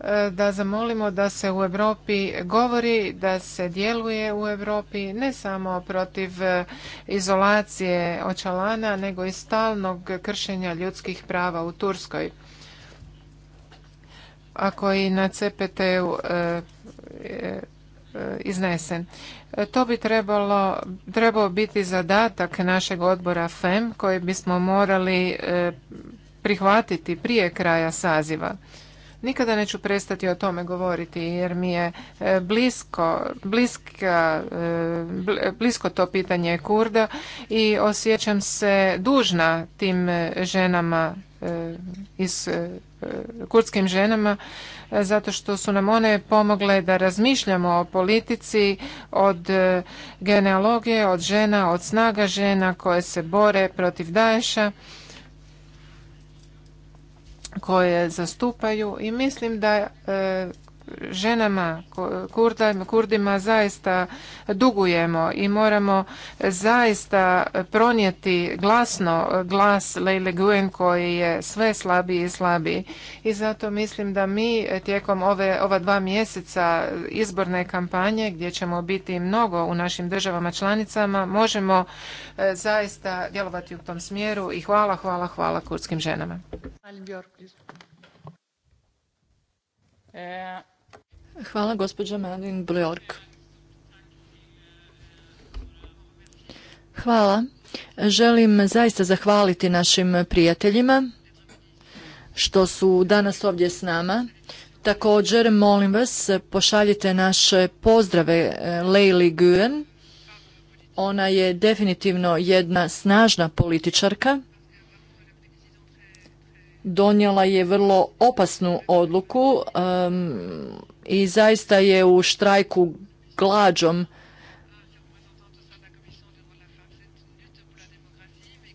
E, da zamolimo da se u Europi govori, da se djeluje u Europi ne samo protiv e, izolacije očalana, nego i stalnog kršenja ljudskih prava u Turskoj. Ako i na cpt e, iznesen. To bi trebalo, trebao biti zadatak našeg odbora FEM koji bismo morali prihvatiti prije kraja saziva. Nikada neću prestati o tome govoriti jer mi je e, blisko, e, blisko to pitanje Kurda i osjećam se dužna tim e, ženama iz kurdskim ženama zato što su nam one pomogle da razmišljamo o politici od genealogije, od žena, od snaga žena koje se bore protiv Daesha koje zastupaju i mislim da e, ženama, kurdima zaista dugujemo i moramo zaista pronijeti glasno glas Leile Guen koji je sve slabiji i slabiji. I zato mislim da mi tijekom ove, ova dva mjeseca izborne kampanje gdje ćemo biti mnogo u našim državama članicama možemo e, zaista djelovati u tom smjeru i hvala, hvala, hvala kurdskim ženama. E... Hvala gospođa Madeline Bljork. Hvala. Želim zaista zahvaliti našim prijateljima što su danas ovdje s nama. Također, molim vas, pošaljite naše pozdrave e, Leili Guen. Ona je definitivno jedna snažna političarka. Donijela je vrlo opasnu odluku i zaista je u štrajku glađom.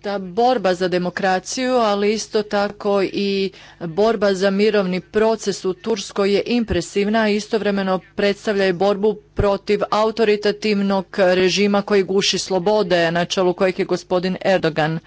Ta borba za demokraciju, ali isto tako i borba za mirovni proces u Turskoj je impresivna, a istovremeno predstavlja i borbu protiv autoritativnog režima koji guši slobode, na čelu kojeg je gospodin Erdogan.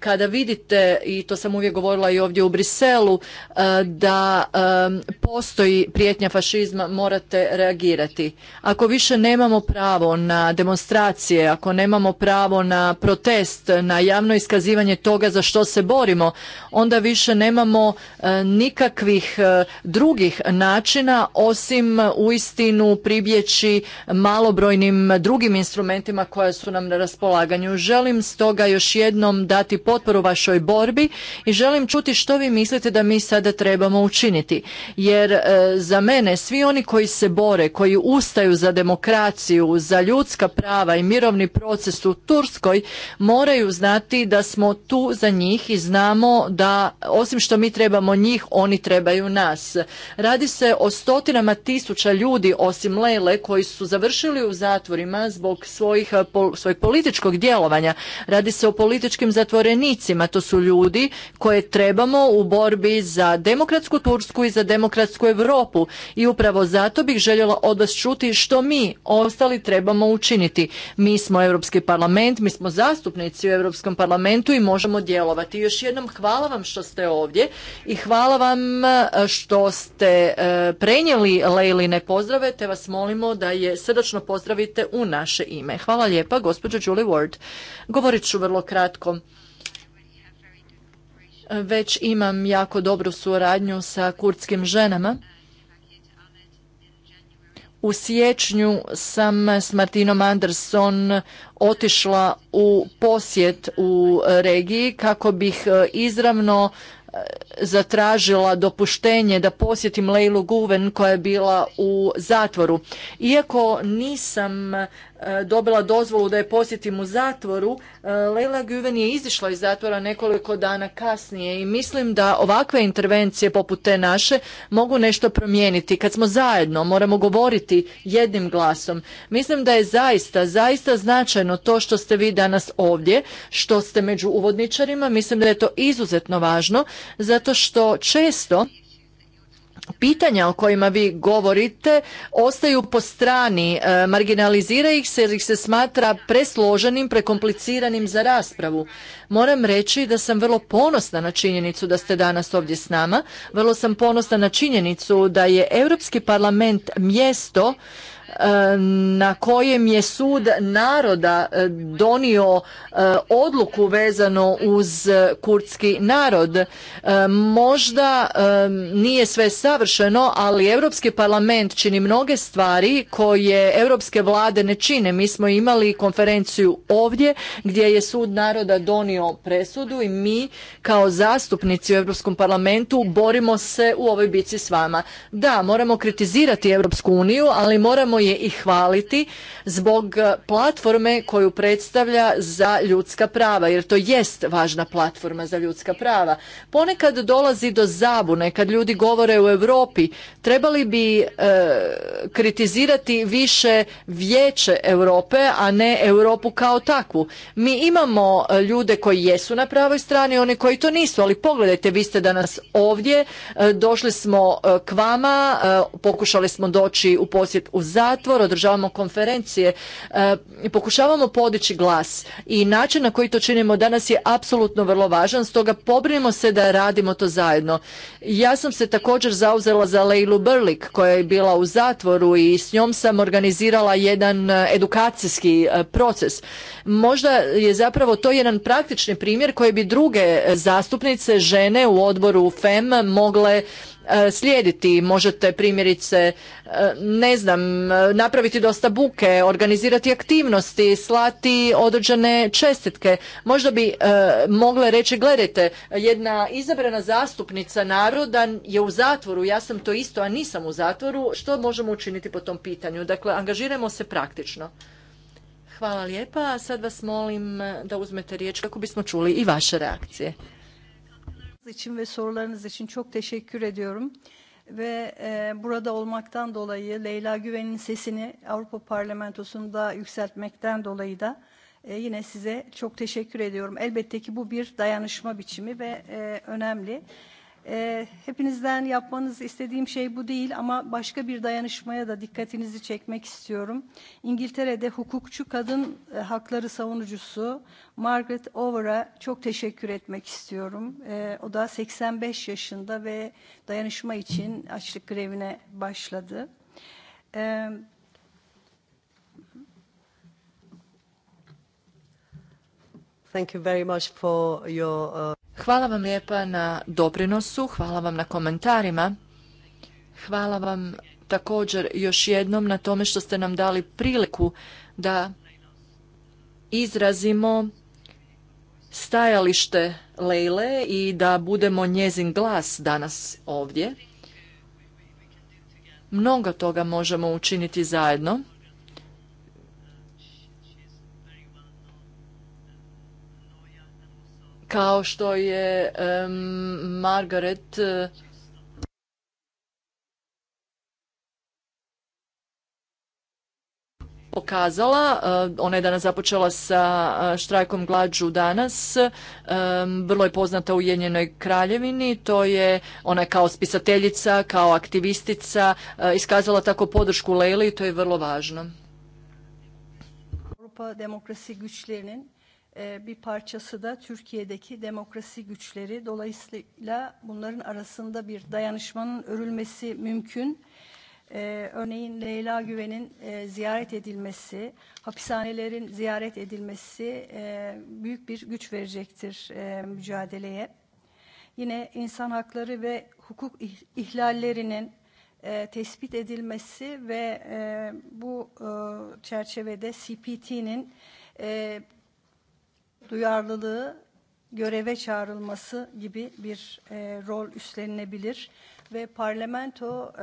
Kada vidite, i to sam uvijek govorila i ovdje u Briselu, e, da e, postoji prijetnja fašizma, morate reagirati. Ako više nemamo pravo na demonstracije, ako nemamo pravo na protest, na javno iskazivanje toga za što se borimo, onda više nemamo e, nikakvih drugih načina osim uistinu pribjeći malobrojnim drugim instrumentima koja su nam na raspolaganju. Želim stoga još jednom dati potporu vašoj borbi i želim čuti što vi mislite da mi sada trebamo učiniti. Jer e, za mene svi oni koji se bore, koji ustaju za demokraciju, za ljudska prava i mirovni proces u Turskoj moraju znati da smo tu za njih i znamo da osim što mi trebamo njih, oni trebaju nas. Radi se o stotinama tisuća ljudi osim Lele koji su završili u zatvorima zbog svojih, e, svojeg političkog djelovanja. Radi se o političkim zatvorenicima to su ljudi koje trebamo u borbi za demokratsku Tursku i za demokratsku Europu. I upravo zato bih željela od vas čuti što mi ostali trebamo učiniti. Mi smo Europski parlament, mi smo zastupnici u Europskom parlamentu i možemo djelovati. Još jednom hvala vam što ste ovdje i hvala vam e, što ste e, prenijeli Lejline pozdrave te vas molimo da je srdačno pozdravite u naše ime. Hvala lijepa, gospođo Julie Ward. Govorit ću vrlo kratko već imam jako dobru suradnju sa kurdskim ženama. U siječnju sam s Martinom Anderson otišla u posjet u regiji kako bih e, izravno e, zatražila dopuštenje da posjetim Leilu Guven koja je bila u zatvoru. Iako nisam E, dobila dozvolu da je posjetim u zatvoru, e, Leila Güven je izišla iz zatvora nekoliko dana kasnije i mislim da ovakve intervencije poput te naše mogu nešto promijeniti. Kad smo zajedno, moramo govoriti jednim glasom. Mislim da je zaista, zaista značajno to što ste vi danas ovdje, što ste među uvodničarima. Mislim da je to izuzetno važno, zato što često pitanja o kojima vi govorite ostaju po strani, e, marginalizira ih se jer ih se smatra presloženim, prekompliciranim za raspravu. Moram reći da sam vrlo ponosna na činjenicu da ste danas ovdje s nama, vrlo sam ponosna na činjenicu da je Europski parlament mjesto E, na kojem je sud naroda e, donio e, odluku vezano uz kurdski narod. Možda nije sve savršeno, ali Europski parlament čini mnoge stvari koje europske vlade ne čine. Mi smo imali konferenciju ovdje gdje je sud naroda donio presudu i mi kao zastupnici u Europskom parlamentu borimo se u ovoj bici s vama. Da, moramo kritizirati Europsku uniju, ali moramo je i hvaliti zbog e, platforme koju predstavlja za ljudska prava, jer to jest važna platforma za ljudska prava. Ponekad dolazi do zabune kad ljudi govore u Europi, trebali bi e, kritizirati više vijeće Europe, a ne Europu kao takvu. Mi imamo e, ljude koji jesu na pravoj strani, one koji to nisu, ali pogledajte, vi ste danas ovdje, došli smo k vama, pokušali smo doći u posjet u Zagreb, zatvor, održavamo konferencije e, i pokušavamo podići glas i način na koji to činimo danas je apsolutno vrlo važan, stoga pobrinimo se da radimo to zajedno. Ja sam se također zauzela za Leilu Berlik koja je bila u zatvoru i s njom sam organizirala jedan e, edukacijski e, proces. Možda je zapravo to jedan praktični primjer koji bi druge zastupnice, žene u odboru FEM mogle E, slijediti. Možete primjerice, e, ne znam, e, napraviti dosta buke, organizirati aktivnosti, slati određene čestitke. Možda bi mogle reći, gledajte, jedna izabrana zastupnica naroda je u zatvoru, ja sam to isto, a nisam u zatvoru, što možemo učiniti po tom pitanju? Dakle, angažirajmo se praktično. Hvala lijepa, a sad vas molim da uzmete riječ kako bismo čuli i vaše reakcije için ve sorularınız için çok teşekkür ediyorum. Ve e, burada olmaktan dolayı Leyla Güven'in sesini Avrupa Parlamentosu'nda yükseltmekten dolayı da e, yine size çok teşekkür ediyorum. Elbette ki bu bir dayanışma biçimi ve e, önemli. E, hepinizden yapmanızı istediğim şey bu değil ama başka bir dayanışmaya da dikkatinizi çekmek istiyorum. İngiltere'de hukukçu kadın e, hakları savunucusu Margaret Over'a çok teşekkür etmek istiyorum. E, o da 85 yaşında ve dayanışma için açlık grevine başladı. Evet. Uh, hvala vam lijepa na doprinosu, hvala vam na komentarima. Hvala vam također još jednom na tome što ste nam dali priliku da izrazimo stajalište Lejle i da budemo njezin glas danas ovdje. Mnogo toga možemo učiniti zajedno. kao što je Margaret e, pokazala. E, ona je danas započela sa e, štrajkom glađu danas. Vrlo je poznata u Jenjenoj kraljevini. To je ona je kao spisateljica, kao aktivistica iskazala tako podršku Leli, to je vrlo važno. demokrasi güçlerinin E, bir parçası da Türkiye'deki demokrasi güçleri. Dolayısıyla bunların arasında bir dayanışmanın örülmesi mümkün. E, örneğin Leyla Güven'in e, ziyaret edilmesi, hapishanelerin ziyaret edilmesi büyük bir güç verecektir mücadeleye. Yine insan hakları ve hukuk ihlallerinin tespit edilmesi ve bu çerçevede CPT'nin e, duyarlılığı göreve çağrılması gibi bir e, rol üstlenilebilir ve parlamento e,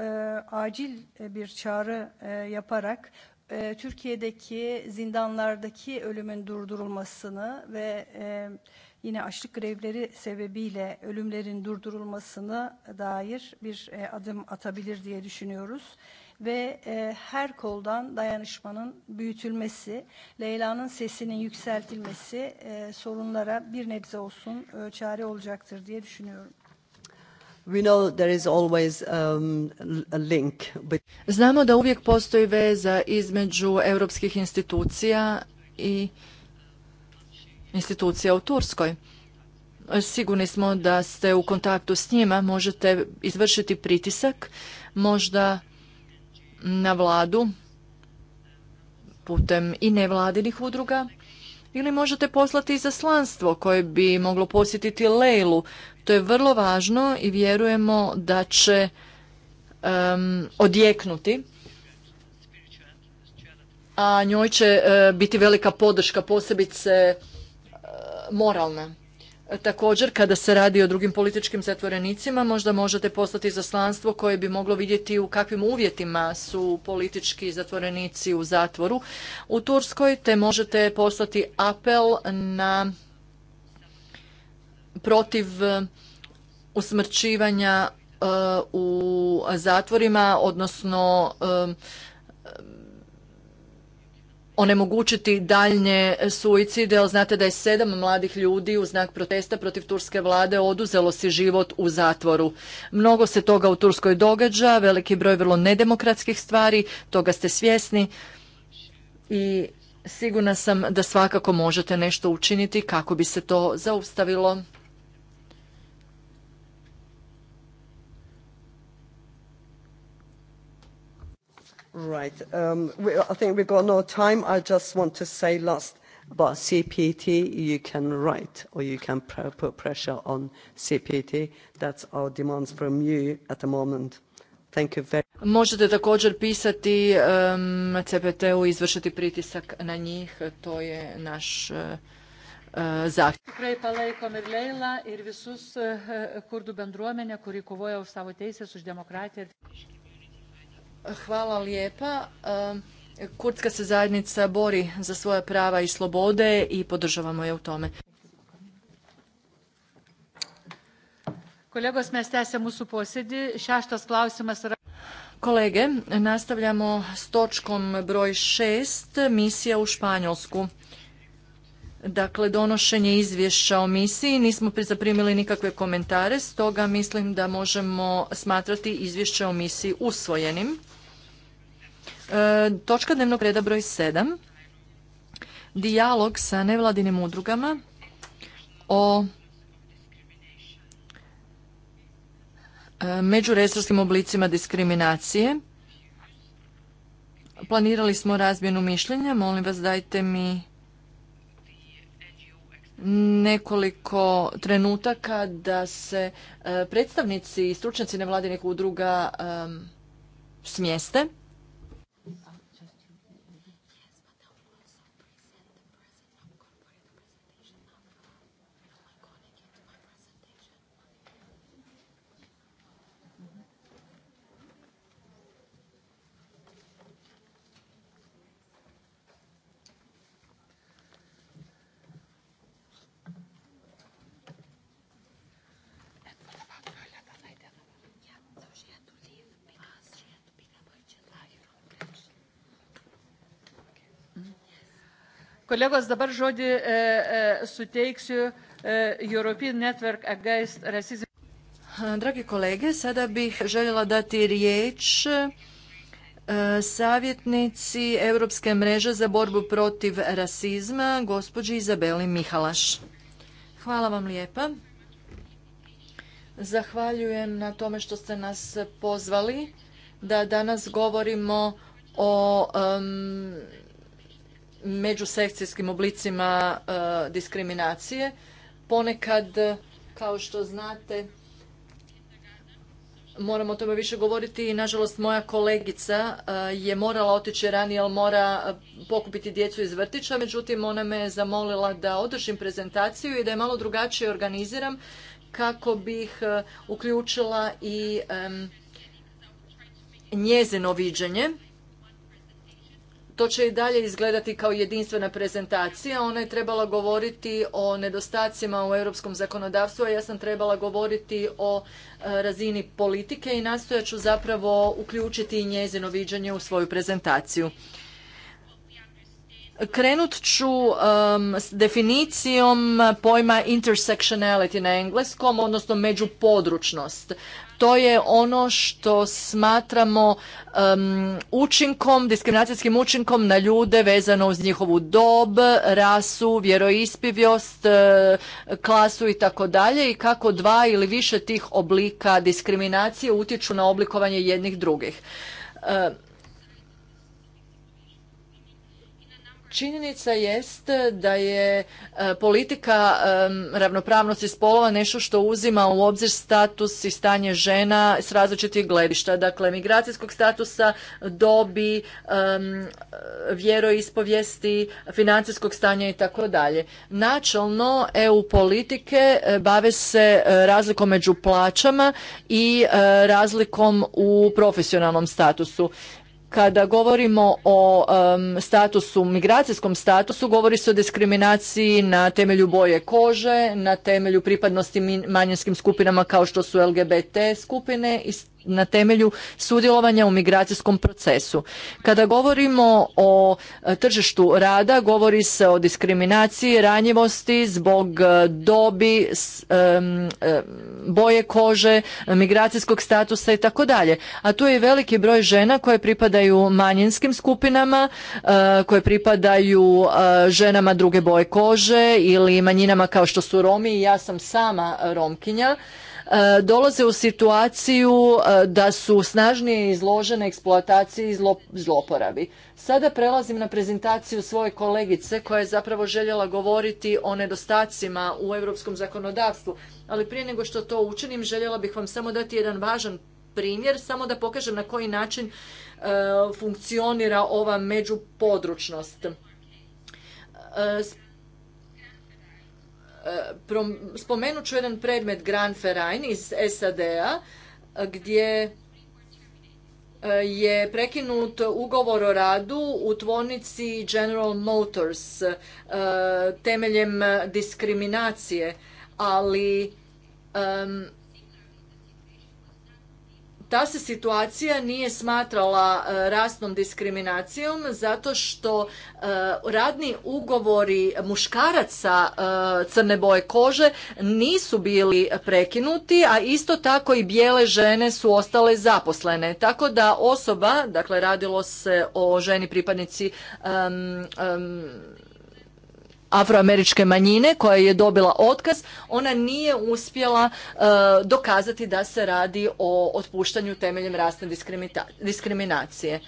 acil e, bir çağrı e, yaparak e, Türkiye'deki zindanlardaki ölümün durdurulmasını ve e, yine açlık grevleri sebebiyle ölümlerin durdurulmasını dair bir e, adım atabilir diye düşünüyoruz ve e, her koldan dayanışmanın büyütülmesi, Leyla'nın sesinin yükseltilmesi e, sorunlara bir nebze olsun e, çare olacaktır diye düşünüyorum. We know there is always, um, a link. Znamo da uvijek postoji veza između europskih institucija i institucija u Turskoj. Sigurni smo da ste u kontaktu s njima, možete izvršiti pritisak, možda na vladu putem i nevladinih udruga ili možete poslati izaslanstvo koje bi moglo posjetiti Lejlu. To je vrlo važno i vjerujemo da će odjeknuti a njoj će e, biti velika podrška, posebice e, moralna. Također, kada se radi o drugim političkim zatvorenicima, možda možete poslati zaslanstvo koje bi moglo vidjeti u kakvim uvjetima su politički zatvorenici u zatvoru u Turskoj, te možete poslati apel na protiv uh, usmrćivanja uh, u zatvorima, odnosno um, onemogućiti daljnje e, suicide, znate da je sedam mladih ljudi u znak protesta protiv turske vlade oduzelo si život u zatvoru. Mnogo se toga u Turskoj događa, veliki broj vrlo nedemokratskih stvari, toga ste svjesni i sigurna sam da svakako možete nešto učiniti kako bi se to zaustavilo. Right. Um, I think we've got no time. I just want to say last about CPT, you can write or you can put pressure on CPT. That's our demands from you at the moment. Thank you very Možete također pisati um, CPT-u i izvršiti pritisak na njih. To je naš uh, uh, zahtjev. Tikrai palaikome ir Leilą ir visus uh, kurdų bendruomenę, kuri kovoja už savo teises, už demokratiją. Hvala lijepa. Kurdska se zajednica bori za svoja prava i slobode i podržavamo je u tome. Kolegos, mes se musu posjedi klausimas Kolege, nastavljamo s točkom broj 6, misija u Španjolsku. Dakle, donošenje izvješća o misiji, nismo zaprimili nikakve komentare, stoga mislim da možemo smatrati izvješće o misiji usvojenim. E, točka dnevnog reda broj 7. Dijalog sa nevladinim udrugama o e, međuresorskim oblicima diskriminacije. Planirali smo razmjenu mišljenja. Molim vas dajte mi nekoliko trenutaka da se e, predstavnici i stručnjaci nevladinih udruga smjeste. Kolegos, dabar žodį e, e, e, European Network Against Racism. Dragi kolege, sada bih željela dati riječ e, savjetnici Europske mreže za borbu protiv rasizma, gospođi Izabeli Mihalaš. Hvala vam lijepa. Zahvaljujem na tome što ste nas pozvali da danas govorimo o međusekcijskim oblicima e, diskriminacije. Ponekad, kao što znate, moramo o tome više govoriti i nažalost moja kolegica e, je morala otići ranije, ali mora e, pokupiti djecu iz vrtića, međutim ona me zamolila da održim prezentaciju i da je malo drugačije organiziram kako bih uključila i njezino viđenje to će i dalje izgledati kao jedinstvena prezentacija. Ona je trebala govoriti o nedostacima u europskom zakonodavstvu, a ja sam trebala govoriti o e, razini politike i nastojat ću zapravo uključiti i njezino viđenje u svoju prezentaciju. Krenut ću s definicijom pojma intersectionality na engleskom, odnosno međupodručnost. To je ono što smatramo učinkom, diskriminacijskim učinkom na ljude vezano uz njihovu dob, rasu, vjeroispivjost, e, klasu i tako dalje i kako dva ili više tih oblika diskriminacije utječu na oblikovanje jednih drugih. E, Činjenica jest da je e, politika ravnopravnosti spolova nešto što uzima u obzir status i stanje žena s različitih gledišta, dakle migracijskog statusa, dobi, vjeroispovijesti, financijskog stanja i tako dalje. Načelno EU politike e, bave se e, razlikom među plaćama i razlikom u profesionalnom statusu. Kada govorimo o statusu, migracijskom statusu, govori se o diskriminaciji na temelju boje kože, na temelju pripadnosti manjinskim skupinama kao što su LGBT skupine i na temelju sudjelovanja u migracijskom procesu. Kada govorimo o e, tržištu rada, govori se o diskriminaciji, ranjivosti zbog e, dobi, e, boje kože, migracijskog statusa i tako dalje. A tu je i veliki broj žena koje pripadaju manjinskim skupinama, koje pripadaju ženama druge boje kože ili manjinama kao što su Romi i ja sam sama Romkinja. E, dolaze u situaciju e, da su snažnije izložene eksploataciji i zloporabi. Sada prelazim na prezentaciju svoje kolegice koja je zapravo željela govoriti o nedostacima u europskom zakonodavstvu. Ali prije nego što to učinim, željela bih vam samo dati jedan važan primjer, samo da pokažem na koji način e, funkcionira ova međupodručnost. E, Spomenut ću jedan predmet Grand Ferrain iz SAD-a gdje e, je prekinut ugovor o radu u tvornici General Motors e, temeljem diskriminacije, ali ta se situacija nije smatrala e, rasnom diskriminacijom zato što e, radni ugovori muškaraca e, crne boje kože nisu bili prekinuti, a isto tako i bijele žene su ostale zaposlene. Tako da osoba, dakle radilo se o ženi pripadnici afroameričke manjine koja je dobila otkaz, ona nije uspjela e, dokazati da se radi o otpuštanju temeljem rasne diskriminacije.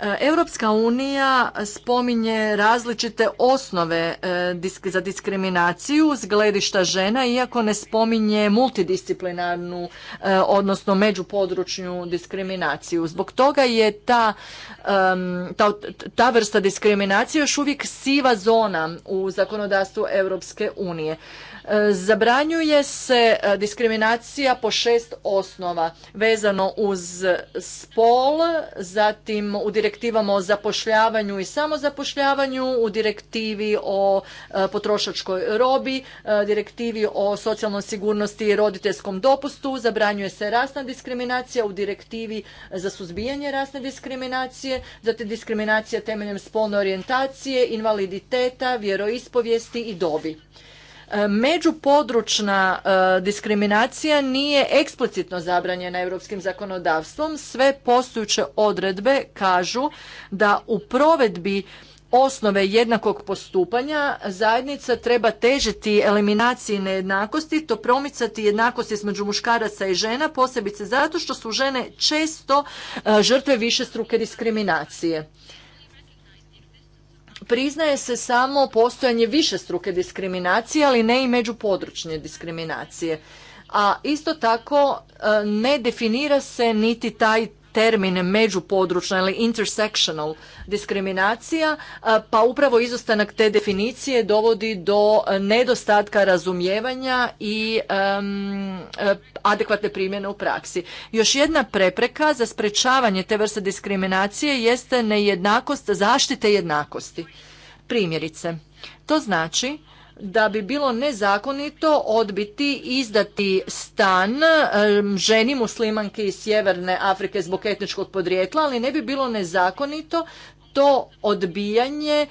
E, Europska unija spominje različite osnove e, za diskriminaciju s gledišta žena, iako ne spominje multidisciplinarnu, e, odnosno međupodručnu diskriminaciju. Zbog toga je ta, ta, ta vrsta diskriminacije još uvijek siva zona u zakonodavstvu Europske unije. E, zabranjuje se e, diskriminacija po šest osnova vezano uz spol, zatim u direktivama o zapošljavanju i samozapošljavanju, u direktivi o e, potrošačkoj robi, direktivi o socijalnoj sigurnosti i roditeljskom dopustu, zabranjuje se rasna diskriminacija u direktivi za suzbijanje rasne diskriminacije, zatim diskriminacija temeljem spolne orijentacije, invaliditeta, vjeroispovijesti i dobi. E, međupodručna e, diskriminacija nije eksplicitno zabranjena europskim zakonodavstvom. Sve postojuće odredbe kažu da u provedbi osnove jednakog postupanja zajednica treba težiti eliminaciji nejednakosti, to promicati jednakost između muškaraca i žena, posebice zato što su žene često e, žrtve višestruke diskriminacije priznaje se samo postojanje više struke diskriminacije, ali ne i međupodručne diskriminacije. A isto tako e, ne definira se niti taj termin međupodručna ili intersectional diskriminacija, pa upravo izostanak te definicije dovodi do e, nedostatka razumijevanja i e, adekvatne primjene u praksi. Još jedna prepreka za sprečavanje te vrste diskriminacije jeste nejednakost zaštite jednakosti. Primjerice, to znači da bi bilo nezakonito odbiti izdati stan ženi muslimanki iz Sjeverne Afrike zbog etničkog podrijetla, ali ne bi bilo nezakonito to odbijanje e,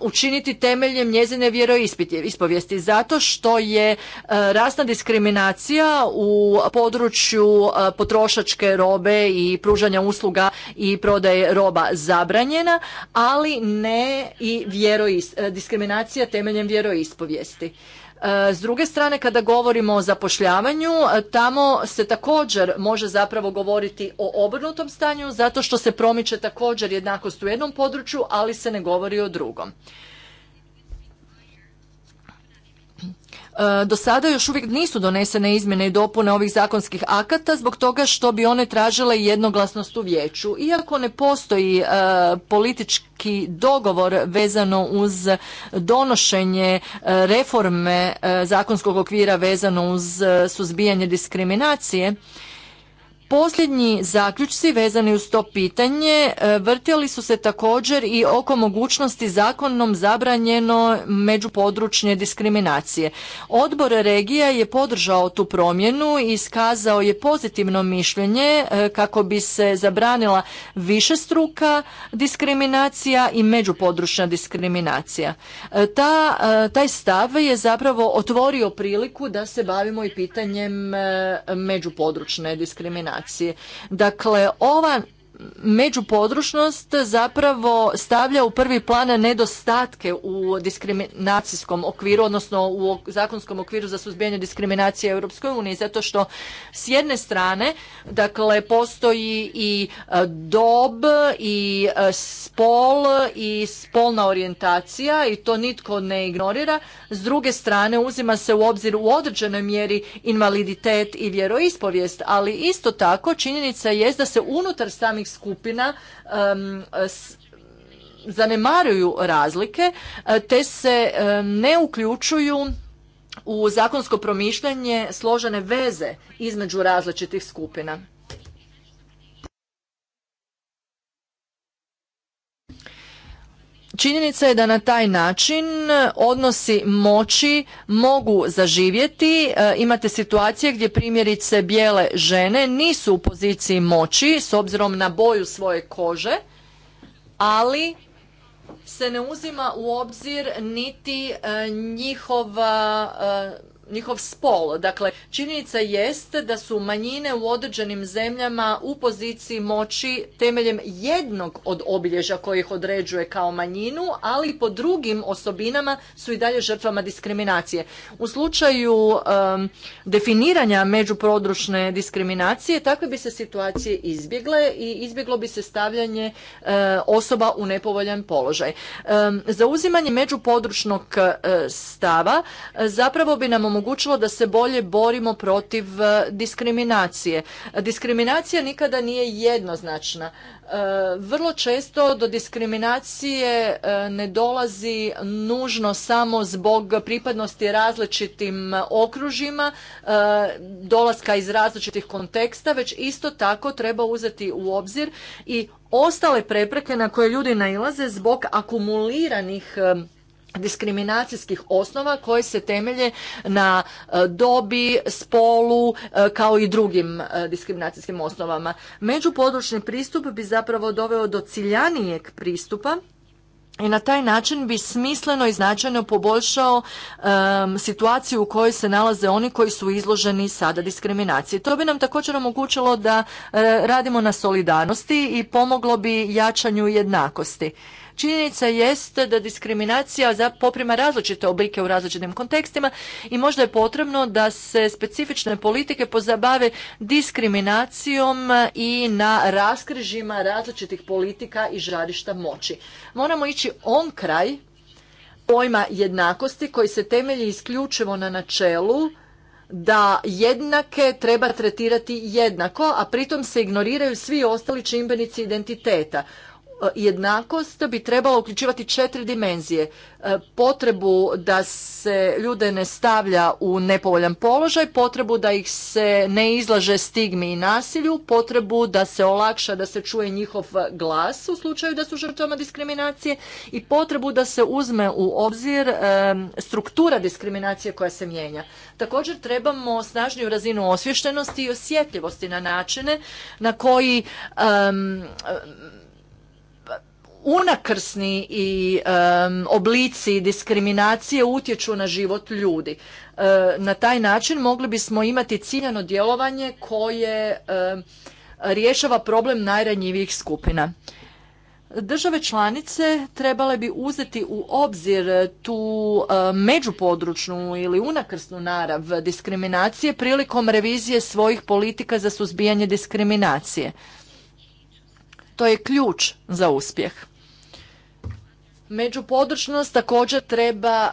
učiniti temeljem njezine vjeroispovijesti zato što je e, rasna diskriminacija u području e, potrošačke robe i pružanja usluga i prodaje roba zabranjena, ali ne i diskriminacija temeljem vjeroispovijesti. E, s druge strane, kada govorimo o zapošljavanju, e, tamo se također može zapravo govoriti o obrnutom stanju zato što se promiče također jednakost u jednom području, ali se ne govori o drugom. E, do sada još uvijek nisu donesene izmjene i dopune ovih zakonskih akata zbog toga što bi one tražile jednoglasnost u vijeću. Iako ne postoji e, politički dogovor vezano uz donošenje e, reforme zakonskog okvira vezano uz suzbijanje diskriminacije, Posljednji zaključci vezani uz to pitanje e, vrtjeli su se također i oko mogućnosti zakonom zabranjeno međupodručne diskriminacije. Odbor regija je podržao tu promjenu i iskazao je pozitivno mišljenje e, kako bi se zabranila višestruka diskriminacija i međupodručna diskriminacija. E, ta, taj stav je zapravo otvorio priliku da se bavimo i pitanjem međupodručne diskriminacije akcije Dakle, ova međupodručnost zapravo stavlja u prvi plan nedostatke u diskriminacijskom okviru, odnosno u zakonskom okviru za suzbijanje diskriminacije Europskoj uniji, zato što s jedne strane, dakle, postoji i e, dob i e, spol i spolna orijentacija i to nitko ne ignorira. S druge strane, uzima se u obzir u određenoj mjeri invaliditet i vjeroispovijest, ali isto tako činjenica je da se unutar samih skupina zanemaruju razlike e, te se ne uključuju u zakonsko promišljanje složene veze između različitih skupina. Činjenica je da na taj način e, odnosi moći mogu zaživjeti. E, imate situacije gdje primjerice bijele žene nisu u poziciji moći s obzirom na boju svoje kože, ali se ne uzima u obzir niti e, njihova njihov spol. Dakle, činjenica jest da su manjine u određenim zemljama u poziciji moći temeljem jednog od obilježja koji ih određuje kao manjinu, ali po drugim osobinama su i dalje žrtvama diskriminacije. U slučaju definiranja međupodručne diskriminacije takve bi se situacije izbjegle i izbjeglo bi se stavljanje e, osoba u nepovoljan položaj. Um, Zauzimanje međupodručnog e, stava e, zapravo bi nam omogućilo da se bolje borimo protiv e, diskriminacije. Diskriminacija nikada nije jednoznačna. E, vrlo često do diskriminacije e, ne dolazi nužno samo zbog pripadnosti različitim okružjima, dolaska iz različitih konteksta, već isto tako treba uzeti u obzir i ostale prepreke na koje ljudi nailaze zbog akumuliranih diskriminacijskih osnova koje se temelje na e, dobi, spolu e, kao i drugim e, diskriminacijskim osnovama. Međupodručni pristup bi zapravo doveo do ciljanijeg pristupa i na taj način bi smisleno i značajno poboljšao situaciju u kojoj se nalaze oni koji su izloženi sada diskriminaciji. To bi nam također omogućilo da radimo na solidarnosti i pomoglo bi jačanju jednakosti. Činjenica jest da diskriminacija poprima različite oblike u različitim kontekstima i možda je potrebno da se specifične politike pozabave diskriminacijom i na raskrižima različitih politika i žarišta moći. Moramo ići on kraj pojma jednakosti koji se temelji isključivo na načelu da jednake treba tretirati jednako, a pritom se ignoriraju svi ostali čimbenici identiteta. E, jednakost bi trebala uključivati četiri dimenzije. E, potrebu da se ljude ne stavlja u nepovoljan položaj, potrebu da ih se ne izlaže stigmi i nasilju, potrebu da se olakša da se čuje njihov glas u slučaju da su žrtvama diskriminacije i potrebu da se uzme u obzir e, struktura diskriminacije koja se mijenja. Također trebamo snažniju razinu osvještenosti i osjetljivosti na načine na koji unakrsni i oblici diskriminacije utječu na život ljudi. E, na taj način mogli bismo imati ciljano djelovanje koje rješava problem najranjivijih skupina. Države članice trebale bi uzeti u obzir tu e, međupodručnu ili unakrsnu narav diskriminacije prilikom revizije svojih politika za suzbijanje diskriminacije. To je ključ za uspjeh. Međupodručnost također treba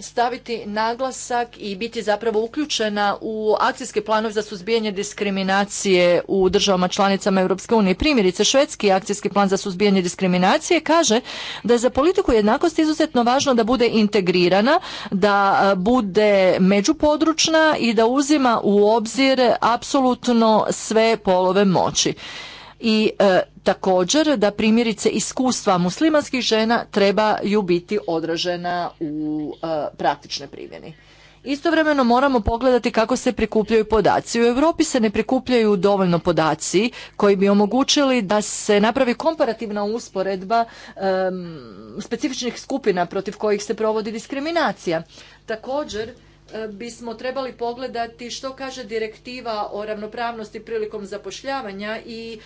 staviti naglasak i biti zapravo uključena u akcijski planove za suzbijanje diskriminacije u državama članicama Europske unije. Primjerice, švedski akcijski plan za suzbijanje diskriminacije kaže da je za politiku jednakosti izuzetno važno da bude integrirana, da e, bude međupodručna i da uzima u obzir apsolutno sve polove moći i e, također da primjerice iskustva muslimanskih žena trebaju biti odražena u e, praktičnoj primjeni. Istovremeno moramo pogledati kako se prikupljaju podaci. U Europi se ne prikupljaju dovoljno podaci koji bi omogućili da se napravi komparativna usporedba specifičnih skupina protiv kojih se provodi diskriminacija. Također E, bismo trebali pogledati što kaže direktiva o ravnopravnosti prilikom zapošljavanja i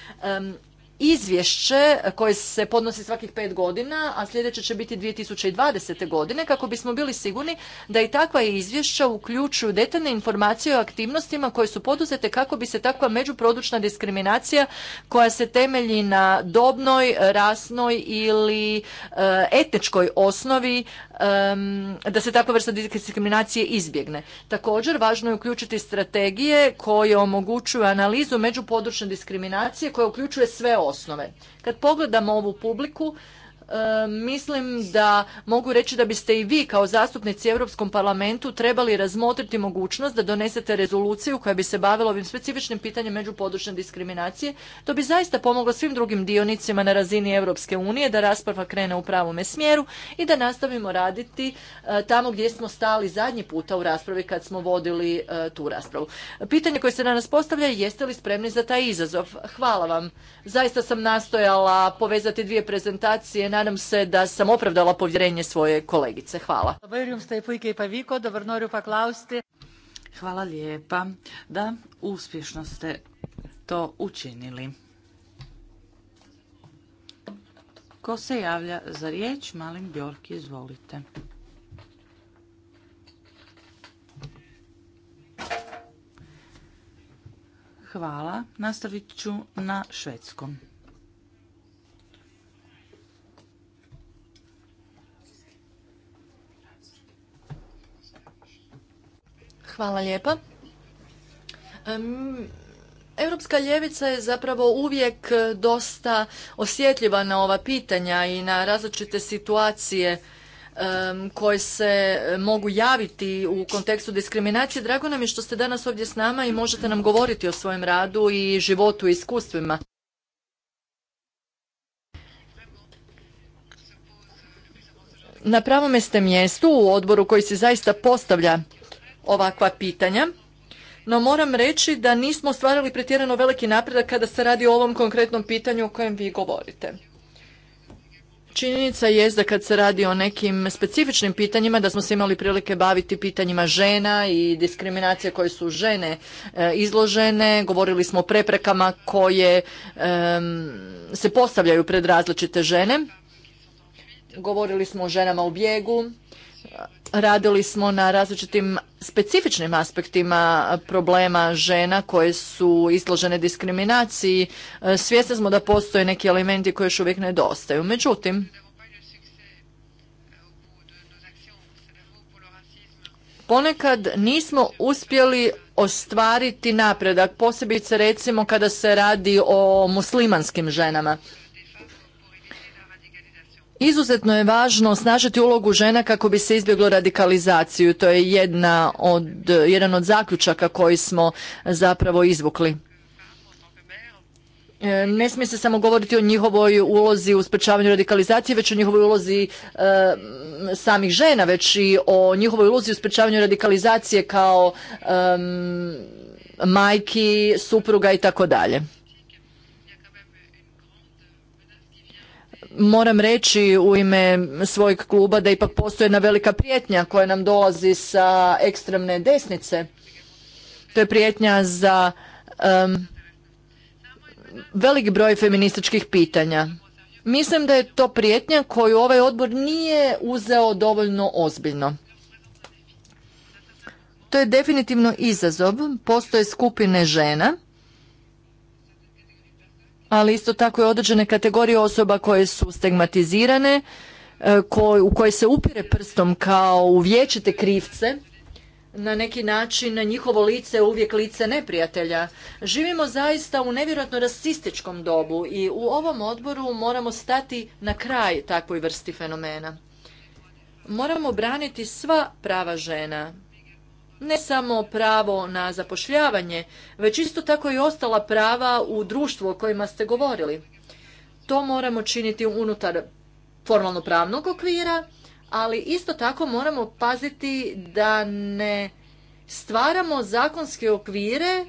izvješće koje se podnosi svakih pet godina, a sljedeće će biti 2020. godine, kako bismo bili sigurni da i takva izvješća uključuju detaljne informacije o aktivnostima koje su poduzete kako bi se takva međuprodučna diskriminacija koja se temelji na dobnoj, rasnoj ili e, etničkoj osnovi da se takva vrsta diskriminacije izbjegne. Također, važno je uključiti strategije koje omogućuju analizu međupodručne diskriminacije koja uključuje sve osnove. Kad pogledamo ovu publiku, mislim da mogu reći da biste i vi kao zastupnici Europskom parlamentu trebali razmotriti mogućnost da donesete rezoluciju koja bi se bavila ovim specifičnim pitanjem međupodručne diskriminacije. To bi zaista pomoglo svim drugim dionicima na razini Europske unije da rasprava krene u pravome smjeru i da nastavimo raditi e, tamo gdje smo stali zadnji puta u raspravi kad smo vodili e, tu raspravu. Pitanje koje se danas postavlja jeste li spremni za taj izazov? Hvala vam. Zaista sam nastojala povezati dvije prezentacije nadam se da sam opravdala povjerenje svoje kolegice. Hvala. Hvala lijepa. Da, uspješno ste to učinili. Ko se javlja za riječ? Malim Bjorki, izvolite. Hvala. Nastavit ću na švedskom. Hvala lijepa. Europska ljevica je zapravo uvijek dosta osjetljiva na ova pitanja i na različite situacije koje se mogu javiti u kontekstu diskriminacije. Drago nam je što ste danas ovdje s nama i možete nam govoriti o svojem radu i životu i iskustvima. Na pravome ste mjestu u odboru koji se zaista postavlja ovakva pitanja. No moram reći da nismo ostvarili pretjerano veliki napredak kada se radi o ovom konkretnom pitanju o kojem vi govorite. Činjenica je da kad se radi o nekim specifičnim pitanjima, da smo se imali prilike baviti pitanjima žena i diskriminacije koje su žene e, izložene, govorili smo o preprekama koje se postavljaju pred različite žene, govorili smo o ženama u bijegu, radili smo na različitim specifičnim aspektima problema žena koje su izložene diskriminaciji. E, svjesni smo da postoje neki elementi koji još uvijek nedostaju. Međutim, ponekad nismo uspjeli ostvariti napredak, posebice recimo kada se radi o muslimanskim ženama. Izuzetno je važno osnažiti ulogu žena kako bi se izbjeglo radikalizaciju. To je jedna od, jedan od zaključaka koji smo zapravo izvukli. E, ne smije se samo govoriti o njihovoj ulozi u sprečavanju radikalizacije, već o njihovoj ulozi e, samih žena, već i o njihovoj ulozi u sprečavanju radikalizacije kao majki, supruga i tako dalje. moram reći u ime svojeg kluba da ipak postoji jedna velika prijetnja koja nam dolazi sa ekstremne desnice. To je prijetnja za veliki velik broj feminističkih pitanja. Mislim da je to prijetnja koju ovaj odbor nije uzeo dovoljno ozbiljno. To je definitivno izazov. Postoje skupine žena ali isto tako i određene kategorije osoba koje su stigmatizirane, e, u koje se upire prstom kao u vječite krivce, na neki način njihovo lice je uvijek lice neprijatelja. Živimo zaista u nevjerojatno rasističkom dobu i u ovom odboru moramo stati na kraj takvoj vrsti fenomena. Moramo braniti sva prava žena, ne samo pravo na zapošljavanje, već isto tako i ostala prava u društvu o kojima ste govorili. To moramo činiti unutar formalno pravnog okvira, ali isto tako moramo paziti da ne stvaramo zakonske okvire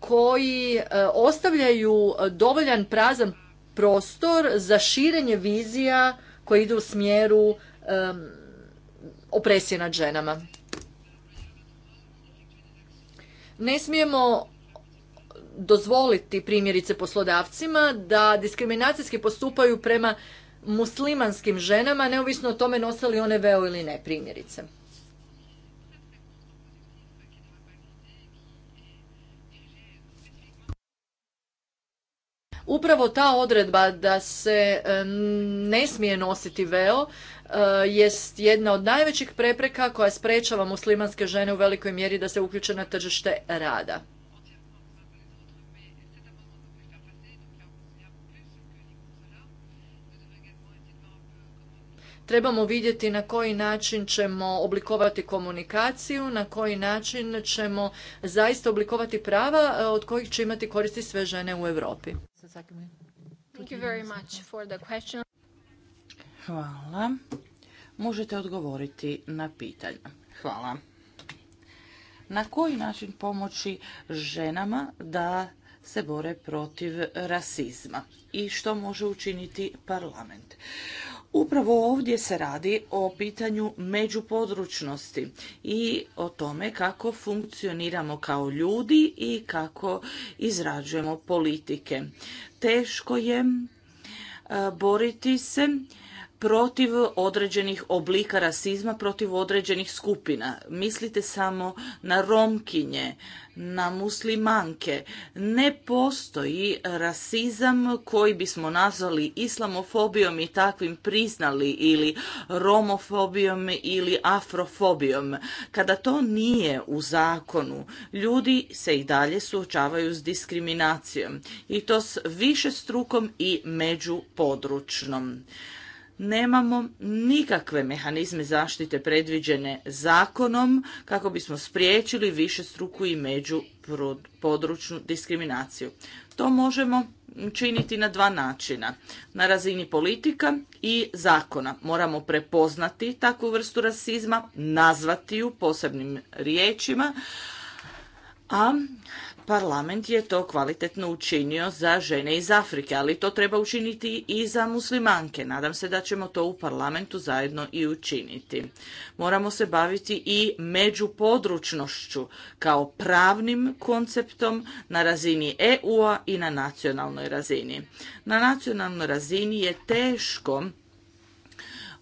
koji e, ostavljaju dovoljan prazan prostor za širenje vizija koje idu u smjeru opresije nad ženama. Ne smijemo dozvoliti primjerice poslodavcima da diskriminacijski postupaju prema muslimanskim ženama, neovisno o tome nose li one veo ili ne, primjerice. Upravo ta odredba da se ne smije nositi veo Eh, jest jedna od najvećih prepreka koja sprečava muslimanske žene u velikoj mjeri da se uključe na tržište rada. trebamo vidjeti na koji način ćemo oblikovati komunikaciju, na koji način ćemo zaista oblikovati prava eh, od kojih će imati koristi sve žene u Europi. Hvala. Možete odgovoriti na pitanje. Hvala. Na koji način pomoći ženama da se bore protiv rasizma i što može učiniti parlament? Upravo ovdje se radi o pitanju međupodručnosti i o tome kako funkcioniramo kao ljudi i kako izrađujemo politike. Teško je e, boriti se protiv određenih oblika rasizma, protiv određenih skupina. Mislite samo na romkinje, na muslimanke. Ne postoji rasizam koji bismo nazvali islamofobijom i takvim priznali ili romofobijom ili afrofobijom. Kada to nije u zakonu, ljudi se i dalje suočavaju s diskriminacijom i to s više strukom i međupodručnom nemamo nikakve mehanizme zaštite predviđene zakonom kako bismo spriječili višestruku i među diskriminaciju. To možemo činiti na dva načina. Na razini politika i zakona moramo prepoznati takvu vrstu rasizma, nazvati ju posebnim riječima, a parlament je to kvalitetno učinio za žene iz Afrike, ali to treba učiniti i za muslimanke. Nadam se da ćemo to u parlamentu zajedno i učiniti. Moramo se baviti i međupodručnošću kao pravnim konceptom na razini EU-a i na nacionalnoj razini. Na nacionalnoj razini je teško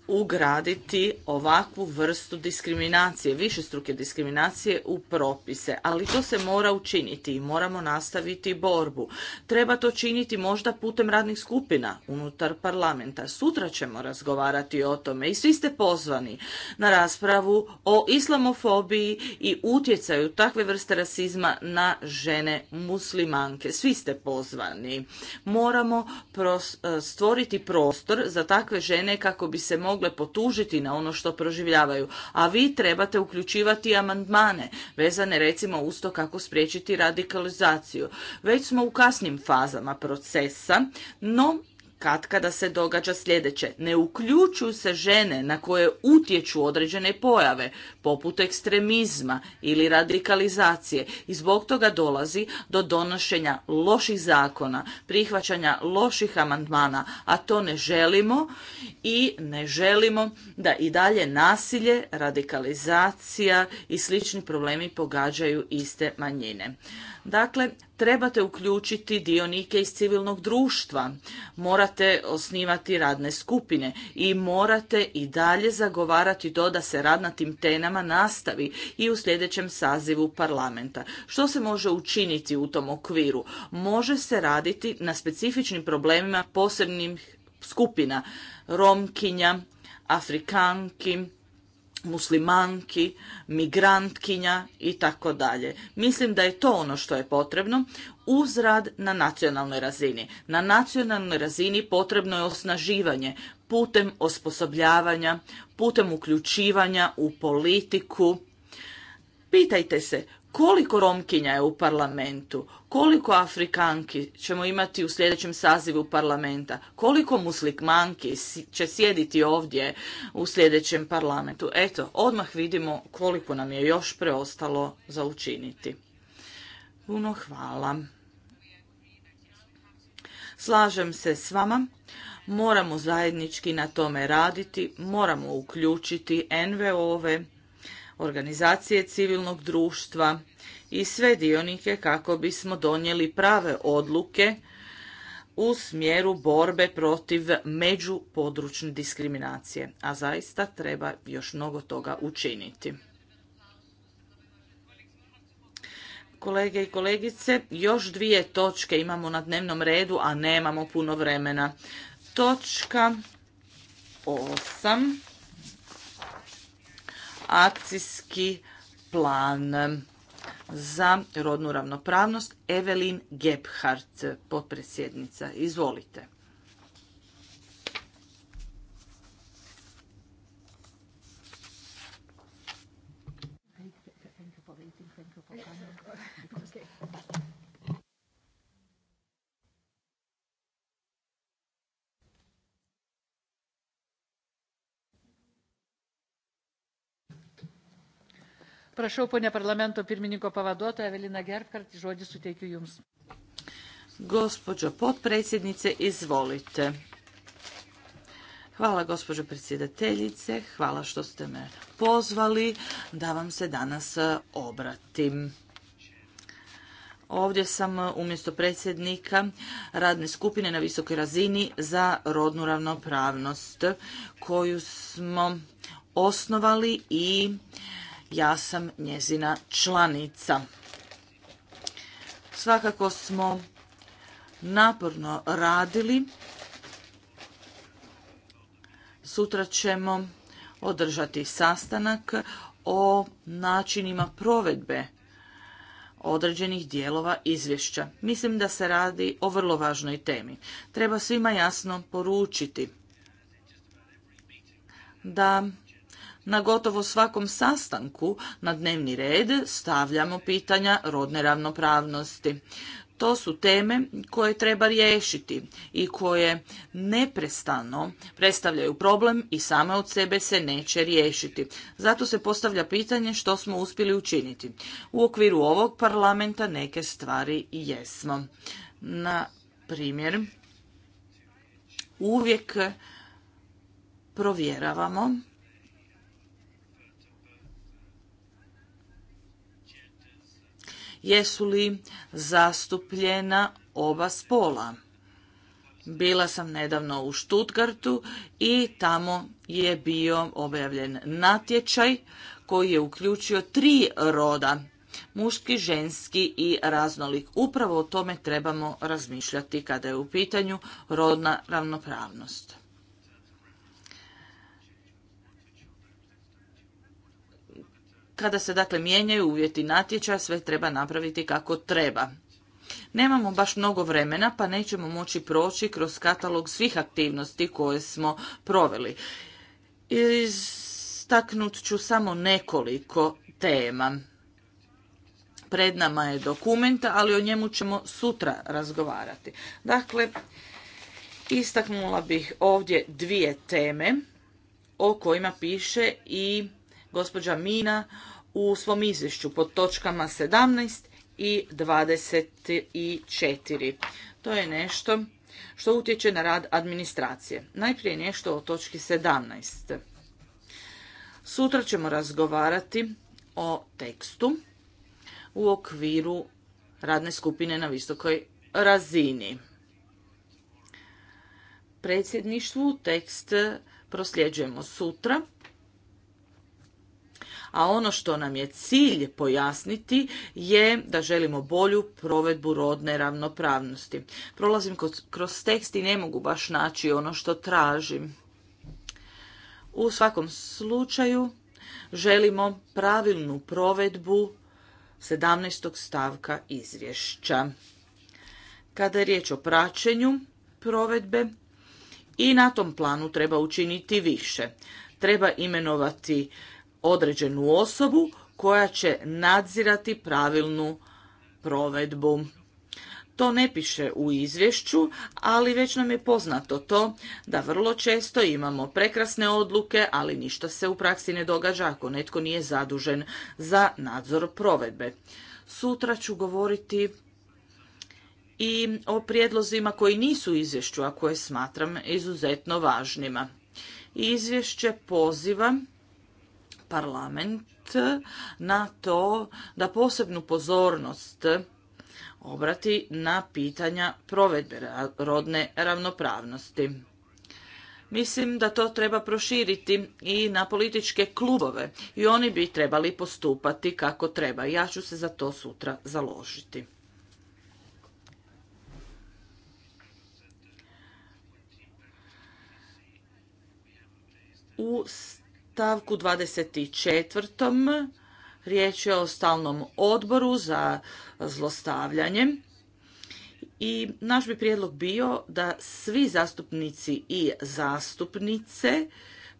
ugraditi ovakvu vrstu diskriminacije, višestruke diskriminacije u propise, ali to se mora učiniti i moramo nastaviti borbu. Treba to činiti možda putem radnih skupina unutar parlamenta. Sutra ćemo razgovarati o tome i svi ste pozvani na raspravu o islamofobiji i utjecaju takve vrste rasizma na žene muslimanke. Svi ste pozvani. Moramo stvoriti prostor za takve žene kako bi se mogli mogle potužiti na ono što proživljavaju, a vi trebate uključivati amandmane vezane recimo uz to kako spriječiti radikalizaciju. Već smo u kasnim fazama procesa, no kad kada se događa sljedeće. Ne uključuju se žene na koje utječu određene pojave, poput ekstremizma ili radikalizacije i zbog toga dolazi do donošenja loših zakona, prihvaćanja loših amandmana, a to ne želimo i ne želimo da i dalje nasilje, radikalizacija i slični problemi pogađaju iste manjine. Dakle, trebate uključiti dionike iz civilnog društva, morate osnivati radne skupine i morate i dalje zagovarati to da se rad na tim tenama nastavi i u sljedećem sazivu parlamenta. Što se može učiniti u tom okviru? Može se raditi na specifičnim problemima posebnih skupina, romkinja, afrikanki, muslimanki, migrantkinja i tako dalje. Mislim da je to ono što je potrebno uz rad na nacionalnoj razini. Na nacionalnoj razini potrebno je osnaživanje putem osposobljavanja, putem uključivanja u politiku. Pitajte se koliko Romkinja je u parlamentu, koliko Afrikanki ćemo imati u sljedećem sazivu parlamenta, koliko muslikmanki će sjediti ovdje u sljedećem parlamentu. Eto, odmah vidimo koliko nam je još preostalo za učiniti. Puno hvala. Slažem se s vama. Moramo zajednički na tome raditi, moramo uključiti nvo organizacije civilnog društva i sve dionike kako bismo donijeli prave odluke u smjeru borbe protiv međupodručne diskriminacije, a zaista treba još mnogo toga učiniti. kolege i kolegice, još dvije točke imamo na dnevnom redu, a nemamo puno vremena. Točka 8 akcijski plan za rodnu ravnopravnost Evelin Gebhardt, potpredsjednica. Izvolite. Prašau, ponė parlamento pirminiko pavaduotoja Evelina Gerkart, žodį suteikiu Jums. Gospođo potpredsjednice, izvolite. Hvala gospođo predsjedateljice, hvala što ste me pozvali da vam se danas e, obratim. Ovdje sam e, umjesto predsjednika radne skupine na visokoj razini za rodnu ravnopravnost koju smo osnovali i ja sam njezina članica. Svakako smo naporno radili. Sutra ćemo održati sastanak o načinima provedbe određenih dijelova izvješća. Mislim da se radi o vrlo važnoj temi. Treba svima jasno poručiti da na gotovo svakom sastanku na dnevni red stavljamo pitanja rodne ravnopravnosti. To su teme koje treba riješiti i koje neprestano predstavljaju problem i same od sebe se neće riješiti. Zato se postavlja pitanje što smo uspjeli učiniti. U okviru ovog parlamenta neke stvari i jesmo. Na primjer, uvijek provjeravamo jesu li zastupljena oba spola. Bila sam nedavno u Stuttgartu i tamo je bio objavljen natječaj koji je uključio tri roda, muški, ženski i raznolik. Upravo o tome trebamo razmišljati kada je u pitanju rodna ravnopravnost. Kada se dakle mijenjaju uvjeti natječaja, sve treba napraviti kako treba. Nemamo baš mnogo vremena, pa nećemo moći proći kroz katalog svih aktivnosti koje smo proveli. Istaknut ću samo nekoliko tema. Pred nama je dokument, ali o njemu ćemo sutra razgovarati. Dakle, istaknula bih ovdje dvije teme o kojima piše i gospođa Mina u svom izvješću pod točkama 17 i 24. To je nešto što utječe na rad administracije. Najprije nešto o točki 17. Sutra ćemo razgovarati o tekstu u okviru radne skupine na visokoj razini. Predsjedništvu tekst prosljeđujemo sutra a ono što nam je cilj pojasniti je da želimo bolju provedbu rodne ravnopravnosti. Prolazim kroz tekst i ne mogu baš naći ono što tražim. U svakom slučaju želimo pravilnu provedbu 17. stavka izvješća. Kada je riječ o praćenju provedbe, i na tom planu treba učiniti više. Treba imenovati određenu osobu koja će nadzirati pravilnu provedbu. To ne piše u izvješću, ali već nam je poznato to da vrlo često imamo prekrasne odluke, ali ništa se u praksi ne događa ako netko nije zadužen za nadzor provedbe. Sutra ću govoriti i o prijedlozima koji nisu u izvješću, a koje smatram izuzetno važnima. Izvješće pozivam parlament na to da posebnu pozornost obrati na pitanja provedbe rodne ravnopravnosti. Mislim da to treba proširiti i na političke klubove i oni bi trebali postupati kako treba. Ja ću se za to sutra založiti. U stavku 24. riječ je o stalnom odboru za zlostavljanje. I naš bi prijedlog bio da svi zastupnici i zastupnice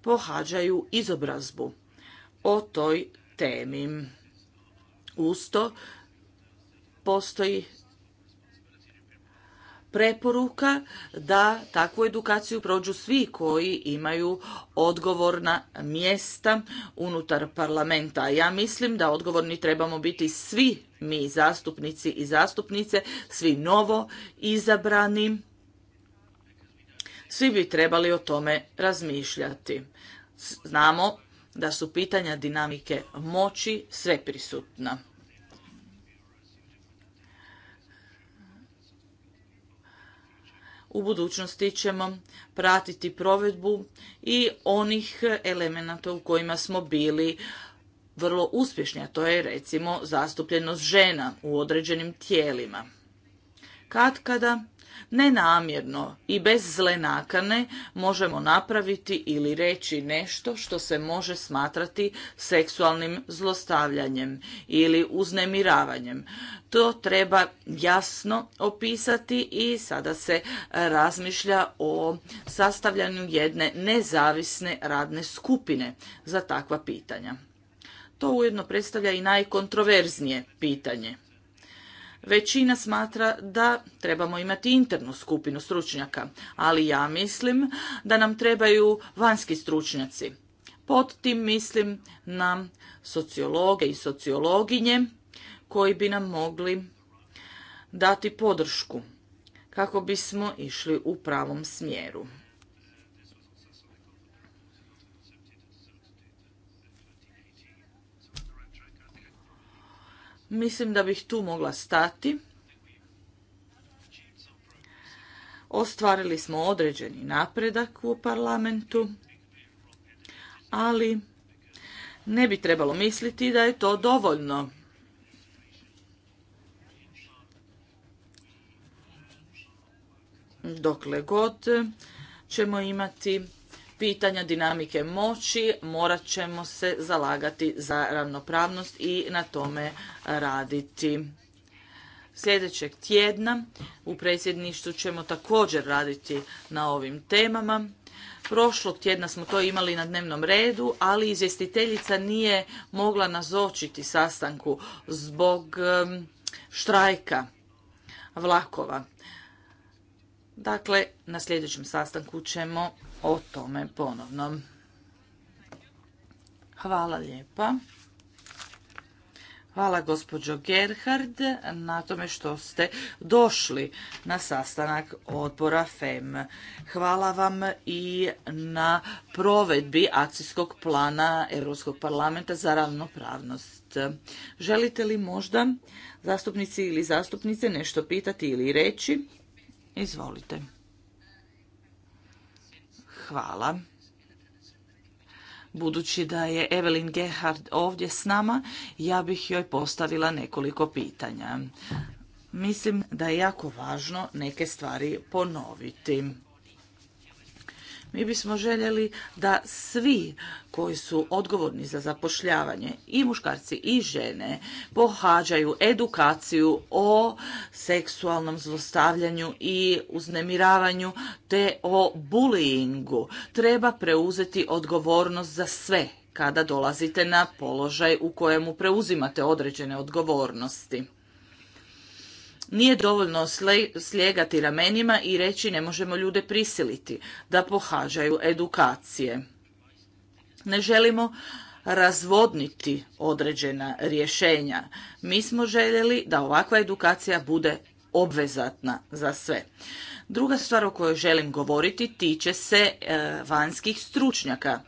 pohađaju izobrazbu o toj temi. Usto postoji preporuka da takvu edukaciju prođu svi koji imaju odgovorna mjesta unutar parlamenta. Ja mislim da odgovorni trebamo biti svi mi zastupnici i zastupnice, svi novo izabrani. Svi bi trebali o tome razmišljati. Znamo da su pitanja dinamike moći sve prisutna. u budućnosti ćemo pratiti provedbu i onih elemenata u kojima smo bili vrlo uspješni, a to je recimo zastupljenost žena u određenim tijelima. Kad kada nenamjerno i bez zle nakane možemo napraviti ili reći nešto što se može smatrati seksualnim zlostavljanjem ili uznemiravanjem. To treba jasno opisati i sada se razmišlja o sastavljanju jedne nezavisne radne skupine za takva pitanja. To ujedno predstavlja i najkontroverznije pitanje. Većina smatra da trebamo imati internu skupinu stručnjaka, ali ja mislim da nam trebaju vanjski stručnjaci. Pod tim mislim na sociologe i sociologinje koji bi nam mogli dati podršku kako bismo išli u pravom smjeru. Mislim da bih tu mogla stati. Ostvarili smo određeni napredak u parlamentu, ali ne bi trebalo misliti da je to dovoljno. Dokle god ćemo imati pitanja dinamike moći morat ćemo se zalagati za ravnopravnost i na tome raditi. Sljedećeg tjedna u predsjedništvu ćemo također raditi na ovim temama. Prošlog tjedna smo to imali na dnevnom redu, ali izvjestiteljica nije mogla nazočiti sastanku zbog štrajka vlakova. Dakle, na sljedećem sastanku ćemo o tome ponovno. Hvala lijepa. Hvala gospođo Gerhard na tome što ste došli na sastanak odbora FEM. Hvala vam i na provedbi akcijskog plana Europskog parlamenta za ravnopravnost. Želite li možda zastupnici ili zastupnice nešto pitati ili reći? Izvolite hvala. Budući da je Evelyn Gehard ovdje s nama, ja bih joj postavila nekoliko pitanja. Mislim da je jako važno neke stvari ponoviti. Mi bismo željeli da svi koji su odgovorni za zapošljavanje, i muškarci i žene, pohađaju edukaciju o seksualnom zlostavljanju i uznemiravanju te o bulingu. Treba preuzeti odgovornost za sve kada dolazite na položaj u kojemu preuzimate određene odgovornosti. Nije dovoljno slijegati ramenima i reći ne možemo ljude prisiliti da pohađaju edukacije. Ne želimo razvodniti određena rješenja. Mi smo željeli da ovakva edukacija bude obvezatna za sve. Druga stvar o kojoj želim govoriti tiče se e, vanjskih stručnjaka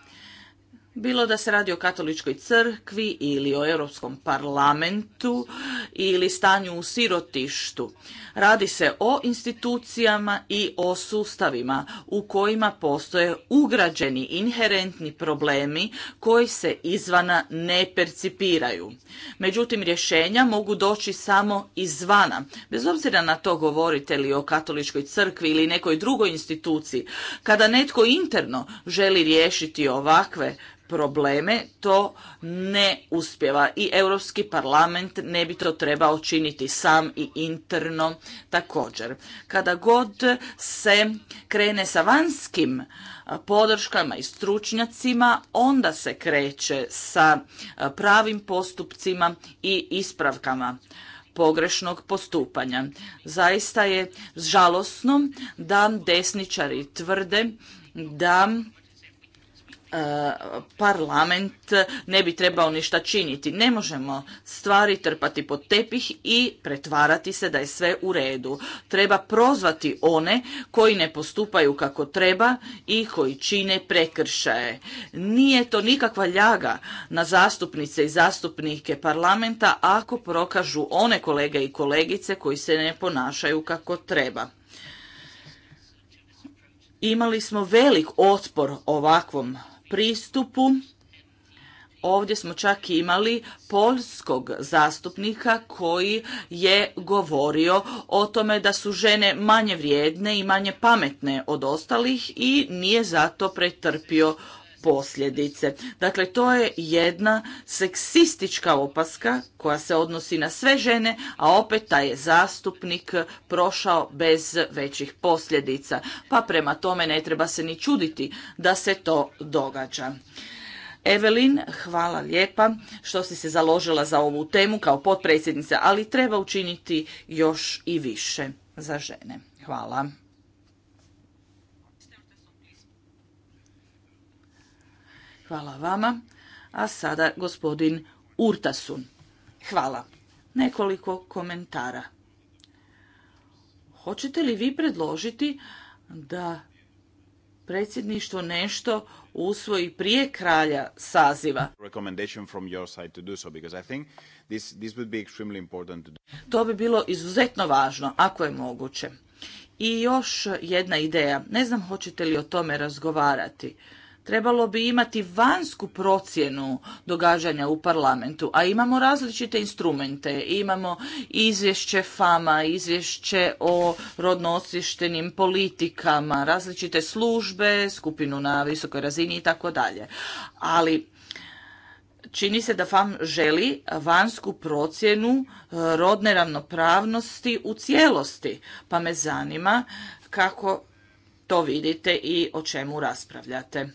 bilo da se radi o katoličkoj crkvi ili o Europskom parlamentu ili stanju u sirotištu. Radi se o institucijama i o sustavima u kojima postoje ugrađeni inherentni problemi koji se izvana ne percipiraju. Međutim, rješenja mogu doći samo izvana. Bez obzira na to govorite li o katoličkoj crkvi ili nekoj drugoj instituciji, kada netko interno želi riješiti ovakve probleme, to ne uspjeva i Europski parlament ne bi to trebao činiti sam i interno također. Kada god se krene sa vanjskim podrškama i stručnjacima, onda se kreće sa pravim postupcima i ispravkama pogrešnog postupanja. Zaista je žalosno da desničari tvrde da E, parlament ne bi trebao ništa činiti. Ne možemo stvari trpati pod tepih i pretvarati se da je sve u redu. Treba prozvati one koji ne postupaju kako treba i koji čine prekršaje. Nije to nikakva ljaga na zastupnice i zastupnike parlamenta ako prokažu one kolege i kolegice koji se ne ponašaju kako treba. Imali smo velik otpor ovakvom pristupu ovdje smo čak imali polskog zastupnika koji je govorio o tome da su žene manje vrijedne i manje pametne od ostalih i nije zato pretrpio posljedice. Dakle, to je jedna seksistička opaska koja se odnosi na sve žene, a opet taj je zastupnik prošao bez većih posljedica. Pa prema tome ne treba se ni čuditi da se to događa. Evelin, hvala lijepa što si se založila za ovu temu kao potpredsjednica, ali treba učiniti još i više za žene. Hvala. Hvala vama. A sada gospodin Urtasun. Hvala. Nekoliko komentara. Hoćete li vi predložiti da predsjedništvo nešto usvoji prije kralja saziva. To bi bilo izuzetno važno, ako je moguće. I još jedna ideja. Ne znam hoćete li o tome razgovarati trebalo bi imati vanjsku procjenu događanja u parlamentu, a imamo različite instrumente. Imamo izvješće FAMA, izvješće o rodnoosještenim politikama, različite službe, skupinu na visokoj razini i tako dalje. Ali čini se da FAM želi vanjsku procjenu e, rodne ravnopravnosti u cijelosti, pa me zanima kako to vidite i o čemu raspravljate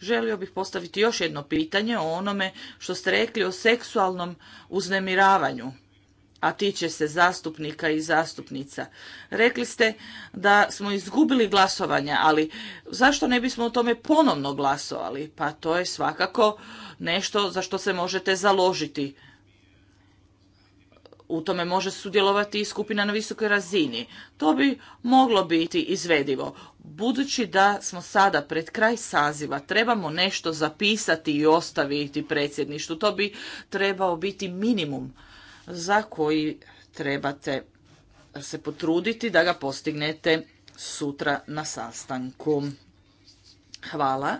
želio bih postaviti još jedno pitanje o onome što ste rekli o seksualnom uznemiravanju a tiče se zastupnika i zastupnica. Rekli ste da smo izgubili glasovanje, ali zašto ne bismo o tome ponovno glasovali? Pa to je svakako nešto za što se možete založiti u tome može sudjelovati i skupina na visokoj razini. To bi moglo biti izvedivo. Budući da smo sada pred kraj saziva, trebamo nešto zapisati i ostaviti predsjedništvu. To bi trebao biti minimum za koji trebate se potruditi da ga postignete sutra na sastanku. Hvala.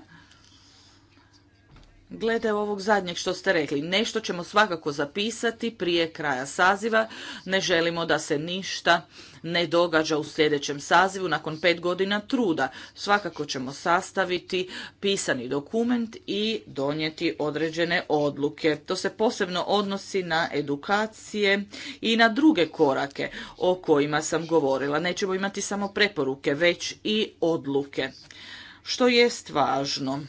Glede ovog zadnjeg što ste rekli, nešto ćemo svakako zapisati prije kraja saziva. Ne želimo da se ništa ne događa u sljedećem sazivu nakon pet godina truda. Svakako ćemo sastaviti pisani dokument i donijeti određene odluke. To se posebno odnosi na edukacije i na druge korake o kojima sam govorila. Nećemo imati samo preporuke, već i odluke. Što jest važno?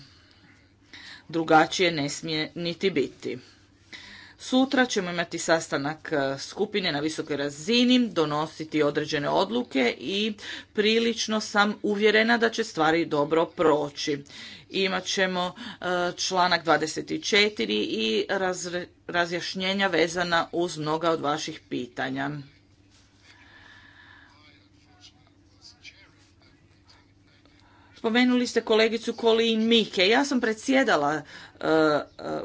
drugačije ne smije niti biti. Sutra ćemo imati sastanak e, skupine na visokoj razini, donositi određene odluke i prilično sam uvjerena da će stvari dobro proći. Imat ćemo e, članak 24 i razjašnjenja vezana uz mnoga od vaših pitanja. Spomenuli ste kolegicu Colin Mike. Ja sam predsjedala e, e,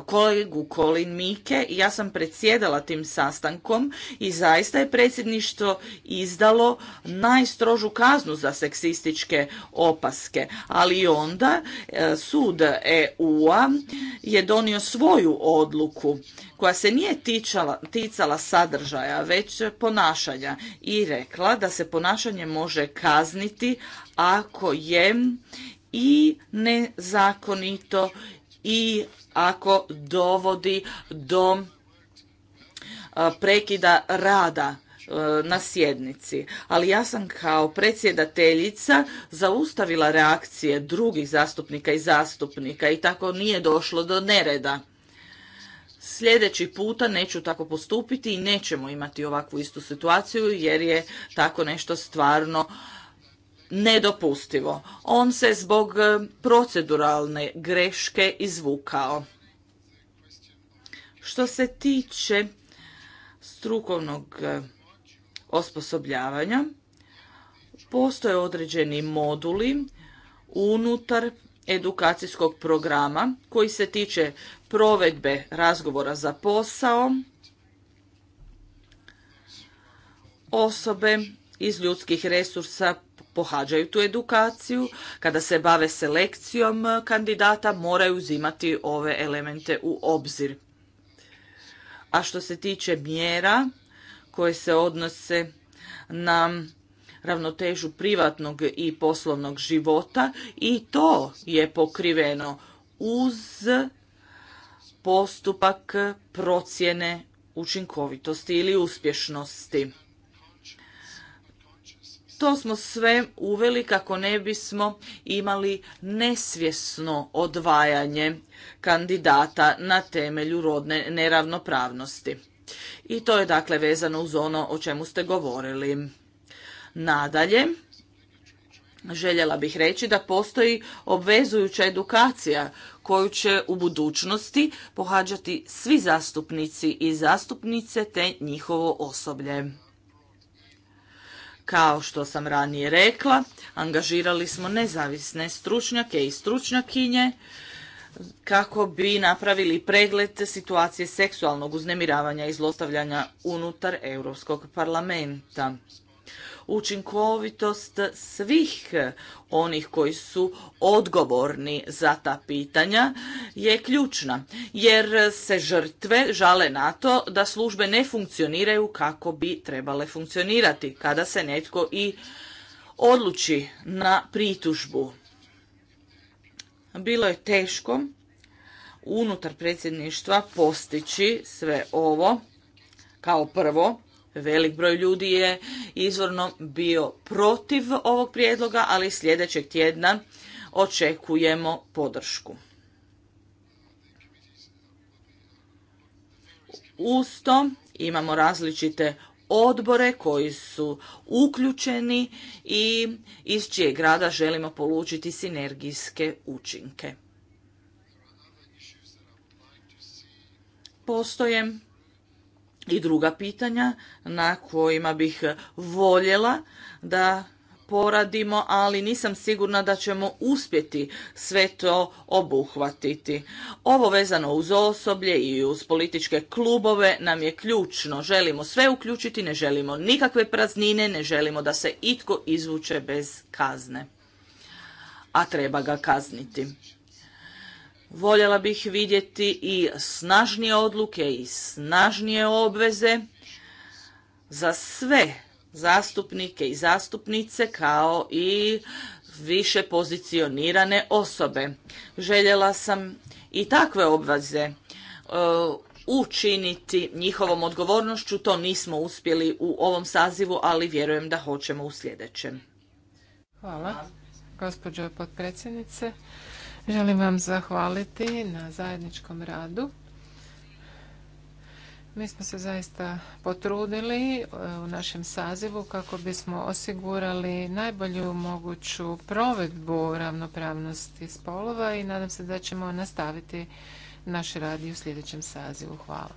kolegu Colin Mike i ja sam predsjedala tim sastankom i zaista je predsjedništvo izdalo najstrožu kaznu za seksističke opaske. Ali onda e, sud EU-a je donio svoju odluku koja se nije ticala sadržaja, već ponašanja i rekla da se ponašanje može kazniti ako je i nezakonito i ako dovodi do prekida rada e, na sjednici. Ali ja sam kao predsjedateljica zaustavila reakcije drugih zastupnika i zastupnika i tako nije došlo do nereda. Sljedeći puta neću tako postupiti i nećemo imati ovakvu istu situaciju jer je tako nešto stvarno nedopustivo. On se zbog e, proceduralne greške izvukao. Što se tiče strukovnog e, osposobljavanja, postoje određeni moduli unutar edukacijskog programa koji se tiče provedbe razgovora za posao, osobe iz ljudskih resursa pohađaju tu edukaciju, kada se bave selekcijom kandidata, moraju uzimati ove elemente u obzir. A što se tiče mjera koje se odnose na ravnotežu privatnog i poslovnog života i to je pokriveno uz postupak procjene učinkovitosti ili uspješnosti. To smo sve uveli kako ne bismo imali nesvjesno odvajanje kandidata na temelju rodne neravnopravnosti. I to je dakle vezano uz ono o čemu ste govorili. Nadalje, željela bih reći da postoji obvezujuća edukacija koju će u budućnosti pohađati svi zastupnici i zastupnice te njihovo osoblje. Kao što sam ranije rekla, angažirali smo nezavisne stručnjake i stručnjakinje kako bi napravili pregled situacije seksualnog uznemiravanja i zlostavljanja unutar Europskog parlamenta učinkovitost svih onih koji su odgovorni za ta pitanja je ključna jer se žrtve žale na to da službe ne funkcioniraju kako bi trebale funkcionirati kada se netko i odluči na pritužbu. Bilo je teško unutar predsjedništva postići sve ovo kao prvo Velik broj ljudi je izvorno bio protiv ovog prijedloga, ali sljedećeg tjedna očekujemo podršku. Uz to imamo različite odbore koji su uključeni i iz čijeg grada želimo polučiti sinergijske učinke. Postoje i druga pitanja na kojima bih voljela da poradimo, ali nisam sigurna da ćemo uspjeti sve to obuhvatiti. Ovo vezano uz osoblje i uz političke klubove nam je ključno. Želimo sve uključiti, ne želimo nikakve praznine, ne želimo da se itko izvuče bez kazne. A treba ga kazniti. Voljela bih vidjeti i snažnije odluke i snažnije obveze za sve zastupnike i zastupnice kao i više pozicionirane osobe. Željela sam i takve obveze e, učiniti njihovom odgovornošću. To nismo uspjeli u ovom sazivu, ali vjerujem da hoćemo u sljedećem. Hvala, gospođo potpredsjednice. Želim vam zahvaliti na zajedničkom radu. Mi smo se zaista potrudili e, u našem sazivu kako bismo osigurali najbolju moguću provedbu ravnopravnosti spolova i nadam se da ćemo nastaviti naš rad i u sljedećem sazivu. Hvala.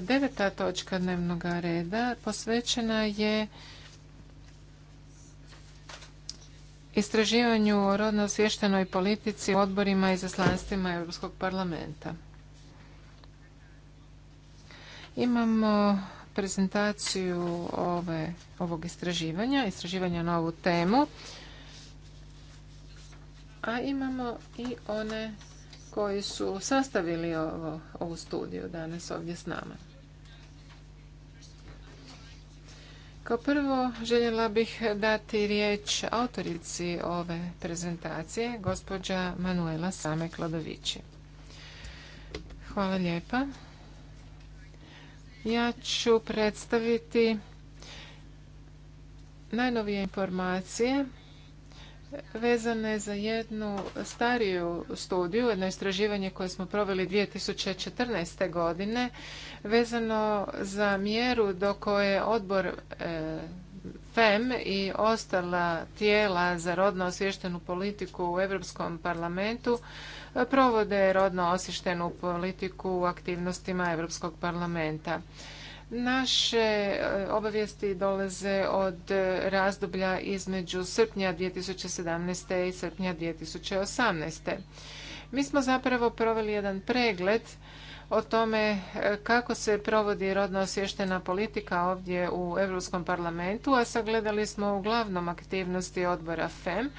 Deveta točka dnevnog reda posvećena je istraživanju o rodno osviještenoj politici u odborima i zaslanstvima Europskog parlamenta. Imamo prezentaciju ove, ovog istraživanja, istraživanja na ovu temu. A imamo i one koji su sastavili ovo, ovu studiju danas ovdje s nama. Kao prvo željela bih dati riječ autorici ove prezentacije, gospođa Manuela Same Kladovići. Hvala lijepa. Ja ću predstaviti najnovije informacije vezane za jednu stariju studiju, jedno istraživanje koje smo proveli 2014. godine, vezano za mjeru do koje odbor e, FEM i ostala tijela za rodno osvještenu politiku u Europskom parlamentu e, provode rodno osvještenu politiku u aktivnostima Europskog parlamenta. Naše e, obavijesti dolaze od e, razdoblja između srpnja 2017. i srpnja 2018. Mi smo zapravo proveli jedan pregled o tome e, kako se provodi rodno osvještena politika ovdje u Europskom parlamentu, a sagledali smo uglavnom aktivnosti odbora FEM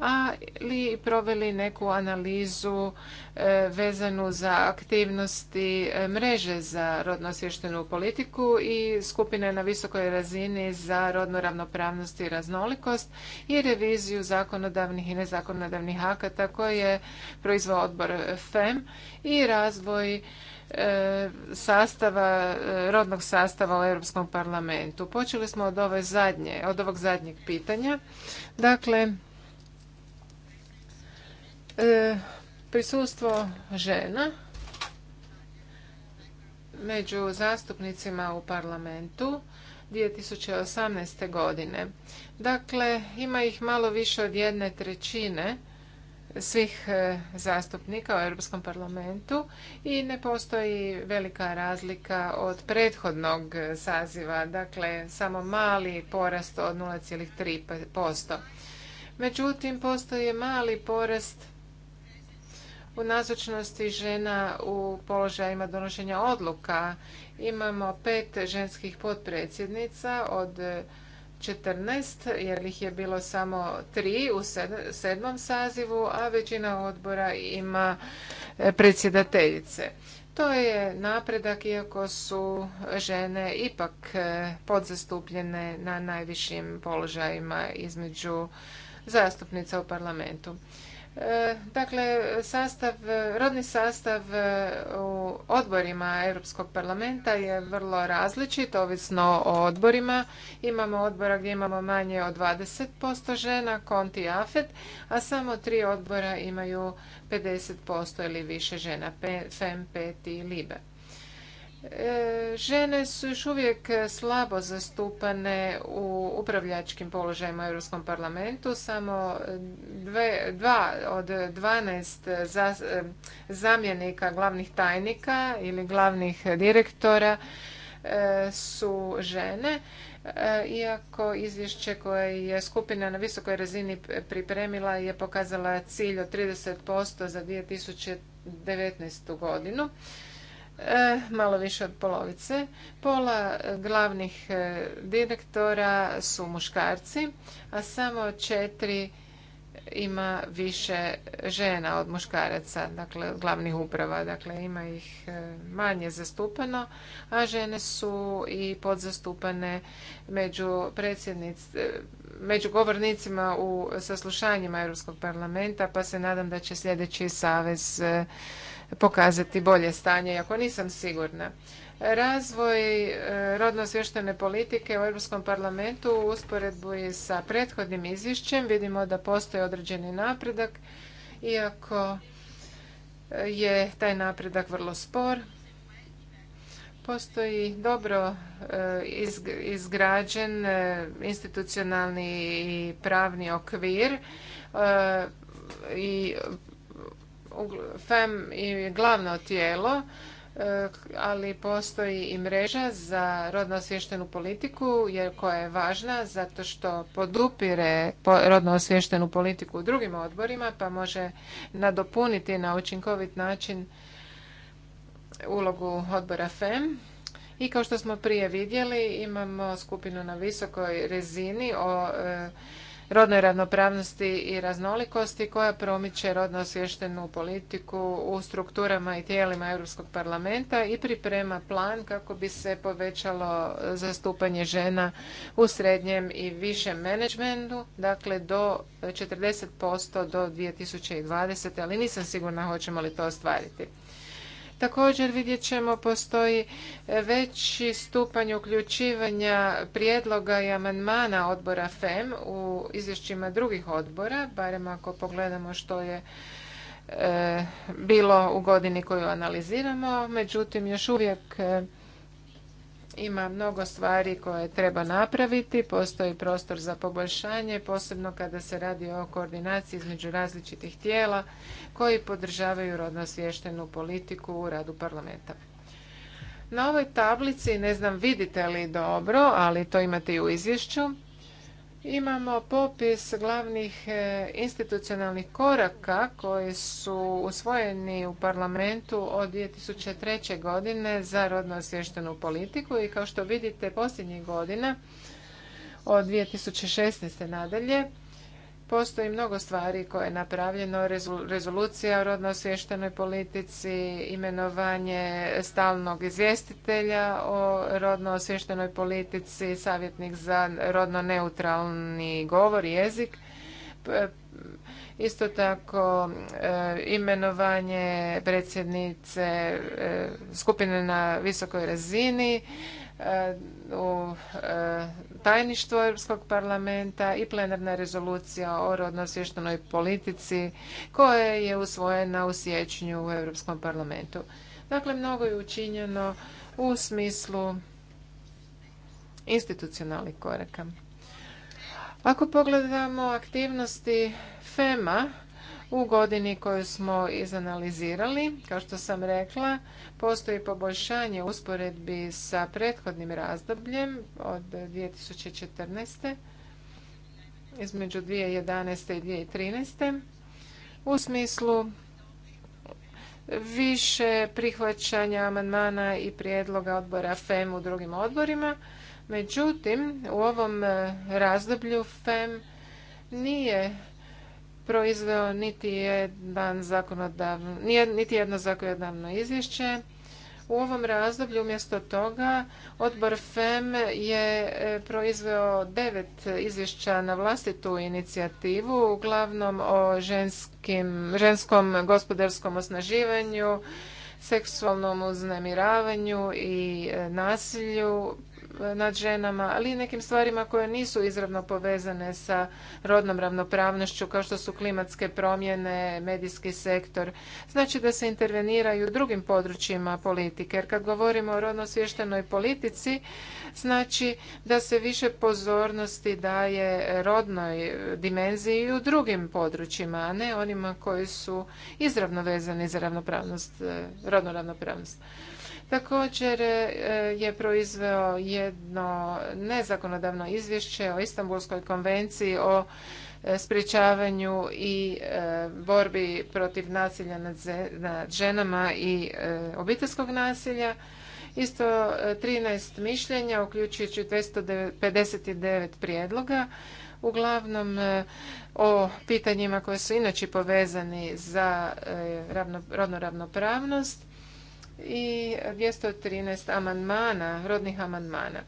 ali i proveli neku analizu e, vezanu za aktivnosti e, mreže za rodno osvještenu politiku i skupine na visokoj razini za rodnu ravnopravnost i raznolikost i reviziju zakonodavnih i nezakonodavnih akata koje je proizvao odbor FEM i razvoj e, sastava, rodnog sastava u Europskom parlamentu. Počeli smo od ove zadnje, od ovog zadnjeg pitanja. Dakle, E, prisustvo žena među zastupnicima u parlamentu 2018. godine. Dakle, ima ih malo više od jedne trećine svih e, zastupnika u Europskom parlamentu i ne postoji velika razlika od prethodnog saziva, dakle samo mali porast od 0,3%. Međutim, postoji mali porast u nazočnosti žena u položajima donošenja odluka. Imamo pet ženskih potpredsjednica od 14, jer ih je bilo samo tri u sedmom sazivu, a većina odbora ima e, predsjedateljice. To je napredak iako su žene ipak e, podzastupljene na najvišim položajima između zastupnica u parlamentu. Dakle, sastav, rodni sastav e, u odborima Europskog parlamenta je vrlo različit, ovisno o odborima. Imamo odbora gdje imamo manje od 20% žena, konti afet, a samo tri odbora imaju 50% ili više žena, FEM, PET i LIBE. Žene su još uvijek slabo zastupane u upravljačkim položajima u Europskom parlamentu. Samo dva od 12 zamjenika glavnih tajnika ili glavnih direktora e, su žene. E, iako izvješće koje je skupina na visokoj razini pripremila je pokazala cilj od 30% za 2019. godinu. E, malo više od polovice. Pola e, glavnih e, direktora su muškarci, a samo četiri ima više žena od muškaraca, dakle od glavnih uprava, dakle ima ih manje zastupano, a žene su i podzastupane među, među govornicima u saslušanjima Europskog parlamenta, pa se nadam da će sljedeći savez pokazati bolje stanje, ako nisam sigurna. Razvoj e, rodno svještene politike u Europskom parlamentu u i sa prethodnim izvješćem vidimo da postoji određeni napredak, iako e, je taj napredak vrlo spor. Postoji dobro e, izgrađen institucionalni i pravni okvir i FEM je glavno tijelo, e, ali postoji i mreža za rodno osvještenu politiku jer koja je važna zato što podupire rodno osvještenu politiku u drugim odborima pa može nadopuniti na učinkovit način ulogu odbora FEM. I kao što smo prije vidjeli imamo skupinu na visokoj rezini o e, rodnoj ravnopravnosti i raznolikosti koja promiče rodno osviještenu politiku u strukturama i tijelima Europskog parlamenta i priprema plan kako bi se povećalo zastupanje žena u srednjem i višem menadžmentu, dakle do 40% do 2020. ali nisam sigurna hoćemo li to ostvariti. Također vidjet ćemo postoji veći stupanj uključivanja prijedloga i amandmana odbora FEM u izvješćima drugih odbora, barem ako pogledamo što je e, bilo u godini koju analiziramo. Međutim, još uvijek e, ima mnogo stvari koje treba napraviti, postoji prostor za poboljšanje, posebno kada se radi o koordinaciji između različitih tijela koji podržavaju rodno osviještenu politiku u radu parlamenta. Na ovoj tablici, ne znam vidite li dobro, ali to imate i u izvješću, Imamo popis glavnih e, institucionalnih koraka koji su usvojeni u parlamentu od 2003. godine za rodno osvještenu politiku i kao što vidite posljednjih godina od 2016. nadalje Postoji mnogo stvari koje je napravljeno, rezolucija o rodno politici, imenovanje stalnog izvjestitelja o rodno politici, savjetnik za rodno neutralni govor i jezik, isto tako e, imenovanje predsjednice e, skupine na visokoj razini, E, u e, tajništvo Europskog parlamenta i plenarna rezolucija o rodno osvještenoj politici koja je usvojena u siječnju u Europskom parlamentu. Dakle, mnogo je učinjeno u smislu institucionalnih koraka. Ako pogledamo aktivnosti FEMA, u godini koju smo izanalizirali. Kao što sam rekla, postoji poboljšanje usporedbi sa prethodnim razdobljem od 2014. između 2011. i 2013. u smislu više prihvaćanja amandmana i prijedloga odbora FEM u drugim odborima. Međutim, u ovom eh, razdoblju FEM nije proizveo niti jedan zakonodavno, niti jedno zakonodavno izvješće. U ovom razdoblju umjesto toga odbor FEM je e, proizveo devet izvješća na vlastitu inicijativu, uglavnom o ženskim, ženskom gospodarskom osnaživanju, seksualnom uznemiravanju i e, nasilju, nad ženama, ali i nekim stvarima koje nisu izravno povezane sa rodnom ravnopravnošću, kao što su klimatske promjene, medijski sektor. Znači da se interveniraju u drugim područjima politike. Jer kad govorimo o rodno svještenoj politici, znači da se više pozornosti daje rodnoj dimenziji u drugim područjima, a ne onima koji su izravno vezani za ravnopravnost, rodnu ravnopravnost. Također e, je proizveo jedno nezakonodavno izvješće o Istanbulskoj konvenciji o e, sprječavanju i e, borbi protiv nasilja nad ženama i obiteljskog nasilja. Isto 13 mišljenja, uključujući 259 prijedloga, uglavnom o pitanjima koje su inače povezani za rodnu ravnopravnost i 213 amandmana, rodnih amandmana.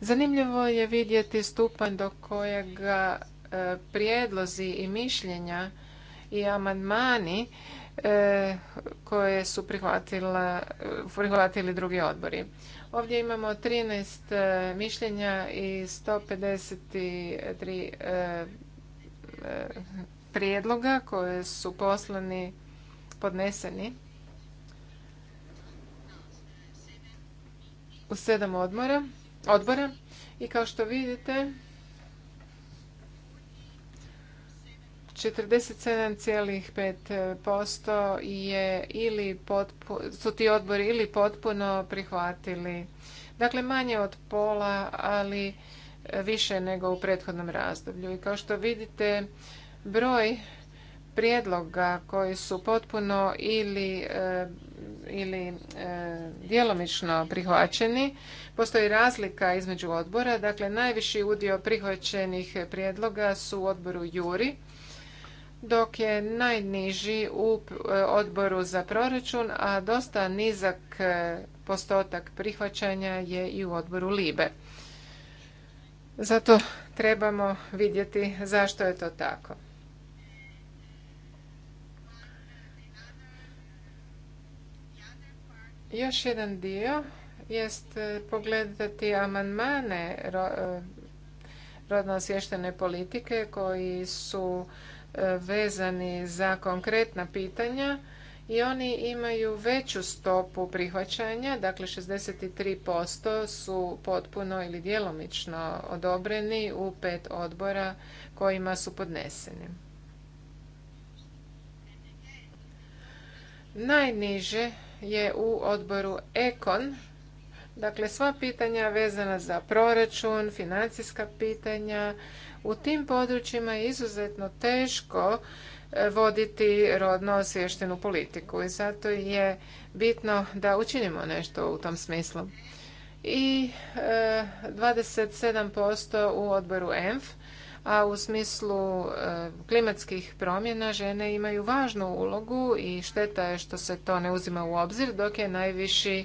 Zanimljivo je vidjeti stupanj do kojega e, prijedlozi i mišljenja i amandmani e, koje su prihvatili drugi odbori. Ovdje imamo 13 e, mišljenja i 153 prijedloga koje su poslani, podneseni u sedam odbora i kao što vidite 47,5% je ili su ti odbori ili potpuno prihvatili. Dakle, manje od pola, ali više nego u prethodnom razdoblju. I kao što vidite, broj prijedloga koji su potpuno ili, e, ili e, djelomično prihvaćeni. Postoji razlika između odbora, dakle najviši udio prihvaćenih prijedloga su u odboru Juri, dok je najniži u e, odboru za proračun, a dosta nizak postotak prihvaćanja je i u odboru Libe. Zato trebamo vidjeti zašto je to tako. Još jedan dio jest e, pogledati amandmane e, rodno osvještene politike koji su e, vezani za konkretna pitanja i oni imaju veću stopu prihvaćanja, dakle 63% su potpuno ili djelomično odobreni u pet odbora kojima su podneseni. Najniže je u odboru Ekon. Dakle, sva pitanja vezana za proračun, financijska pitanja, u tim područjima je izuzetno teško e, voditi rodno osvještenu politiku i zato je bitno da učinimo nešto u tom smislu. I 27% e, u odboru ENF a u smislu e, klimatskih promjena žene imaju važnu ulogu i šteta je što se to ne uzima u obzir dok je najviši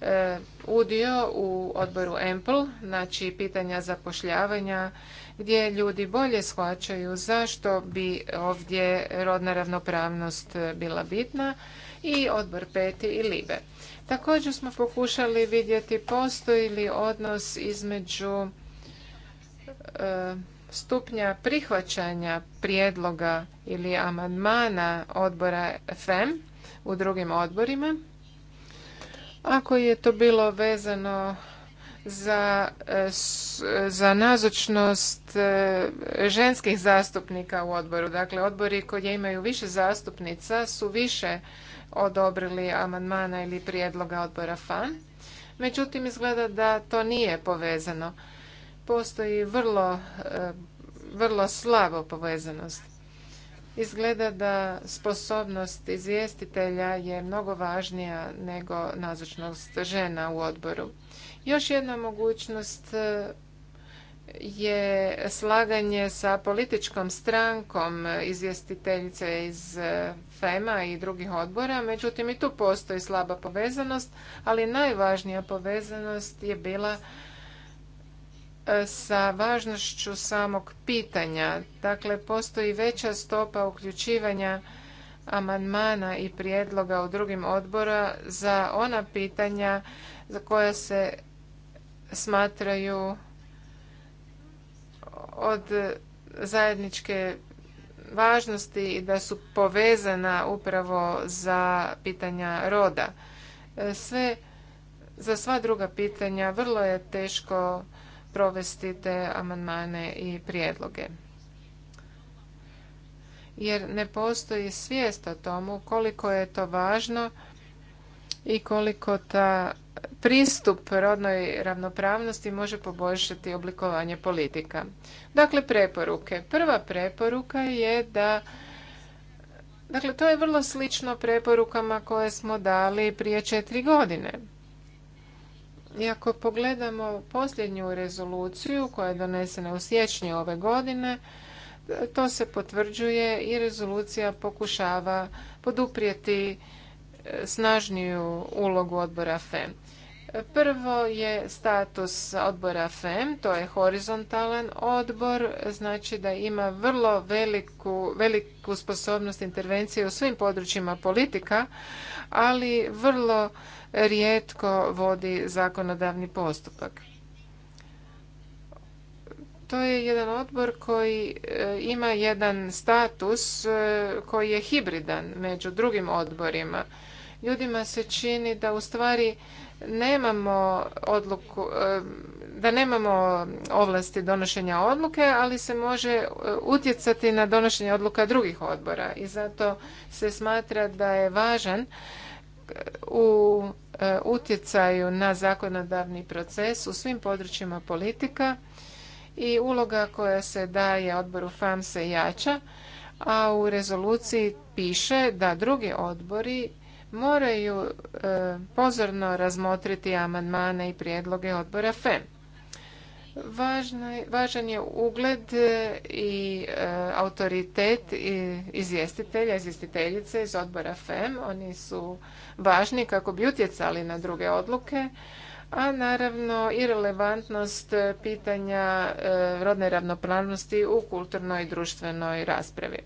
e, udio u odboru EMPL, znači pitanja zapošljavanja gdje ljudi bolje shvaćaju zašto bi ovdje rodna ravnopravnost e, bila bitna i odbor peti i libe. Također smo pokušali vidjeti postoji li odnos između stupnja prihvaćanja prijedloga ili amandmana odbora FEM u drugim odborima, ako je to bilo vezano za, e, za nazočnost e, ženskih zastupnika u odboru. Dakle, odbori koji imaju više zastupnica su više odobrili amandmana ili prijedloga odbora FAN. Međutim, izgleda da to nije povezano postoji vrlo, e, vrlo slabo povezanost. Izgleda da sposobnost izvjestitelja je mnogo važnija nego nazočnost žena u odboru. Još jedna mogućnost e, je slaganje sa političkom strankom izvjestiteljice iz e, FEMA i drugih odbora, međutim i tu postoji slaba povezanost, ali najvažnija povezanost je bila sa važnošću samog pitanja. Dakle, postoji veća stopa uključivanja amandmana i prijedloga u drugim odbora za ona pitanja za koja se smatraju od zajedničke važnosti i da su povezana upravo za pitanja roda. E, sve, za sva druga pitanja vrlo je teško provesti te amandmane i prijedloge. Jer ne postoji svijest o tomu koliko je to važno i koliko ta pristup rodnoj ravnopravnosti može poboljšati oblikovanje politika. Dakle, preporuke. Prva preporuka je da Dakle, to je vrlo slično preporukama koje smo dali prije četiri godine. I ako pogledamo posljednju rezoluciju koja je donesena u siječnju ove godine, to se potvrđuje i rezolucija pokušava poduprijeti e, snažniju ulogu odbora FEM. Prvo je status odbora FEM, to je horizontalan odbor, znači da ima vrlo veliku, veliku sposobnost intervencije u svim područjima politika, ali vrlo rijetko vodi zakonodavni postupak. To je jedan odbor koji e, ima jedan status e, koji je hibridan među drugim odborima. Ljudima se čini da u stvari nemamo odluku, da nemamo ovlasti donošenja odluke, ali se može e, utjecati na donošenje odluka drugih odbora i zato se smatra da je važan e, u e, utjecaju na zakonodavni proces u svim područjima politika i uloga koja se daje odboru FAM se jača, a u rezoluciji piše da drugi odbori moraju e, pozorno razmotriti amandmane i prijedloge odbora FEM. Važan je ugled i e, autoritet izvjestitelja, izvjestiteljice iz odbora FEM. Oni su važni kako bi utjecali na druge odluke, a naravno i relevantnost pitanja e, rodne ravnopravnosti u kulturnoj i društvenoj raspravi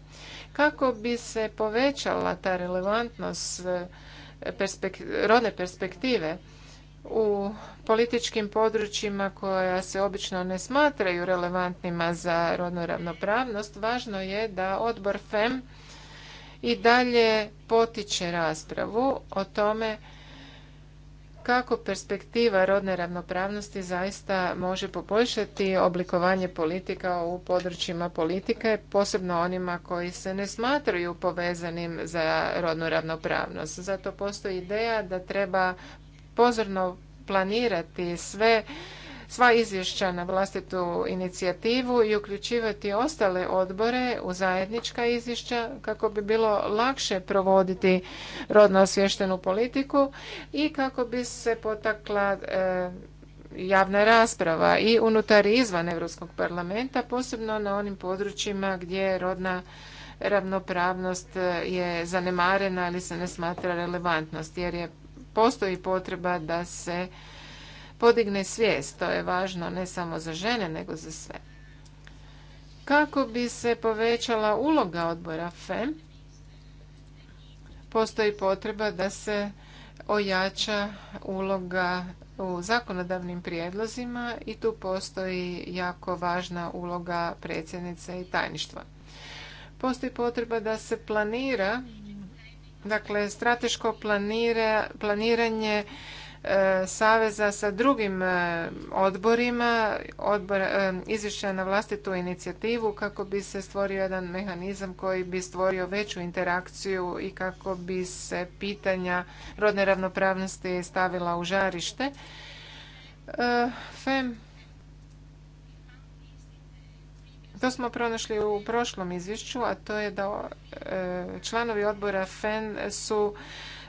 kako bi se povećala ta relevantnost eh, rodne perspektive u političkim područjima koja se obično ne smatraju relevantnima za rodnu ravnopravnost, važno je da odbor FEM i dalje potiče raspravu o tome kako perspektiva rodne ravnopravnosti zaista može poboljšati oblikovanje politika u područjima politike, posebno onima koji se ne smatraju povezanim za rodnu ravnopravnost. Zato postoji ideja da treba pozorno planirati sve sva izvješća na vlastitu inicijativu i uključivati ostale odbore u zajednička izvješća kako bi bilo lakše provoditi rodno osvještenu politiku i kako bi se potakla e, javna rasprava i unutar i izvan Europskog parlamenta, posebno na onim područjima gdje rodna ravnopravnost e, je zanemarena ili se ne smatra relevantnost jer je postoji potreba da se podigne svijest. To je važno ne samo za žene, nego za sve. Kako bi se povećala uloga odbora FEM, postoji potreba da se ojača uloga u zakonodavnim prijedlozima i tu postoji jako važna uloga predsjednice i tajništva. Postoji potreba da se planira, dakle strateško planira, planiranje E, saveza sa drugim e, odborima, odbor, e, izvješća na vlastitu inicijativu kako bi se stvorio jedan mehanizam koji bi stvorio veću interakciju i kako bi se pitanja rodne ravnopravnosti stavila u žarište. FEM to smo pronašli u prošlom izvješću, a to je da članovi odbora FEN su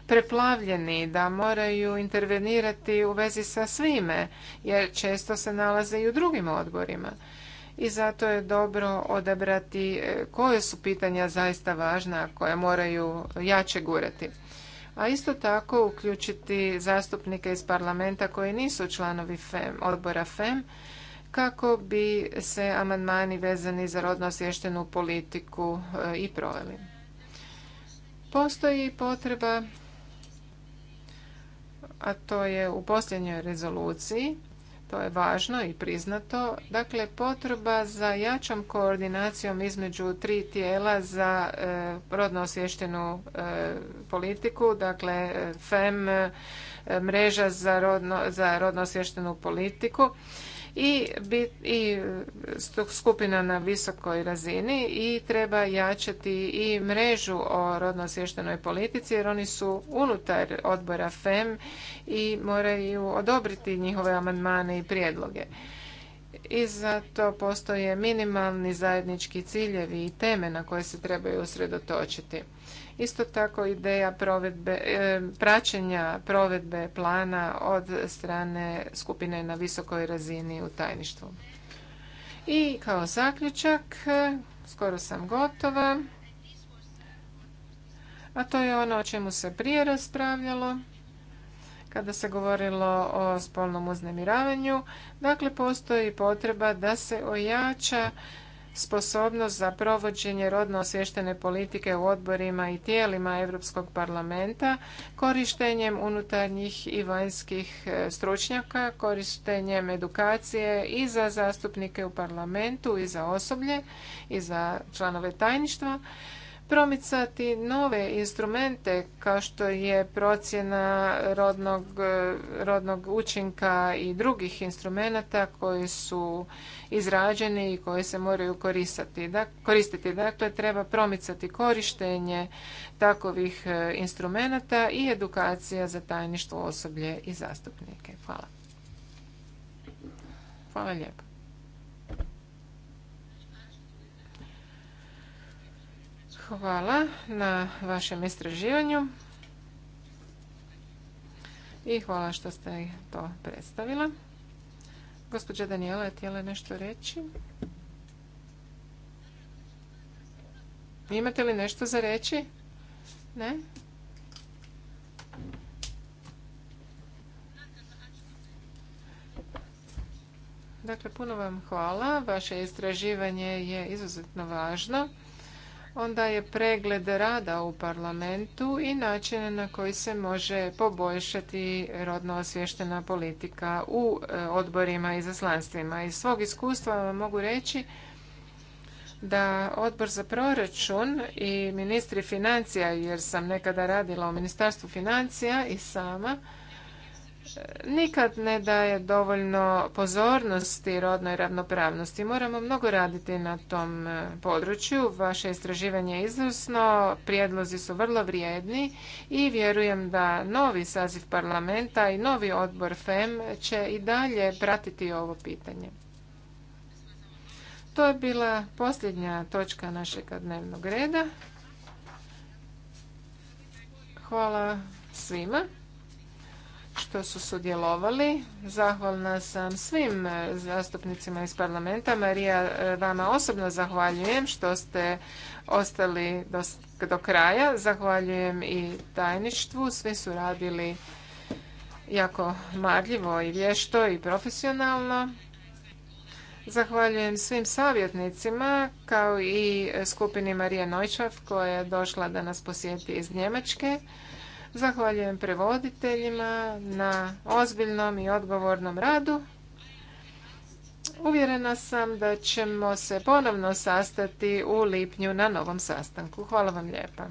preplavljeni, da moraju intervenirati u vezi sa svime, jer često se nalaze i u drugim odborima. I zato je dobro odabrati e, koje su pitanja zaista važna, koje koja moraju jače gurati. A isto tako uključiti zastupnike iz parlamenta koji nisu članovi FEM, odbora FEM, kako bi se amandmani vezani za rodno osještenu politiku e, i proveli. Postoji potreba a to je u posljednjoj rezoluciji, to je važno i priznato, dakle potreba za jačom koordinacijom između tri tijela za e, rodno osvještenu e, politiku, dakle e, FEM, mreža za rodno, politiku i, i skupina na visokoj razini i treba jačati i mrežu o rodno politici jer oni su unutar odbora FEM i moraju odobriti njihove amandmane i prijedloge. I zato postoje minimalni zajednički ciljevi i teme na koje se trebaju usredotočiti. Isto tako ideja provedbe, e, praćenja provedbe plana od strane skupine na visokoj razini u tajništvu. I kao zaključak, e, skoro sam gotova, a to je ono o čemu se prije raspravljalo kada se govorilo o spolnom uznemiravanju. Dakle, postoji potreba da se ojača sposobnost za provođenje rodno osvještene politike u odborima i tijelima Europskog parlamenta korištenjem unutarnjih i vanjskih e, stručnjaka, korištenjem edukacije i za zastupnike u parlamentu i za osoblje i za članove tajništva promicati nove instrumente kao što je procjena rodnog, rodnog učinka i drugih instrumenata koji su izrađeni i koji se moraju koristiti. Dakle, treba promicati korištenje takovih e, instrumenata i edukacija za tajništvo osoblje i zastupnike. Hvala. Hvala lijepo. Hvala na vašem istraživanju i hvala što ste to predstavila. Gospođa Daniela je htjela nešto reći. Imate li nešto za reći? Ne? Dakle, puno vam hvala. Vaše istraživanje je izuzetno važno onda je pregled rada u parlamentu i način na koji se može poboljšati rodno osvještena politika u e, odborima i zaslanstvima. Iz svog iskustva vam mogu reći da odbor za proračun i ministri financija, jer sam nekada radila u ministarstvu financija i sama, nikad ne daje dovoljno pozornosti rodnoj ravnopravnosti. Moramo mnogo raditi na tom e, području. Vaše istraživanje je izvrsno, prijedlozi su vrlo vrijedni i vjerujem da novi saziv parlamenta i novi odbor FEM će i dalje pratiti ovo pitanje. To je bila posljednja točka našeg dnevnog reda. Hvala svima što su sudjelovali. Zahvalna sam svim e, zastupnicima iz parlamenta. Marija, e, vama osobno zahvaljujem što ste ostali do, kraja. Zahvaljujem i tajništvu. Svi su radili jako marljivo i vješto i profesionalno. Zahvaljujem svim savjetnicima kao i skupini Marije Nojčav koja je došla da nas posjeti iz Njemačke. Zahvaljujem prevoditeljima na ozbiljnom i odgovornom radu. Uvjerena sam da ćemo se ponovno sastati u lipnju na novom sastanku. Hvala vam lijepa.